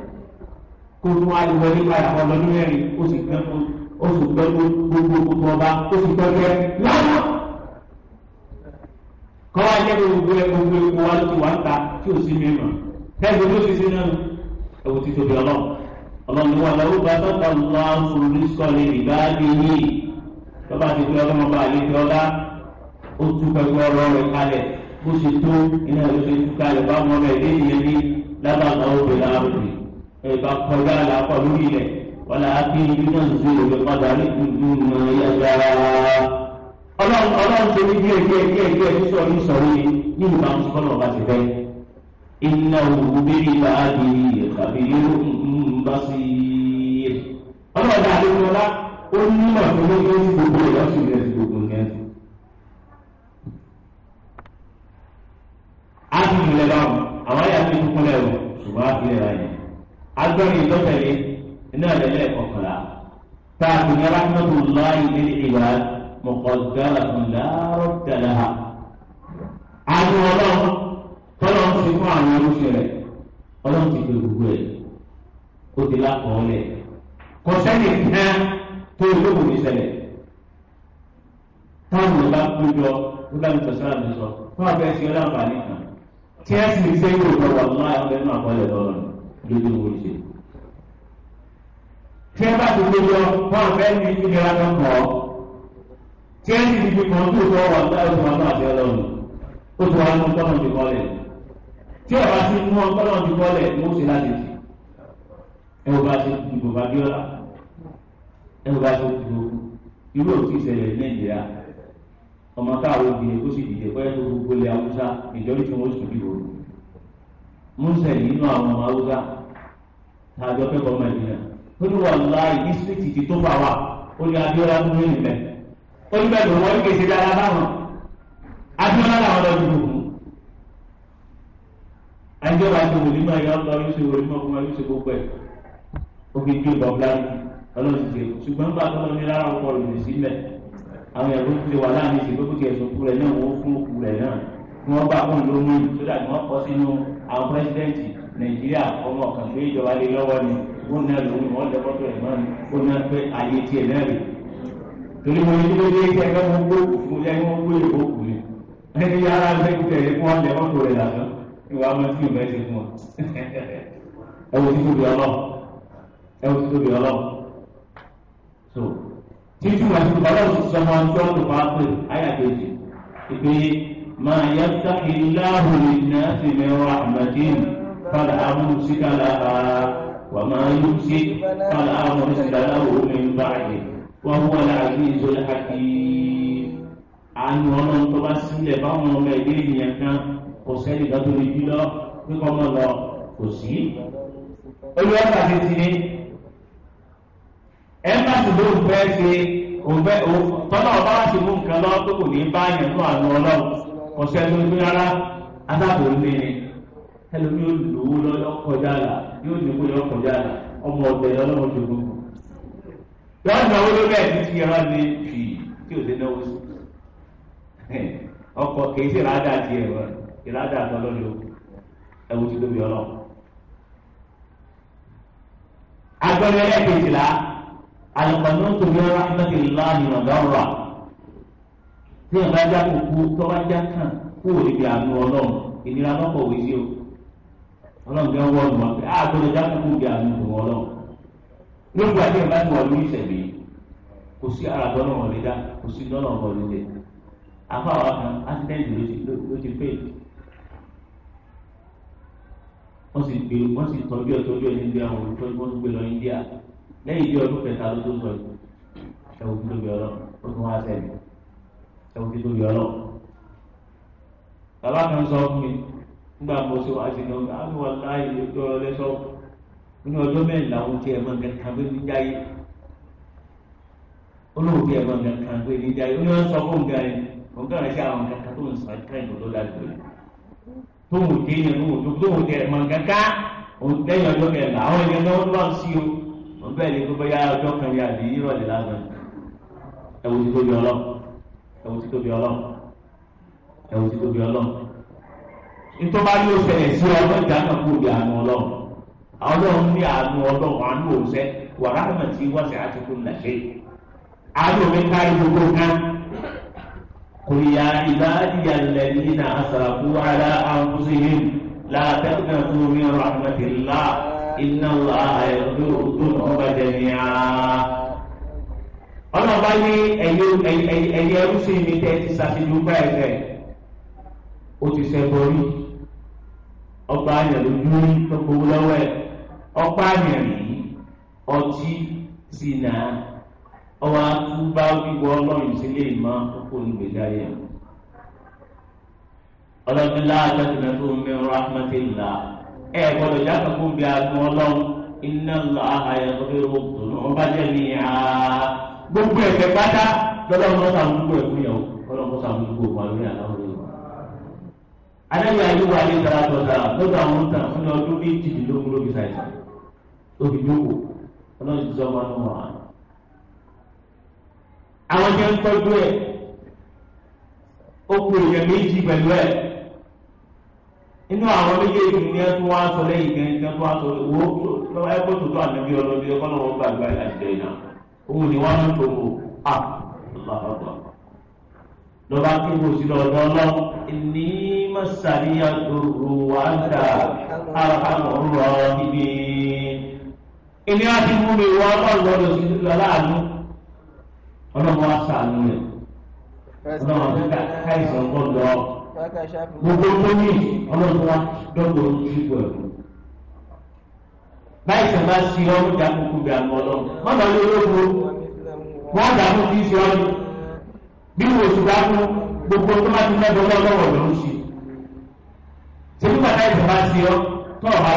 S1: kó tún wá wọlé padà wọn lọ́dún mẹ́rin ó sì gbẹ́ fún ó sì gbẹ́ fún gbogbo gbogbo ọba ó sì gbẹ́ fẹ́ lọ́wọ́. kọ́ wa jẹ́ gbogbo ẹ gbogbo epo wa lóṣù wa ń ta tí o sì mi mọ̀ tẹ́lẹ̀ ló ti sí náà ẹ̀wò ti tóbi ọlọ́run ọlọ́run wà lọ́wọ́ bá tọ́ta lọ́wọ́ àwọn oníṣọ́lẹ̀ ìbáàdì yìí tọ́ba ti fi ọlọ́mọba àlejò ọlá ó tú pẹ̀lú ọlọ́run bó ṣe tó iná ló ṣe tú kalẹ̀ bá wọn bẹ̀ lé ìyẹn ní lábàtà òbí láàrúbí ẹ bá kọjá àlàkọ lórí ilẹ̀ wọlé àti iná ṣe òwe padà ní dúdú náà yára. ọlọ́run ṣe ní bí ẹgbẹ́ ẹgbẹ́ ẹgbẹ́ sísọ ní sọ̀rọ̀ yìí ní ọba ti iná bá a di yóò ń bá sí i. tuntun lẹ báwọn àwọn àyà ti tuntun lẹ o ṣùgbọ́n a fi lè ra yẹn. agbẹ́rin ìtọ́tẹ̀lé iná ìdẹ́lẹ̀ kọkànlá tá a fi yẹra mọ́tò láàyè ní ìgbà mọ̀kọ́dára ńláàrọ̀ tẹ̀lé ha. àwọn ọlọ́run tọ́lọ́ ń fi fún àwọn olóṣèlú rẹ̀ ọlọ́run ti fi gbogbo ẹ̀ ó ti lákọ̀ọ́lẹ̀ kọ́sẹ́nì kan tó olóògùn ní ṣẹlẹ̀ táwọn ọba kú jọ nígbà tó mi sọ fún abẹ́sí ọlọ́run nìkan tí ẹ sì ṣe kò lọ wà lọ́wọ́ ẹgbẹ́ náà kọ́lẹ̀ lọ́rọ̀ lójú wọn ṣe. tí ẹ bá ti gbé lọ wọn fẹ́ ní ìlera kan kọ́ tí ẹ sì fi kàn tó lọ wà lọ́wọ́ ẹgbẹ́ wọn náà bẹ́ẹ̀ ó ti wà ní ọgbọ́n ti kọ́lẹ̀ tí ẹ bá ti mú ọgbọ́n ti kọ́lẹ̀ ni ó ṣe láti jì ẹ bá ti dìbò bá bí ọ̀la ẹ bá ti dìbò irú òtí ìṣẹ̀lẹ̀ ní Nàìjíríà ọmọ káàwé dìde kó sì dìde pẹ́ tó gbogbo ilẹ̀ haúsá ìjọba tí wọ́n sì dìbò rò musa yìí nínú àwọn ọmọ haúsá tàbí ọ̀fẹ́ bọ́ mẹ́lìnà ó ní wà láì dísítì ti tó bá wà ó ní abiola tó ní ìlẹ̀ ó ní bẹ́ẹ̀ lọ́wọ́ ní kèsì dára báwọn abiola làwọn lọ dìbò fún àjọba tó wò nínú ẹ̀yà ọ̀tọ̀ ayúṣe wò nínú ọkùnrin ayúṣe gbogbo ẹ̀ àwọn ẹ̀rọ ń ṣe wà láàrin ìṣègbè kókè ẹ̀sùn kú rẹ̀ náà wọ́n fún òkú rẹ̀ náà kí wọ́n bá fún lómú sódà kí wọ́n kọ́ sínú àwọn pẹ́sidẹ́ǹtì nàìjíríà ọmọ kan pé ìjọba lè lọ́wọ́ ni wọ́n náà lòun wọ́n lẹ́kọ́tọ̀ ẹ̀ mọ́ ni wọ́n náà fẹ́ ayé tiẹ̀ náà rè torí mo ní kí ló dé kí ẹgbẹ́ wọn gbó òkú lẹ́yìn wọn gbó èkó kù ni ẹni yàrá ẹgbẹ́ kú tẹ̀lé fún wọn lẹ́kọ́tò rẹ̀ làtọ́ ìwà wọn tí ò bẹ́ẹ̀ ṣe fún wọn. [LAUGHS] ẹ wo títóbi ọlọ́ ẹ wo títóbi ọlọ́ so títí wà ní bàbá òsì sọmọ ọjọ́ tó bá pè áyà kejì ìpè máa yẹ sáfì láàbù iná sí mi wà àmàdín fàlà àmúlù síkà lára wà máa yú sí fàlà àmúlù síkà lára omi ń bá àyè wọn wọ láàbí ìzọlá àti àánú ọlọ́run tó bá sílẹ̀ báwọn ọmọ ẹgbẹ́ ènìyàn kan kò sẹ́ni ìdádúró ìbílọ̀ pé kọ́ lọ kò sí. olùwàkàtí ti ní. ẹ̀ńtà sì ló ń fẹ́ ṣe òǹfẹ́ tọ́lá ọba láti mú nǹkan lọ tó kò ní bá yẹn tó àánú ọlọ́run ọ̀sẹ̀ gbé rárá adábò ni lọ́yọ́ kọjá là yóò ní kó yọ kọjá là ọmọ ọ̀bẹ ọlọ́run tó gbogbo. yọ̀ọ́ náwó ló bẹ́ẹ̀ ti ti yẹra ní fì tí ò lè náwó sí. ti alùpàdánù tóbi rahmat ilahi ọ̀dọ́rọ̀ tí ẹ̀ bá já kúkú tó bá já kàn kú àánú ọlọ́run ìnira sí o ọlọ́run pé àá ah, tó lè já kúkú àánú ọlọ́run àti ti ní ìṣẹ̀mí kò sí àràbọ̀nà ọ̀lẹ́dá kò sí lọ́nà ọ̀lẹ́dẹ ọrụ àwọn kan ásídẹ́ǹtì ló ti pè wọ́n sì tọ́jú ẹ̀ tọ́jú ẹ̀ níbi àwọn olùtọ́jú wọn gbé lọ lẹ́yìn bí ọdún kẹta ló tó sọ yìí ẹ̀wù tó tóbi ọlọ́ ó tún wá kan sọ fún mi nígbà mo ṣe wá sí náà á wà láàyè lójú ọlẹ́ sọ ní ọjọ́ mẹ́rin làwọn ti ẹ̀mọ́ kankan pé ní jáyé olóhùn bí ẹ̀mọ́ kankan pé ní jáyé ó ní wọ́n sọ fún nǹkan yẹn nǹkan rẹ̀ ṣe àwọn kankan tó ń sọ káyìn ló dájú rẹ̀ tóhùn kéèyàn tóhùn tóhùn tẹ̀ ẹ̀mọ́ kankan òun lẹ́yìn ọjọ́ mẹ́rin làwọn ẹ̀yẹ náà ló wà sí o bẹ́ẹ̀ ni gbogbo yá ọjọ́ kan yá àbí ìrọ̀lẹ́ lásán ẹ̀wù tí tóbi ọlọ́ ẹ̀wù tí tóbi ọlọ́ ẹ̀wù tí tóbi ọlọ́ ntọ́ba yóò ṣẹlẹ̀ sí ọlọ́run ìdáná kó di àánú ọlọ́run ọlọ́run ní àánú ọlọ́run àánú òṣẹ́ wàrà àmọ̀ tí wọ́n ṣe àti kó nà ṣe àánú mi kárí gbogbo kan kò yá ìbáàdìyà lẹ́yìn náà àṣàkó àlà àǹfọ̀ṣẹ́yìn látẹ̀kùnà tó mi rọ̀ àmọ̀ tẹ̀lá iná àyọ̀dún òkútùn ọba jẹ̀míà. ọ̀nà ọba ní ẹ̀yẹ ẹrúsìn mi tẹ́ ti ṣàfihàn bá ẹ̀fẹ̀ ó ti ṣẹ̀bọ̀ rí ọba àyẹ̀lú lórí gbogbo lọ́wọ́ ẹ̀ ọ̀pá àyẹ̀lú ọtí sí náà ọwọ́ àtúbá wíwọ ọlọ́run sílé ìmọ̀ kókó nígbèjà yẹn ọlọ́dún láàbẹ̀tẹ̀mẹ́fọ́ mi rahmatillah. ẹ gbọ́dọ̀ yàtọ̀ fún bí agbọn ọlọ́run iná lọ àhàyè lórí òtún wọn bá jẹ ní gbogbo ẹ̀fẹ̀ pátá lọ́lọ́run lọ́sà ń gbogbo ẹ̀kú yẹn o lọ́lọ́run lọ́sà ń gbogbo ọ̀pá lórí àlọ́ rẹ̀ sara àwọn fún ọdún bíi ti sọ àwọn jẹ́ ń tọ́jú inú àwọn méjèèjì ni ẹ tún wá sọ lẹ́yìn kẹrin kan tún wá sọ wo tó ẹ kó tòótọ́ ànábì ọlọ́dẹ ẹ kọ́nà wọn gbàgbé àìsàn ìyá òun ni wọn ń tòwò à lọ́pàá lọ́ba kí wo sí lọ́dọ́ lọ ní mọ́sàlíyà tòrò wà dà àbámọ̀ rọ níbi. èmi á mú mi wá lọ́dọ̀ lọ sí aláàánú ọlọ́mọ wa sàánú rẹ̀ ọlọ́mọ wa káìsàn gbọ́dọ̀. gbogbo tó ní ọlọ́run wa dọ́gbọ̀ ojú ìgbọ̀ báyìí sọ ma si ọdún dàkúkú bí àmọ́ ọlọ́run ọrụ bá lé olóko wọ́n dàkú kí sí ọdún bí wò sí gbogbo tó má lọ́wọ́ lọ́wọ́ sí ọ tó lọ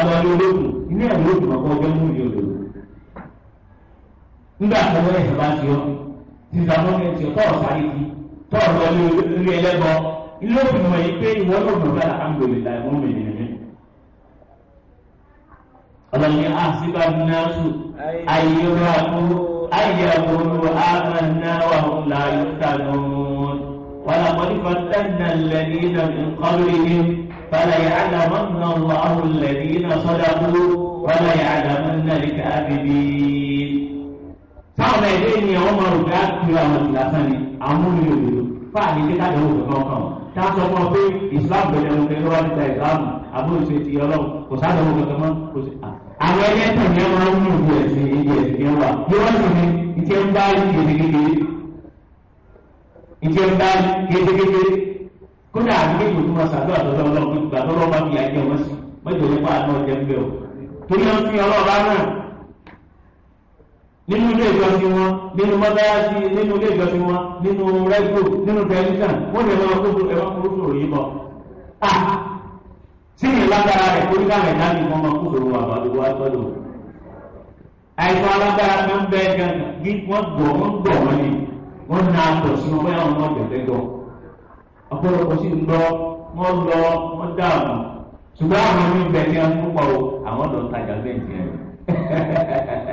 S1: lé ilé ọkọ̀ mú nígbà ọ ti sàmúlẹ̀ ilé òfin mọ̀ yìí pé ìwọ yóò dùn bẹ́ẹ̀ alhamdulilá ìwọ́n mi nìyẹn mi. ọlọ́ni àṣìbánáṣù ayéwà kú ayéwòlò àmànáwà ńlá yóò ولقد فتنا الذين من قبلهم فليعلمن الله الذين صدقوا وليعلمن الكاذبين. فما يدين يوم رجعت في أمر الأسامي عمرو يدين fáàlì pé ká lọ́wọ́ tó kọ́kọ́ tá a sọ fún ọ pé islam bẹ̀rẹ̀ ọ̀hún kẹ́kẹ́ wá nípa islam àbúrò ṣe ti ọlọ́run kò sáà lọ́wọ́ kankan mọ́ kò sí. àwọn ẹyẹ tàn yẹn máa ń mú ìlú ẹ̀sìn ìlú ẹ̀sìn yẹn wà bí wọ́n sì ní ìjẹ́ ń bá kékeré ìjẹ́ ń bá kékeré kódà àdúgbò tó máa ṣàdúrà lọ́dọ̀ ọlọ́run gbàdúrà ọba fi àjẹ wọn sí mọ́jọ wọn fi ọlọ́ọ̀bá náà nínú ilé ìjọsìn wọn nínú mọ́tàlásí nínú ilé ìjọsìn wọn nínú rẹ́gbò nínú tẹlifíṣàn wọ́n lè máa kóso ẹ̀rọ kóso yìí bọ̀. a sí ní lágbára rẹ̀ kó nígbà rẹ̀ dání wọn máa kóso wọn àbálòwò àtọ́lò. àìsàn alágbára tó ń bẹ gan bí wọ́n gbọ̀ wọ́n gbọ̀ wọ́n ni wọ́n na àtọ̀ sí wọn bóyá wọn náà bẹ̀rẹ̀ ọ̀pọ̀lọpọ̀ sì ń lọ wọ́n [LAUGHS]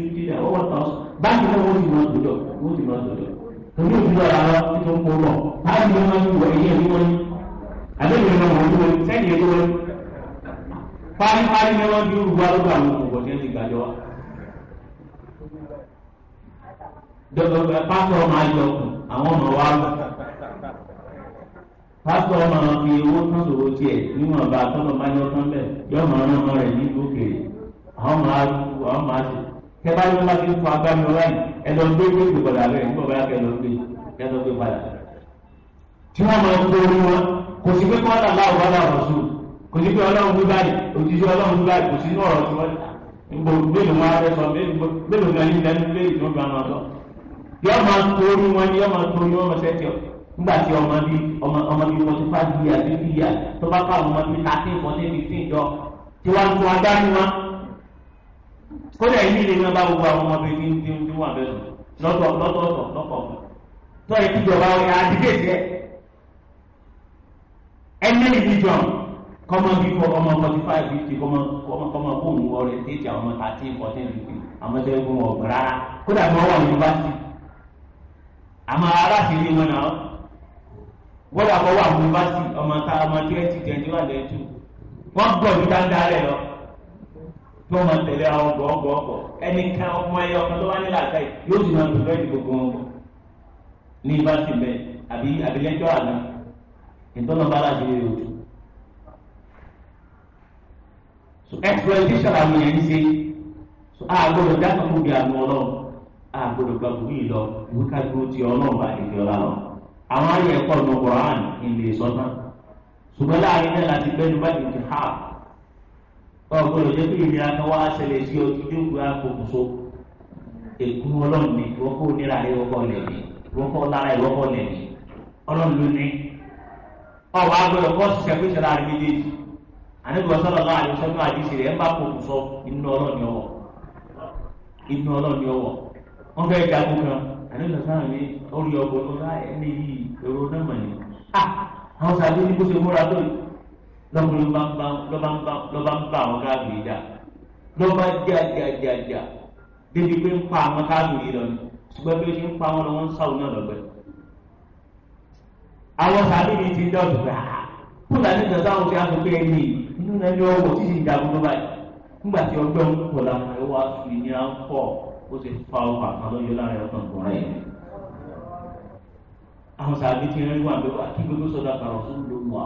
S1: mílíọ̀n owó tán báńkì náà wọ́n ti máa sọ̀dọ̀ wọ́n ti máa sọ̀dọ̀ torí òbí lọ́ra lọ tí tó ń kó lọ báńkì náà máa ń wọ ẹ̀yìn ẹ̀mí wọn ni àbẹ̀yẹ̀ náà wọ́n wọ́n sẹ́yìn ẹ̀dọ́ wọn páríparí ni wọ́n di olùgbà lọ́gbà àwọn òkùnkùn ní ìgbàjọ wa. pásítọ̀ máa yọ àwọn ọmọ wa lọ pásítọ̀ máa fi owó tán sòro tiẹ̀ níwọ̀nba tọ́lọ̀ máa yọ tán bẹ́ẹ̀ yọ tẹ́lá ló máa ti ń fún agbámi ọ̀rá yìí ẹ̀dọ̀ gbé gbé gbèbọ̀dà rẹ̀ nígbà bá kẹ́ ẹ̀dọ̀ gbé ẹ̀dọ̀ gbé padà. tí wọ́n máa ń gbé orí wọn kò sí pé kọ́ ọ̀dà láwùjọ bá làwọn sùn kò sí pé ọlọ́run gbé báyìí òjijì ọlọ́run gbé báyìí kò sí inú ọ̀rọ̀ tí wọ́n gbò mélòó máa rẹ sọ mélòó gan yín lẹ́nu lé ìtọ́jú àwọn ọ̀dọ́. yọ máa ń torí wọn ni yọ máa ń torí wọn sẹ́tì ọ̀ nígbà tí ọmọ bíi ọmọ ọmọ bíi wọn ti fà bíi àbí bíi à tó bá fà ọmọ bíi thirteen fourteen fifteen jọ tí wọ́n á kódà ilé ilé náà bá gbogbo àwọn ọmọbìnrin ní ní wà bẹ́ẹ̀ lọ́tọ̀ lọ́tọ̀ọ̀tọ̀ lọ́kọ̀ọ̀kan tó ìtìjọba ọ̀rẹ́ àdìgbèsẹ́ ẹnẹ́ni bíjọ kọ́mọ bí kọ́ ọmọ forty five fifty kọ́mọ kọ́mọ tẹ́tì àwọn ọmọ thirteen fourteen fifteen àwọn tẹ́ fún wọn ọ̀gbìn rárá kódà ní àmọ́ wọn náà kọ́ wà ní ọmọ tí wọ́n máa tẹ̀lé àwọn gọ̀ọ́gọ̀ọ́gọ̀ ẹnìkan ọmọ ẹyẹ ọ̀kan tó bá ní làákà yìí yóò sì máa ní bẹ́ẹ̀ àbí àbílẹ́jọ́ àná ìtọ́nà bá láti rí o. so exploitation àwọn so àgbọ̀dọ̀ dákọ̀ àwọn ọlọ́run àgbọ̀dọ̀ yìí lọ ìwé kájú ti lọ àwọn ayẹyẹ Ọ bụrụ pé ìlera kan wá ṣẹlẹ̀ sí ọdún yóò gba àkókòso èkú ọlọ́run ni onye na nira rẹ̀ wọ́n lára rẹ̀ wọ́n ọlọ́run ló ní. ọwọ́ agbọ́dọ̀ kọ́ ṣiṣẹ́ pé méjèèjì sọ́dọ̀ náà àdìsí rẹ̀ ń bá inú ọlọ́run ni ọwọ́ inú ọlọ́run ni ọwọ́ wọ́n fẹ́ lọ́kùnrin ló bá ń bá àwọn káàkiri dà ló bá jà jà jà jà débi pé ń pa àwọn káàkiri lọ ni ṣùgbọ́n bí ó ṣe ń pa wọn lọ wọ́n ń sáwọn náà lọ́gbẹ́. àwọn sàbí mi ti dọ̀tù gbà ah, kúta ní ìjọba àwọn tí a fún pé ẹni inú náà ni ọwọ́ títí ìjà gbogbo báyìí nígbà tí ọgbẹ́ ń pọ̀ láwọn ẹ̀wọ́ àti ní à ń pọ̀ ó ti fa ọkọ̀ àkàlọ́yọ láàrin ọ̀tàn gbọ̀nrẹ́ yìí àwọn sàbí ti rẹ́ wà lọ́wọ́ àti gbogbo sọ́dọ̀ àkàrọ̀ tó ń lò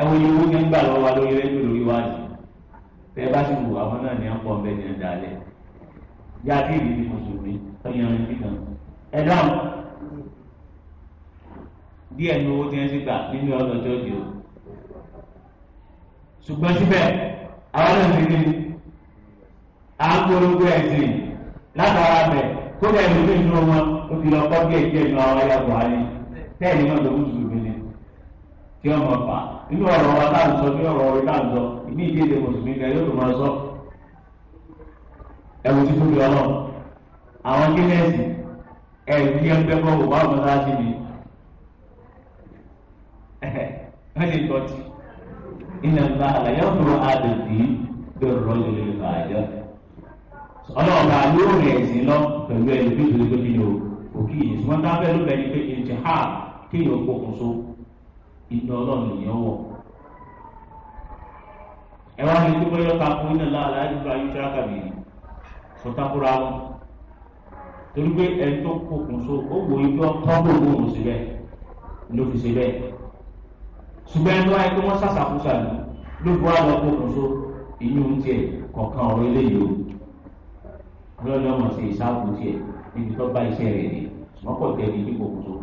S1: ẹ̀wọ̀n ni owó nígbà lọ́wọ́ wa lórí rédíò lórí wa ni tẹ́ bá sì wù àwọn náà ní ọ̀pọ̀ ọ̀bẹ ní ọ̀dà alẹ́ yá bí ìlú ni mùsùlùmí ọ̀yàn ní kan ẹ dáhùn díẹ̀ ní owó tí wọ́n ti gbà nínú ọ̀dọ̀ jọ́ọ̀jì o ṣùgbọ́n síbẹ̀ àwọn náà ti ní àgbòrógbò ẹ̀sìn látara bẹ̀ kó bẹ́ẹ̀ ló ní inú wọn ó fi lọ kọ́ bí ẹ̀jẹ̀ nù àwọn ayé àbọ̀ alẹ́ tẹ́ẹ̀ ní wọn lọ mùsùlùmí ni kí wọ́n mọ̀ fà á nínú ọ̀rọ̀ wa tá à ń sọ ní ọ̀rọ̀ orí tá à ń sọ ìní ìdí èdè mùsùlùmí gan yóò tún máa sọ ẹ̀wù tí tóbi ọlọ́ àwọn gínẹ́ẹ̀sì ẹ̀rù tí ẹ ń bẹ́ bọ́ọ̀bù báwọn mọ́tà á ti bì ẹ̀ ẹ̀ tọ́tì iná ńlá àlàyé ọ̀dùnrún àdòdì bẹ̀rù rọ́ọ̀lì lè fà á jọ ọlọ́ọ̀gá yóò rìn ẹ̀sìn lọ pẹ̀lú ẹ̀lú bí ìdòdó kí ni o òkì ìsúnmọ́tà bẹ́ẹ̀ ló bẹ́ẹ̀ ni pé ìjọ ọlọ́run nìyẹn wọ̀. ẹ wá ní tó bọ́yọ́ ká fún iná láàlá ìdúró ayélujára kàbí sọtakura wọn torí pé ẹni tó kókun so ó wò ìjọ tọ́gbó òun síbẹ̀ ló fi ṣe bẹ́ẹ̀ ṣùgbọ́n ẹni wáyé pé wọ́n ṣàṣàkóso àná ló fi wá lọ kókun so ìyún tiẹ̀ kọ̀ọ̀kan ọ̀rọ̀ eléyìí o lọ́nà ọmọ sí ìṣáàkù tiẹ̀ níbi tó bá iṣẹ́ rẹ̀ ní wọ́n pọ̀ tẹ̀lé ní kókun so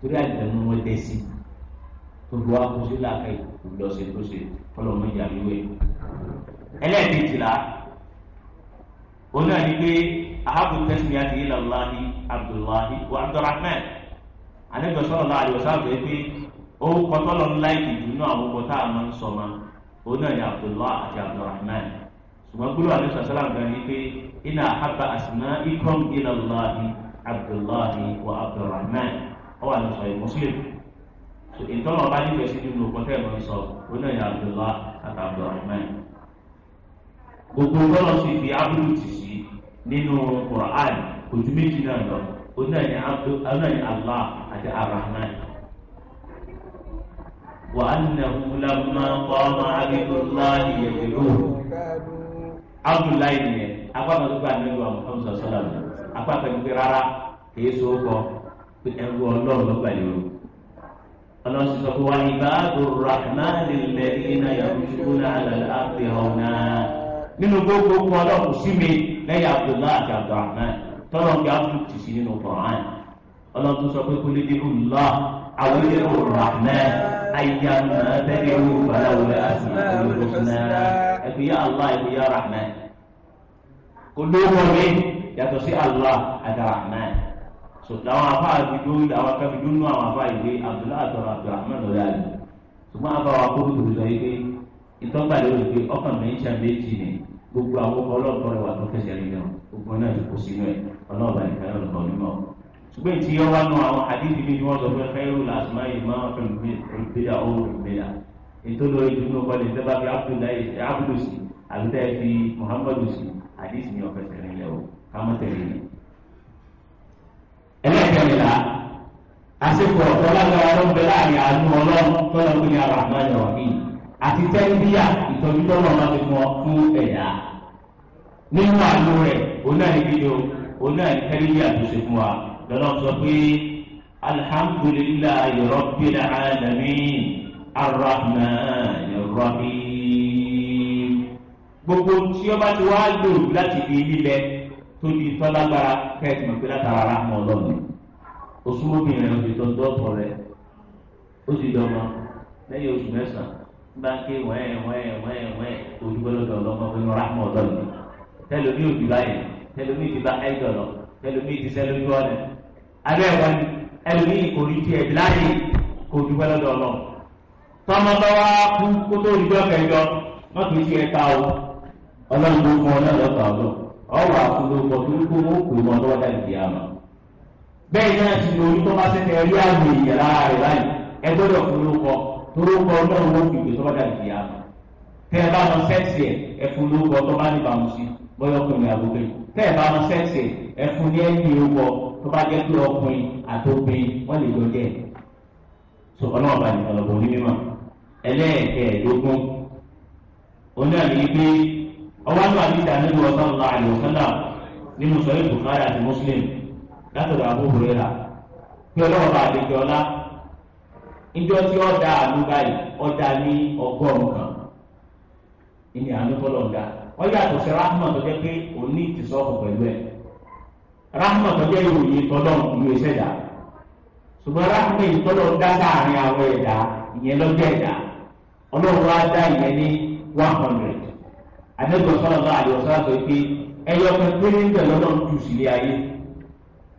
S1: torí àjẹmú wọn dẹ́ gbogbo wa kó sí làákà ìlọsẹ̀ tó ṣe kọlọ́mọ ìyá wíwẹ̀. ẹlẹ́ẹ̀kejìlá òun náà ni pé ahabu tẹ́sí ya ti yé lọ́láhi abdullahi wa abdulrahman anẹ́gbẹ̀ sọ̀rọ̀ náà àyọ̀ sáà fẹ́ pé ó kọ́tọ́ lọ ńlá ìdìbò náà àwọn ọmọ tá a máa ń sọ ma òun náà ni abdullahi àti abdulrahman ṣùgbọ́n gbúdọ̀ àti sàṣàlá nǹkan ni pé iná ahaba àsìmá ikọ́m ilẹ̀ lọ́láhi abdullahi wa abdulrahman ọ̀wà ní sọ̀rọ̀ muslim. ìtọ́nà ọba nífẹ̀ẹ́ sí nínú ọkọ̀ tẹ́ sọ òun náà ní Abdullah àtàbọ̀ ọ̀hún gbogbo tọ́lọ̀ sì fi abúlù sí nínú Quran ojú méjì náà lọ òun náà ní àti Arahman wà á nàhu lamma qama Abdullah yẹ̀dúró Abdullah yẹn agbábọ̀ tó gba nílùú àwọn gbé rárá kì í so ọlọ́sùn sọ pé wà ìbáàdù rahman ilẹ̀ iná yàrúṣúná àlàlẹ́ àfihànà nínú gbogbo kan ọlọ́kùn sí mi lẹ́yìn abdullahi àti abdulrahman tọ́lọ̀ ń gbà fún tìsí nínú quran ọlọ́sùn sọ pé kúlẹ̀ bí ọlọ́ àwọn ilé rahman ayyáma tẹ́lẹ̀ wù balawulẹ̀ àti àti rahman so làwọn afa àbìdó làwọn akabìdó nù àwọn afa ìwé abdullahi àtọrọ abdulrahman ọ̀rẹ́ àlè ṣùgbọ́n afa wa kó tóbi sọ yìí pé ìtọ́gbàlẹ́ òde pé ọkàn mi ń ṣe méjì ni gbogbo àwọn ọlọ́ọ̀tọ́rọ̀ wà tó fẹsẹ̀ rí náà gbogbo náà ti kó sínú ẹ̀ ọlọ́ọ̀bà nìkan náà lọ́kọ̀ mímọ́ ṣùgbọ́n ìtì yọ wá nù àwọn àdìsí mi ni wọ́n sọ pé fẹ́rù làásùmá yìí ẹlẹ́kẹ̀rìnlá àsìkò ọ̀tọ̀ lágbára ló ń bẹ láàrin àánú ọlọ́run tó lọ fún yàrá àmọ́ ẹ̀rọ mi àti tẹ́ńbíà ìtọ́jú tó lọ́ọ́ máa fi mọ fún ẹ̀yà nínú àánú rẹ̀ òun náà ní kíni tó ṣe fún wa lọ́nà sọ pé alhamdulillahi rabbil alamin arrahman arrahim gbogbo tí ó bá ti wá lò láti fi lílẹ̀ tóbi tọ́lágbára kẹ́ẹ̀tì mọ̀ pé látara ara mọ̀ ọlọ́ọ̀ni osùnmọ́bìnrin rẹ̀ ti tọ́jú ọ̀pọ̀ rẹ̀ ó ti dọ́mọ lẹ́yìn oṣù mẹ́sàn-án bá ń ké wẹ́ẹ̀ wẹ́ẹ̀ wẹ́ẹ̀ wẹ́ẹ̀ ọlọ́mọ pé ò ọ̀rọ̀ àkúlókọ tó ń kó mọ́kù mọ́ tó wájà ìdí àmà. bẹ́ẹ̀ náà ti lo orí tó bá sẹ́ni ẹ̀rí àmì ìyàrá rẹ̀ báyìí ẹ gbọ́dọ̀ kúlókọ tó lókọ náà wọ́n kì í tó wájà ìdí àmà. tẹ́ ẹ bá lọ sẹ́ẹ̀sì ẹ̀ ẹ fún lókọ tó bá ní ìbámu sí bọ́yọ̀ ọkùnrin àbúgbé tẹ́ ẹ bá lọ sẹ́ẹ̀sì ẹ fún ní ẹ̀yìn orúkọ tó bá jẹ́ ọkùnrin àtòkùnrin wọ́n lè jọ jẹ́ sọ̀kọ́ náà bá nìkan lọ́bọ̀ onímọ̀ ẹlẹ́ẹ̀kẹ́ẹ̀dógún onáà ní pé ọwọ́ àti àdìsí àdìsí ọ̀sán ọ̀la àlùfẹ́lá nínú sọ̀rọ̀ Bukhari àti Muslim látọ̀dọ̀ Abu Hurairah pé ọlọ́wọ́ bá àdéjọ ọlá ìjọ tí ó da àánú báyìí ó da ní ọgọ́rùn kan ìní àánú kọ́lọ̀ ń da ó yàtọ̀ sí rahma tó jẹ́ pé òní ti sọ́ọ̀kù pẹ̀lú ẹ̀ rahma tó jẹ́ ìròyìn tọ́lọ̀ ìlú ìṣẹ̀dá ṣùgbọ́n rahma ìtọ́lọ̀ ń dá láàrin àwọn ẹ̀dá ìyẹn lọ́jọ́ ẹ̀dá ọlọ́run á dá ìyẹn ní one hundred anagba sọlọlọ àdìọsọlá sọ pé ẹyọ kan péré ń bẹ lọ́nà ń jù sílé ayé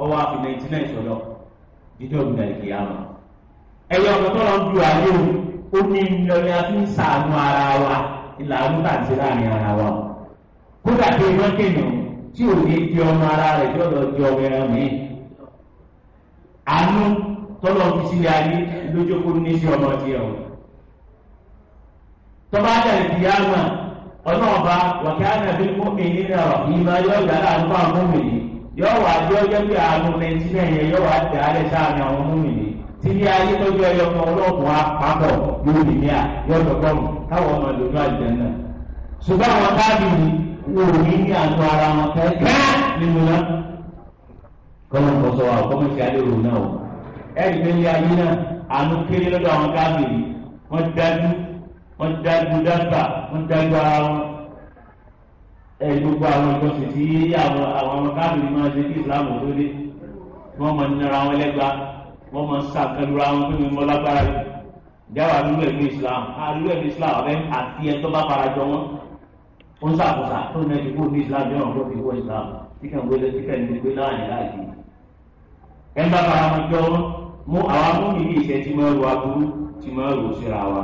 S1: ọwọ́ àfi náìtì náà sọlọ dídí òmìnira ìkìyàmù ẹyọ kan tọ́lọ̀ ń ju ayé o ó ní ìlọrin àti ń sàánú ara wa ìlà àmúta àti láàrin ara wa kódà bí iná kéèyàn tí ò ní di ọmọ ara rẹ̀ tí ọ̀dọ̀ di ọmọ ẹran mi àánú tọ́lọ̀ ń fi sílé ayé lójókòó ní sí ọmọ tiẹ̀ o tọ́ba àjàlè ìkìyàmù ọlọ́ọ̀ba wàkíyànà bí mọ́mí nínú ọ̀rọ̀ ìmọ̀ yóò dá láàánú àwọn mọ́mí ni yóò wá bí ọjọ́ bí àánú nàìjíríà yẹn yóò wá dá alẹ́ sáàmì àwọn mọ́mí ni tí ní ayé lọ́jọ́ ẹyọ kan ọlọ́ọ̀kùn apapọ̀ yóò lè ní à yóò dọ̀gbọ́n káwọn ọmọ lòdù àjẹnà ṣùgbọ́n àwọn táàbì ni wò ní ní ara wọn kẹ́kẹ́ nínú náà kọ́mọ kọ́sọ́ wọ́n dájú dábà wọ́n dájú ara wọn ẹ̀ gbogbo àwọn ìjọsìn tí àwọn àwọn káàbìrì máa ṣe kí ìsìláàmù tó dé wọ́n mọ̀ nínú ara wọn lẹ́gba wọ́n mọ̀ sàkẹ́lúra wọn pé mi mọ́ lágbára yìí jáwé àdúgbò ẹ̀mí islam àdúgbò ẹ̀mí islam ọ̀bẹ àti ẹ̀ tó bá fara jọ wọn ó ń sàkóso tó ní kó ní islam yọ̀rọ̀ tó fi wọ islam tíkẹ̀ ń wọlé tíkẹ̀ ń gbé láàyè láàyè ẹ̀ ń bá fara wọn jọ wọn mú àwọn amúnibí ìṣẹ́ tí mo rò aburú tí mo rò síra wa.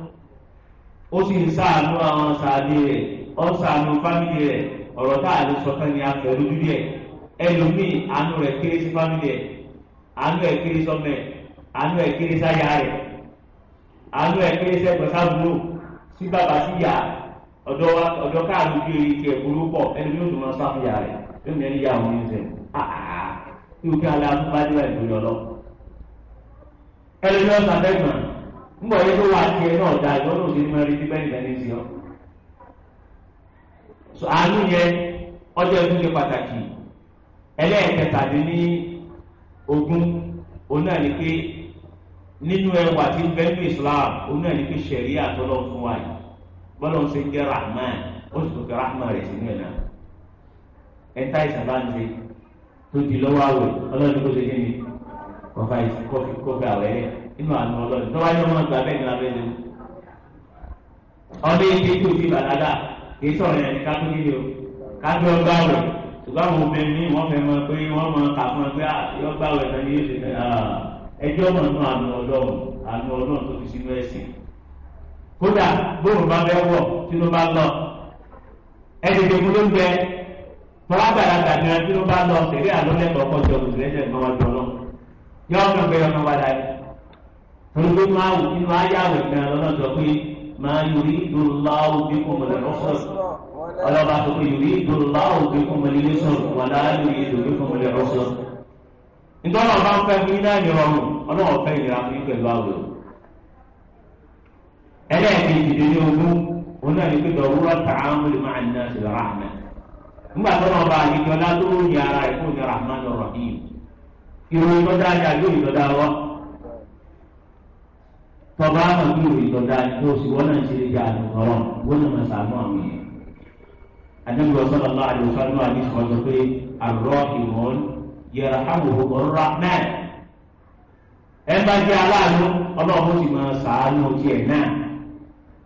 S1: ó sì ń sàánú àwọn sàádé rẹ̀ ó ń sàánú fámìlì rẹ̀ ọ̀rọ̀ tá a lè sọ fẹ́ ni a fẹ́ lójú díẹ̀ ẹlòmíì àánú rẹ̀ kéré sí fámìlì rẹ̀ àánú ẹ̀ kéré sọ́mẹ̀ àánú ẹ̀ kéré sáyà rẹ̀ àánú ẹ̀ kéré sẹ́gbẹ̀ sábúrò sí bàbá sí yà ọ̀dọ́ káàdùn bí orí ti ẹ̀kúrú pọ̀ ẹlòmíì ó tún máa sáfìyà rẹ̀ yóò ní ẹni yà wọ́n ní sẹ́yìn àà kí o kí alẹ́ àtúbájú ẹ̀ lórí ọlọ́ ẹlòmíì ọ̀sán fẹ́ mgbe yẹn tó wà tiẹ̀ náà da ìwọ́n náà ti máa rí bẹ́ẹ̀ nìkan ní ọ. so àánú yẹn ọjọ́ ìlú ṣe pàtàkì ẹlẹ́ẹ̀kẹtàdínní ogún òun náà ní pé nínú ẹwà tí ń Islam òun náà ní pé ṣẹ̀rí àtọ́lọ́ fún wa yìí bọ́lọ̀ ń ṣe jẹ́ rahman ó sì tó fi rahman rẹ̀ sínú ẹ̀ náà tó inú àná ọlọ́run lọ́wọ́ ayé ọmọ ọgbà bẹ́ẹ̀ ni wọ́n abẹ́lé o ọdún yìí tó ti bàlágà kì í sọ̀rọ̀ yẹn ká tó nílé o ká tó ọgbà wẹ̀ ṣùgbọ́n àwọn obìnrin ní wọ́n fẹ́ mọ pé wọ́n mọ kà fún ẹ pé ah, ọgbà wẹ̀ náà yóò ṣe ah, ẹjọ́ mọ̀ nínú àná ọlọ́run àná ọlọ́run tó fi sínú ẹ̀sìn kódà bóun bá fẹ́ wọ̀ tí ló bá lọ sẹ̀rí torípé máa wù nínú ayáwó kan lọ́nà sọ pé máa yorí ìdúláwò bí kò mọ̀lẹ́ lọ́sọ̀ ọlọ́ba tó pé yorí ìdúláwò bí kò mọ̀lẹ́ lọ́sọ̀ wà láàyò ìdò bí kò mọ̀lẹ́ lọ́sọ̀. nítorí ọba ń fẹ́ fún iná ìrọ̀rùn ọlọ́wọ́ fẹ́ ìlera fún pẹ̀lú àwẹ̀. ẹlẹ́ẹ̀kejì dé ní ogún òun náà ní pé dọ̀wúrọ̀ tọba àwọn bí òye tọ́da kó o sì wọ́n náà ṣe lè ga ọ̀rọ̀ wọ́n náà máa sàánú àwọn èèyàn. àdébù ọ̀sán ọ̀la àdìsọ́ náà ní sọ sọ pé àrọ́ ìwọ̀n yẹra àwòrán ọ̀rọ̀ náà. ẹ bá jẹ́ aláàánú ọlọ́run sì máa sàánú tiẹ̀ náà.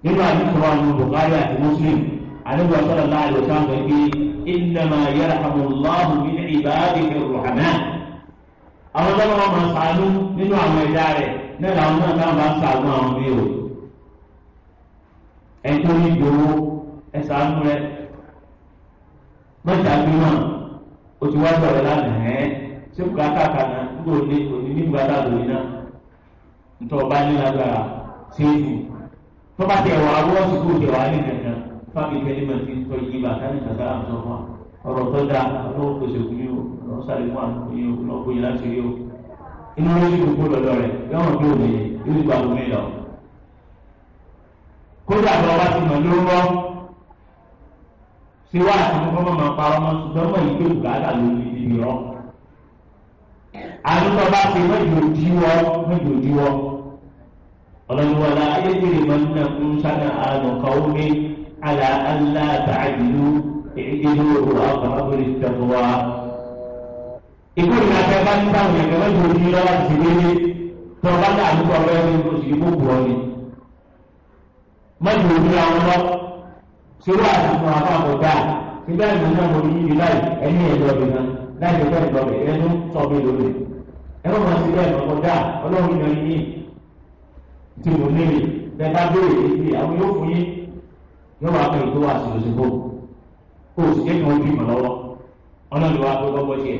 S1: nínú àdìsọ́ àwọn Bukhari àti Muslim àdébù ọ̀sán ọ̀la àdìsọ́ náà pé náà làwọn náà táwọn bá ń sa àwọn àwọn mi o ẹni tó ní ìdòwò ẹ sàánú rẹ mẹ́ta bí náà o ti wá sọ̀rọ̀ lánàá ẹ ṣé kò ká kàkà náà nígbà òní òní o tá a lò yín náà ntọ́ ọba ní lágbára ṣé é fún tó bá tẹ̀ wá wọ́n sì kú tẹ̀ wá ní kankan fábí kẹ́lí mọ̀ sí tọ́ yí bá ká ní kankan àtọ́ fún ọ̀rọ̀ tó dáa ọlọ́wọ́ kò ṣègùn yìí o ọlọ́wọ́ sáré fún àtúntò yìí o ọlọ́wọ́ kò yẹ láti rí o inú wọn yóò gbogbo lọ́dọ̀ rẹ̀ yọ̀wọ̀n tó lè yóò gba òun lọ. kódà lọ wá ti mọ̀ lórúkọ ṣé wàá ti mú kọ́mọ́ máa parọ́ mọ́ ṣùgbọ́n mọ̀ yìí tó bùkátà ló fi di mìíràn. àdúgbò bá ti mẹ́jọ díwọ́ mẹ́jọ díwọ́ ọlọ́dúnwọlá ayédèrè mọ́tínà fún sádà àlùkọ́wọ́ mi àlà àlà tààdìlú èdè lóru àwọn àbúrò ìkórìíra tẹ bá ní báwọn ẹgbẹ́ wọn yóò ní lọ́wọ́ ti wéwé tó o bá dà ní kọ́ bẹ́ẹ̀ ní oṣù yìí gbogbo ọ ni. mọ́tò òbí àwọn lọ ṣé wà á tuntun àwọn àbọ̀dá nígbà ìgbà náà mo ní yíbi láì ẹni ẹ̀dọ́ mi náà láì ẹ̀dọ́ ẹ̀dọ́ mi ẹnu tọ́ mi lórí. ẹ̀rọ máa ti bẹ́ẹ̀ lọ́kọ̀dá ọlọ́run yọ yín tí mo nílè bẹ́ẹ̀ bá béèrè èyí àwọn yóò fún yín yóò wá pẹ̀lú tó wà sí lọ́sibó kó o sì kéde wọn bí mọ̀ lọ́wọ́ ọlọ́run wá pé gbọ́gbọ́ tiẹ̀.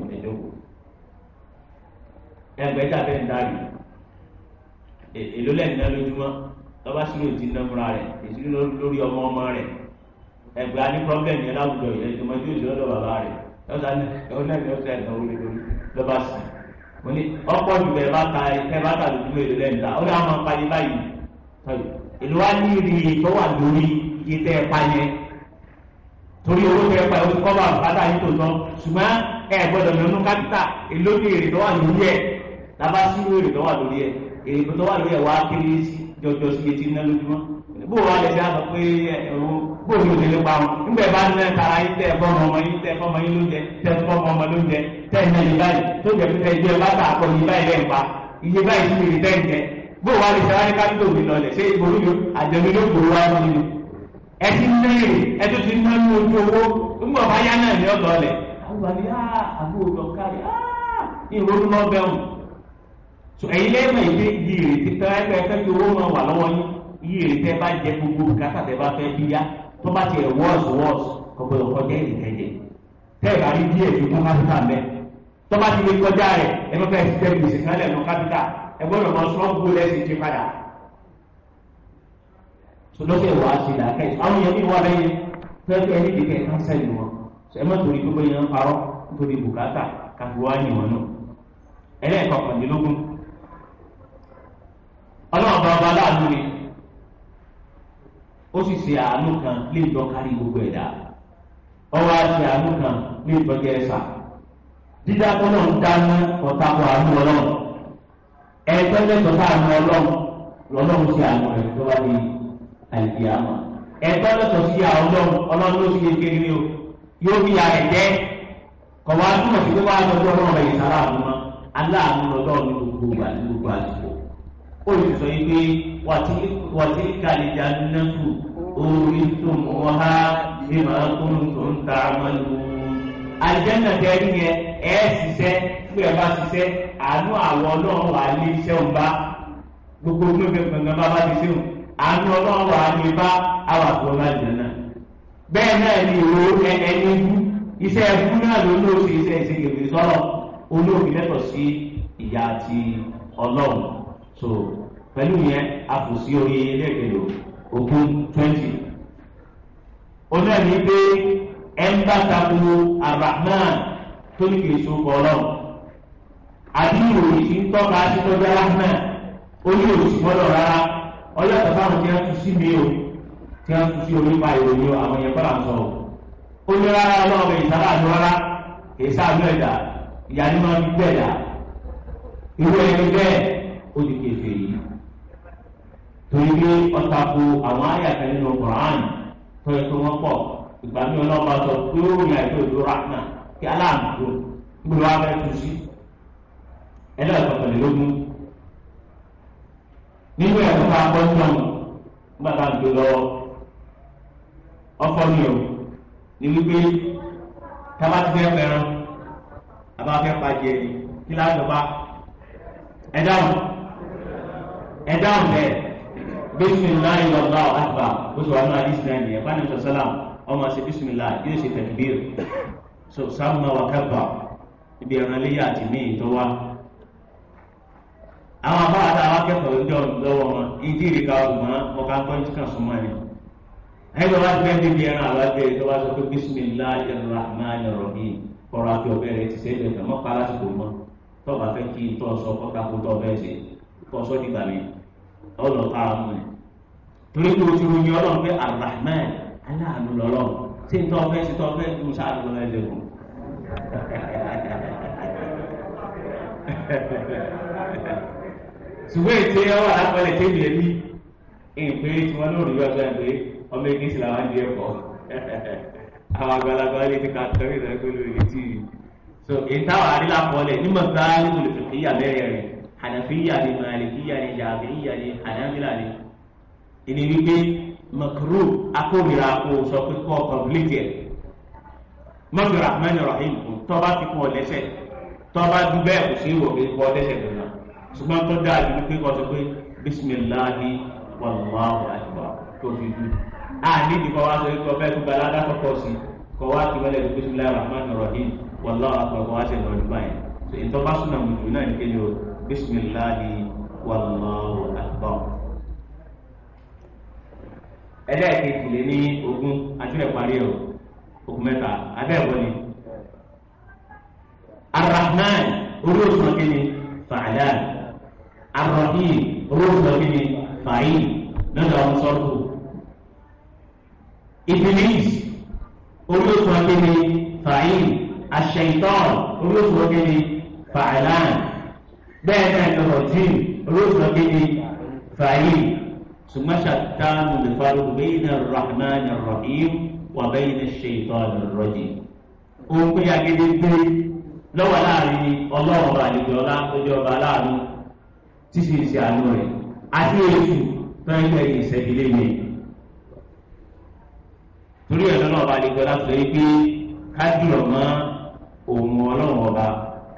S1: ẹgbẹ̀ta tẹ̀ ń darí èló lẹ́yìn náà lójúmọ́ lọ́ba sílò ti ń dánfúnra rẹ̀ èsì lórí ọmọ ọmọ rẹ̀ ẹgbẹ́ á ní pọ́blẹ́mù yẹn láwùjọ yẹn ìjọba tí yóò lọ bàbá rẹ̀ lọ́sà ẹ̀hún náà ni ó sẹ́ ẹ̀dánwó lé lórí lọ́ba sí i mo ní ọ̀pọ̀ jù bẹ́ẹ̀ bá ta ẹ̀ bá ta lójú èlò lẹ́yìn ta ó dáa máa parí báyìí èlò wa ní ìrì tó wà lórí iye tẹ́ ẹ pa yẹn torí owó tẹ́ ẹ pa yẹn ó ti kọ́ bá bàtà yìí tó tán ṣùgbọ́n ẹ gbọ́dọ̀ lọ́nu kápítà èlò ní ìrì tó wà lórí ẹ̀ tábà sírò èrè tó wà lórí ẹ̀ èrè tó wà lórí ẹ̀ wá kéré jọjọ sí etí ná lójúmọ́ bó o wá lè ṣe àtọ̀ pé ẹ̀rọ bó o lè lè pa wọn nígbà bá ní tara yín tẹ ẹ̀fọ́ ọmọ yín tẹ ẹ̀fọ́ ọmọ yín lóúnjẹ tẹ ẹ̀fọ́ ọmọ ọmọ lóúnjẹ tẹ ẹ̀ná yín báyìí tó jẹ́ pé ẹjọ́ ẹ bá tà àpọ̀ yín báyìí lẹ́ǹpa iye báyìí sí èrè tẹ́ ǹjẹ́ bó o wá lè ṣe wá ní kápítọ̀ òbí lọlẹ̀ ṣé ìgboro yóò àjẹmí ló gbòó wá sí i ẹ ti ń lérè ẹ tó ti ná ní ojú owó nígbà bá yá náà ní ọ̀lọ́lẹ̀ àwọn àbí àbúrò so ẹ̀yin lẹ́mọ̀ ìgbé iye ìrètí tẹ́ ẹ fẹ́ kí owó máa wà lọ́wọ́ yín iye ìrètí ẹ bá jẹ gbogbo kátà tẹ́ bá fẹ́ bí yá tó bá tiẹ̀ wọ́ọ̀sì wọ́ọ̀sì ọgbọ̀dọ̀ kọjá ìrètí jẹ tẹ́ ẹ bá rí díẹ̀ fi kún kápítà mẹ́ tó bá ti lè kọjá rẹ̀ ẹ fẹ́ fẹ́ ṣiṣẹ́ gbèsè kálẹ̀ nù kápítà ẹ gbọ́dọ̀ mọ sọ́ọ̀bù lẹ́sìn ti padà lọ́sẹ̀ wà á ọlọ́run bá ọba aláàánú ni ó sì ṣe àánú kan lè jọ kárí gbogbo ẹ̀dá ọwọ́ àti àánú kan lè tọ́jú ẹ̀sà dídá tọ́lọ̀ ń dáná ọ̀tá kọ àánú ọlọ́run ẹ̀ẹ́dẹ́ mẹ́tọ́ tá àánú ọlọ́run lọ́lọ́run ṣe àánú rẹ̀ tó bá di àìdí àmọ́ ẹ̀ẹ́dẹ́ mẹ́tọ́ sí ọlọ́run ọlọ́run ló ṣe kékeré ni o yóò fi àìjẹ́ kọ̀wá túmọ̀ sí pé wọ́n á ọlọ́run rẹ̀ olùsọ yìí pé wàtí kàlìjà nàfù orí tó mọ́ ha bí màá tún tó ń ta àmàlù. àlìjẹ́nà tẹ́rí yẹn ẹ̀ ṣiṣẹ́ bí ẹ ṣiṣẹ́ àánú àwọn ọlọ́run wà ní iṣẹ́ òun bá gbogbo inú mi gbọ̀ngàn bá bá ti ṣe òun àánú ọlọ́run wà ní bá àwọn àbúrò bá jẹ náà. bẹ́ẹ̀ náà ni ẹni ikú iṣẹ́ náà ló ìṣègbè olóògbé so pẹ̀lú yẹn a kò sí orí ẹlẹ́ẹ̀kejì ogún twenty onáà ní pé ẹ ń bá takuru Arrahman tó ní kìí so kọ ọlọ́run àbí ń tọ́ka títọ́jú Arrahman ó ní òsì mọ́lọ̀ rárá ọlọ́ọ̀tọ̀ báwọn ti ń tu sí mi o ti ń tu sí orí pa ìròyìn àwọn yẹn bá ń sọ o ó ní rárá ọlọ́ọ̀bẹ ìsára àti rárá kìí sáà lọ ẹ̀dá ìyá ni wọ́n fi bẹ́ẹ̀ dà irú ẹni bẹ́ẹ̀ ó di kéfèé yìí torí pé ọ̀tà ko àwọn àyàkà nínú Quran tó yẹ kó wọ́n pọ̀ ìgbà mi ọlọ́ba sọ pé ó rìn àjò ìlú rahma kí aláàmúdó gbúdọ̀ wá bẹ́ẹ̀ tu sí ẹlẹ́ẹ̀kọ́kànlélógún nínú ẹ̀kọ́ tá a kọ́ sí ọ̀hún nígbà tá a gbé lọ ọkọ mi o ní wípé tába ti fẹ́ fẹ́ràn àbá fẹ́ pàjẹ́ kí láti lọ́ba ẹ dáhùn ẹ dáhùn bẹ́ẹ̀ bisimilayi lọ́gbà àgbà oṣù àwọn àdìsí náà nìyẹn fani sọ̀sálàm ọmọ ṣe bisimilayi yóò ṣe tẹ̀kbír so sábà wà kábà ibi ẹran léyà àti míì tó wá. àwọn àbá àti àwọn akẹ́kọ̀ọ́ ìjọ lọ́wọ́ wọn ìdí ìrìkà ọ̀gbọ́n ọ̀ká ń tọ́jú kan súnmọ́ ni. ẹni wọ́n ti bẹ́ẹ̀ bí ẹran àwọn abẹ́rẹ́ sọ pé bisimilayi rahman rahim kọ́ra ọlọ ká mú ẹ torí pé o ti ròyìn pé Ar-Rahman aláàánú lọ́lọ́run tí n tọ́ fẹ́ sí tọ́ fẹ́ ju sáàánú lọ ẹ̀jẹ̀ kù. ṣùgbọ́n ètè ọwọ́ alápẹ̀lẹ̀ tẹ̀lé ẹbí ìpè tí wọ́n lórí ọjọ́ ẹgbẹ́ ọmọ ẹgbẹ́ sì làwọn di ẹ̀kọ́ àwọn àgbàlagbà lè ti ka tẹ̀lé ìdájọ́ lórí etí so ìtawà àrílà pọ̀lẹ̀ nímọ̀ sáà ní olùfẹ̀kẹ́yà mẹ́rin rẹ̀ hànàfíyà ni màlìkíyà ni jàmíyà ni hànàmílà ni ìní wípé makru akóbìrà kò sọ pé kọ́ kọ́bílìtì ẹ̀ mọ́tò rahman rahim kò tọ́ba ti kún ọ lẹ́sẹ̀ tọ́ba dúbẹ́ kò sí ìwọ̀ pé kọ́ lẹ́sẹ̀ nìyà ṣùgbọ́n tó dáa ju wípé kọ́ sọ pé bisimilahi wàlúwàhù àdìbò tó fi dùn. a ní ìdìbò wa sọ pé ọbẹ̀ tó balá dákọ̀kọ̀ sí kọ́ wá ti wọlé bisimilahi rahman rahim wàlúwàhù àkọ́kọ́ wá sẹ́yìn ọdún báyìí so ìtọ́ba súnà mùsùlùmí náà ní kéde o bisimilahi wàlúwàlú àtọ́. ẹlẹ́ẹ̀kejì lé ní ogún àtúnyẹ̀ parí o ogún mẹ́ta abẹ́ẹ̀wọ́ ni. arahman orí òsàn kí ni fàdà arahim orí òsàn kí ni fàyí lọ́dọ̀ àwọn sọ́ọ̀tù. ibilis orí òsàn kí ni fàyí aṣèǹtọ́ orí òsàn kí ni. fàlàn bẹ́ẹ̀ náà ní ọ̀tíìn rúùsọ̀ gidi fàyè ṣùgbọ́n ṣàtàánù lè farò bẹ́ẹ̀ náà rahman rahim wà bẹ́ẹ̀ náà ṣètọ́nù rọ́jì. òun pé agídí gbé lọ́wọ́ láàrin ọlọ́run àlejò ọlá ọjọ́ ọba aláàánú tí sì ń ṣe àánú rẹ̀ àti èyí tó ń gbẹ̀yìn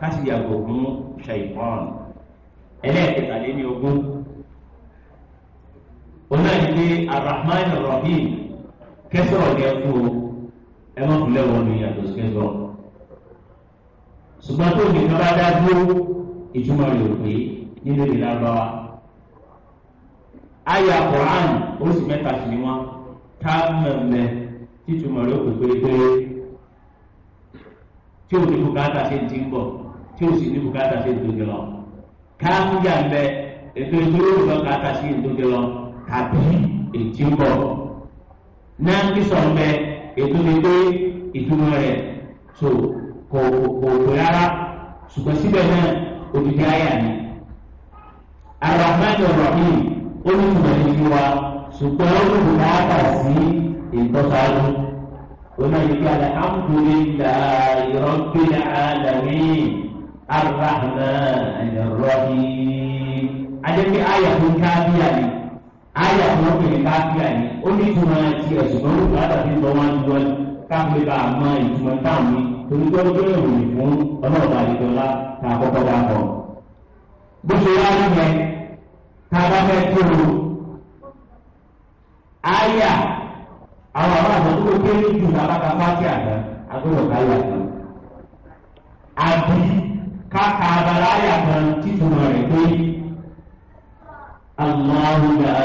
S1: kásì yàgò fún ṣàìfọ́n ẹlẹ́ẹ̀kẹtàléní ogún onáyẹ̀dẹ́ arahman rahim kẹsọ̀rọ̀ ní ẹkú ẹ má kulẹ̀ wọn ní yàtọ̀ kẹsọ̀rọ̀ ṣùgbọ́n tó ní kí wọ́n bá dá dúró ìtumọ̀ rẹ̀ ò pé nínú ìlà lọ́wọ́ aya Quran oṣù mẹ́ta sí ni wọ́n tá mẹ́mẹ́ títúmọ̀ rẹ̀ ò pé pé tí òkè kò ká ti ń bọ̀ tí o sì ní bùkátà sí ìdókè lọ káfíńjà ń bẹ ètò ìdúró bùkátà sí ìdókè lọ tàbí ètí ń bọ náà kí sọ ń bẹ ètò ìdókè ìdúró rẹ tó kò kò kò rárá ṣùgbọ́n síbẹ̀ náà òdìdí ayà ni arahmanu rahim olùkùnrin ní fi wa ṣùgbọ́n olùbùkátà sí ìtọ́sáájú onáyíká alhamdulillahi rabbil alamin. Ar-Rahman Ar-Rahim. Adébí ayà tó káfíà ni ayà tó kéré káfíà ni ó ní ìtumọ̀ ti ẹ̀sùn tó ń gbàdá sí lọ wá lọ káfíà bá a mọ ìtumọ̀ táwọn mi torí tó ń gbé ìròyìn fún ọlọ́ọ̀bà ìjọba tá a kọ́kọ́ bá kọ́. Bó ṣe wá nìyẹn tá a bá fẹ́ kúrò ayà àwọn àwọn àgbàdo tó kéré jù lábàkà fáfíà náà agbọ́dọ̀ káyà kan. Àbí káka abala ayàgbà títúmọ̀ rẹ̀ pé Allahu la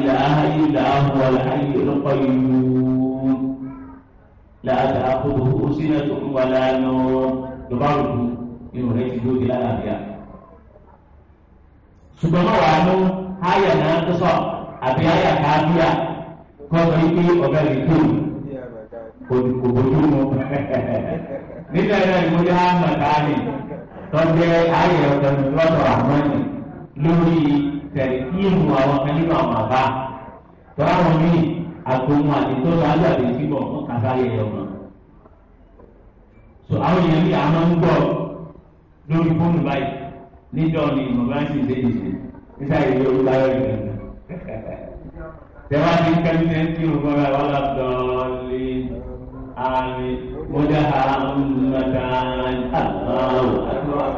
S1: ilaha illa huwa al-hayyul qayyum la ta'khudhuhu sinatun wa la nawm lọ́ba rògbò inú rẹ̀ ti dóbi lálàáfíà. ṣùgbọ́n wọ́n wà ló ayà náà tó sọ àbí ayà káfíà kọ́sọ̀ ike ọ̀gá rẹ̀ tó kò bójú mu nígbà yẹn ni mo ní hàn màtáàlì tọ́jẹ́ ayé ọ̀tẹ̀lẹ̀ lọ́dọ̀ àmọ́ni lórí tẹ̀síìmù àwọn kan nínú àwọn àbá tọ́láwọn míì àtòmù àdìsọ́dọ̀ aláàbẹ̀ síbọ̀ fún kàtàyè ọmọ. sọ àwọn èèyàn bíi àmọ́ ń gbọ́ lórí fóònù báyìí níjọ́ ni ìmọ̀gbá ń ṣiṣẹ́ ìṣe níta ìwé olúwa rẹ̀ nìkan. tẹ̀wá ti ń kẹ́mi ní ẹ̀ òun bọ́ra wọ́n lọ́dọ̀ọ́lì mudahaamatani Allahu akbar.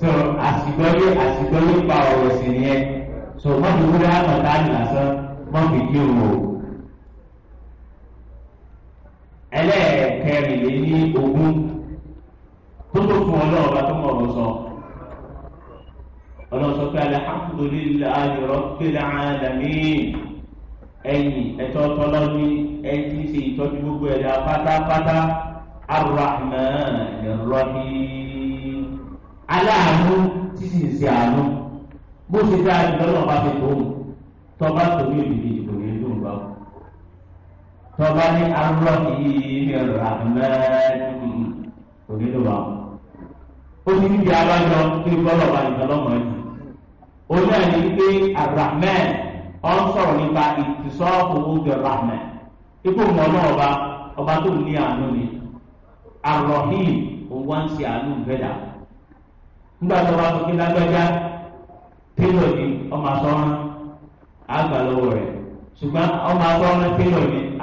S1: so àsìgbọ́lé àsìgbọ́lé pa ọ̀rọ̀ So nìyẹn so mọ́tò mudahaamatani lásán mọ́tò kí o wò. ẹlẹ́ẹ̀kẹrìnlélí ogún tó tó fún ọlọ́ọ̀bá tó mọ̀ ọ̀rọ̀ sọ ọlọ́sọ̀kẹ́ alhamdulillahi rabbil alamin ẹ̀yìn ẹ̀tọ́ tọ́lọ́ní ẹ̀yìn ṣe ìtọ́jú gbogbo ẹ̀dá pátápátá Ar-Rahman Ar-Rahim aláàánú tí sì ń ṣe àánú bó ṣe dá ìdánwò bá fi tó tọ́ba torí òbí ìbò ní ìlú ìlú àwọn tọ́ba ní Ar-Rahim ar ó ti níbi abájọ kí kọ́lọ̀ bá ìdánwò mọ́ ẹ̀ oní àyè wípé Ar-Rahman. ọ ń sọ̀rọ̀ nípa ìtìsọ́ọ̀kù oge rahman ikú mọ̀ ọba ọba tó ní àánú ni arrohim ń ṣe àánú nígbà tó bá lágbájá ni ọmọ rẹ̀ ṣùgbọ́n ọmọ ni tí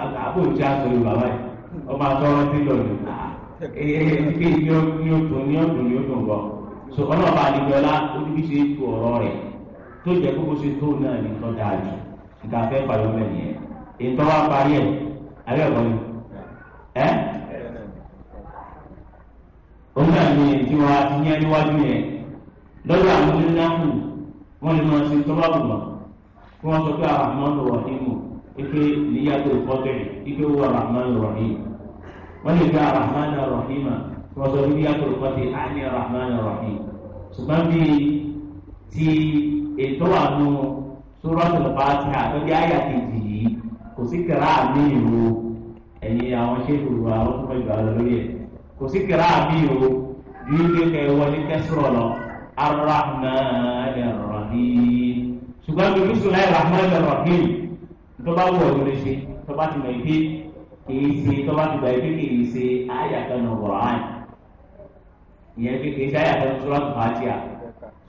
S1: a sọ̀rọ̀ bàbá yìí ọmọ asọ́rán télò ni èyí ah, eh, eh, eh, ni ó tó ní ó ó bọ̀ àdìgbọ́lá ó tó jẹ́ kókó ṣe tó náà ní tọ́ dáa jù nǹkan fẹ́ fàyọ́ mẹ́ nìyẹn ètò wa parí ẹ̀ alẹ́ ọ̀gbọ́n mi ẹ́ òun náà ní ètò wa ti yẹn níwájú yẹn lọ́dọ̀ àwọn onínáàmù wọ́n lè máa ṣe tọ́wọ́ àbùmọ̀ kí wọ́n sọ pé àràmọ́ lọ́wọ́ ìmù ike níyàtọ̀ ìfọ́tẹ̀rì ike wo àràmọ́ lọ́wọ́ ìmù wọ́n lè gba àràmọ́ lọ́wọ́ ìmù kí wọ́n sọ pé níyàtọ̀ ìfọ́tẹ̀rì àní àràmọ́ lọ́wọ́ ìmù ṣùgbọ́n bíi ti ètò àánú sórọ́tò pàtì àtọ́jú àyà kejì yìí kò sí kẹrà àmì ìró ẹ̀yìn àwọn ṣẹ́kù wa ó tún fẹ́ jù àlọ́ lórí ẹ̀ kò sí kẹrà àmì ìró bí kékeré wọlé kẹsìrọ̀ lọ arahmani rahim ṣùgbọ́n bí bisimilayi rahmani rahim tó bá wọ̀ lórí ṣe tó bá ti mọ̀ ìdí kìí ṣe tó bá ti gbà ìdí kìí ṣe àyà kan nù wọ̀ áyì ìyẹn kékeré ṣe àyà kan sórọ́tò pàtì àtọ́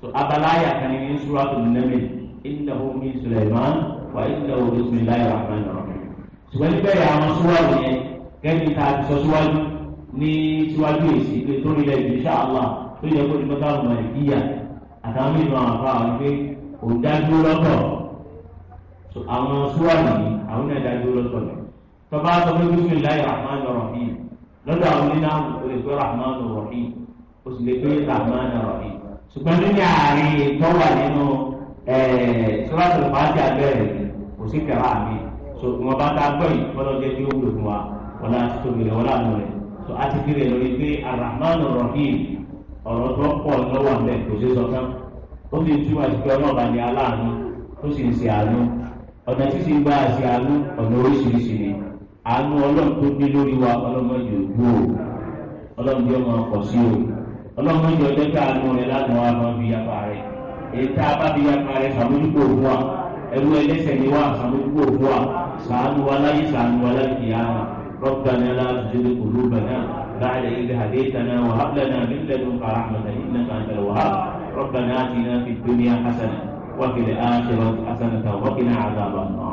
S1: so abala ayà kan ní suratul naml innahu min Sulaiman wa innahu bismillahir rahmanir rahim ṣùgbọ́n níbẹ̀rẹ̀ àwọn súwájú yẹn gẹ́gẹ́ ta sọ síwájú ní síwájú èsì pé tó rí lẹ́yìn insha Allah tó yẹ kó ní bọ́tà ọmọ ìdíyà àtàwọn mìíràn àwọn afọ àwọn pé òun dájú lọ́tọ̀ àwọn súwájú yìí àwọn náà dájú lọ́tọ̀ lọ tọ́ba sọ pé bismillahir rahmanir rahim lọ́dọ̀ àwọn oníná rahmanir rahim ó sì rahmanir rahim ṣùgbọ́n nínú àárín ètò wà nínú sọ́láṣọ̀ pàtì abẹ́rẹ́ kò sí kẹ̀rọ àmì so wọn bá ká gbọ́ yìí fọlọ́ jẹ́ kí ó wúlò fún wa wọn láti tóbi rẹ̀ wọn láti rẹ̀ so a ti fi rẹ̀ lórí pé Ar-Rahman Ar-Rahim ọ̀rọ̀ tó pọ̀ lọ́wọ́ àmì kò sí sọ fún ó fi túmọ̀ sí pé ọlọ́ọ̀bá ni aláàánú ó sì ń ṣe àánú ọ̀nà tí sì ń gbà ṣe àánú ọ̀nà oríṣiríṣi ni àánú ọlọ́run tó gbé lórí wa ọlọ́mọdé ògbó ọlọ́run yóò máa pọ̀ sí òun ọlọ́run yóò jẹ́ ká àánú rẹ̀ láti wá bá bí yapa rẹ̀ ètò abábí yapa rẹ̀ sàmójúkò fún wa ẹrú ẹlẹ́sẹ̀ ni wá sàmójúkò fún wa sàánú wa láyé sàánú wa láyé kìyàmà ربنا لا تزغ قلوبنا بعد إذ هديتنا وهب لنا من لدنك رحمة إنك أنت الوهاب ربنا آتنا في الدنيا حسنة وفي الآخرة حسنة وقنا عذاب النار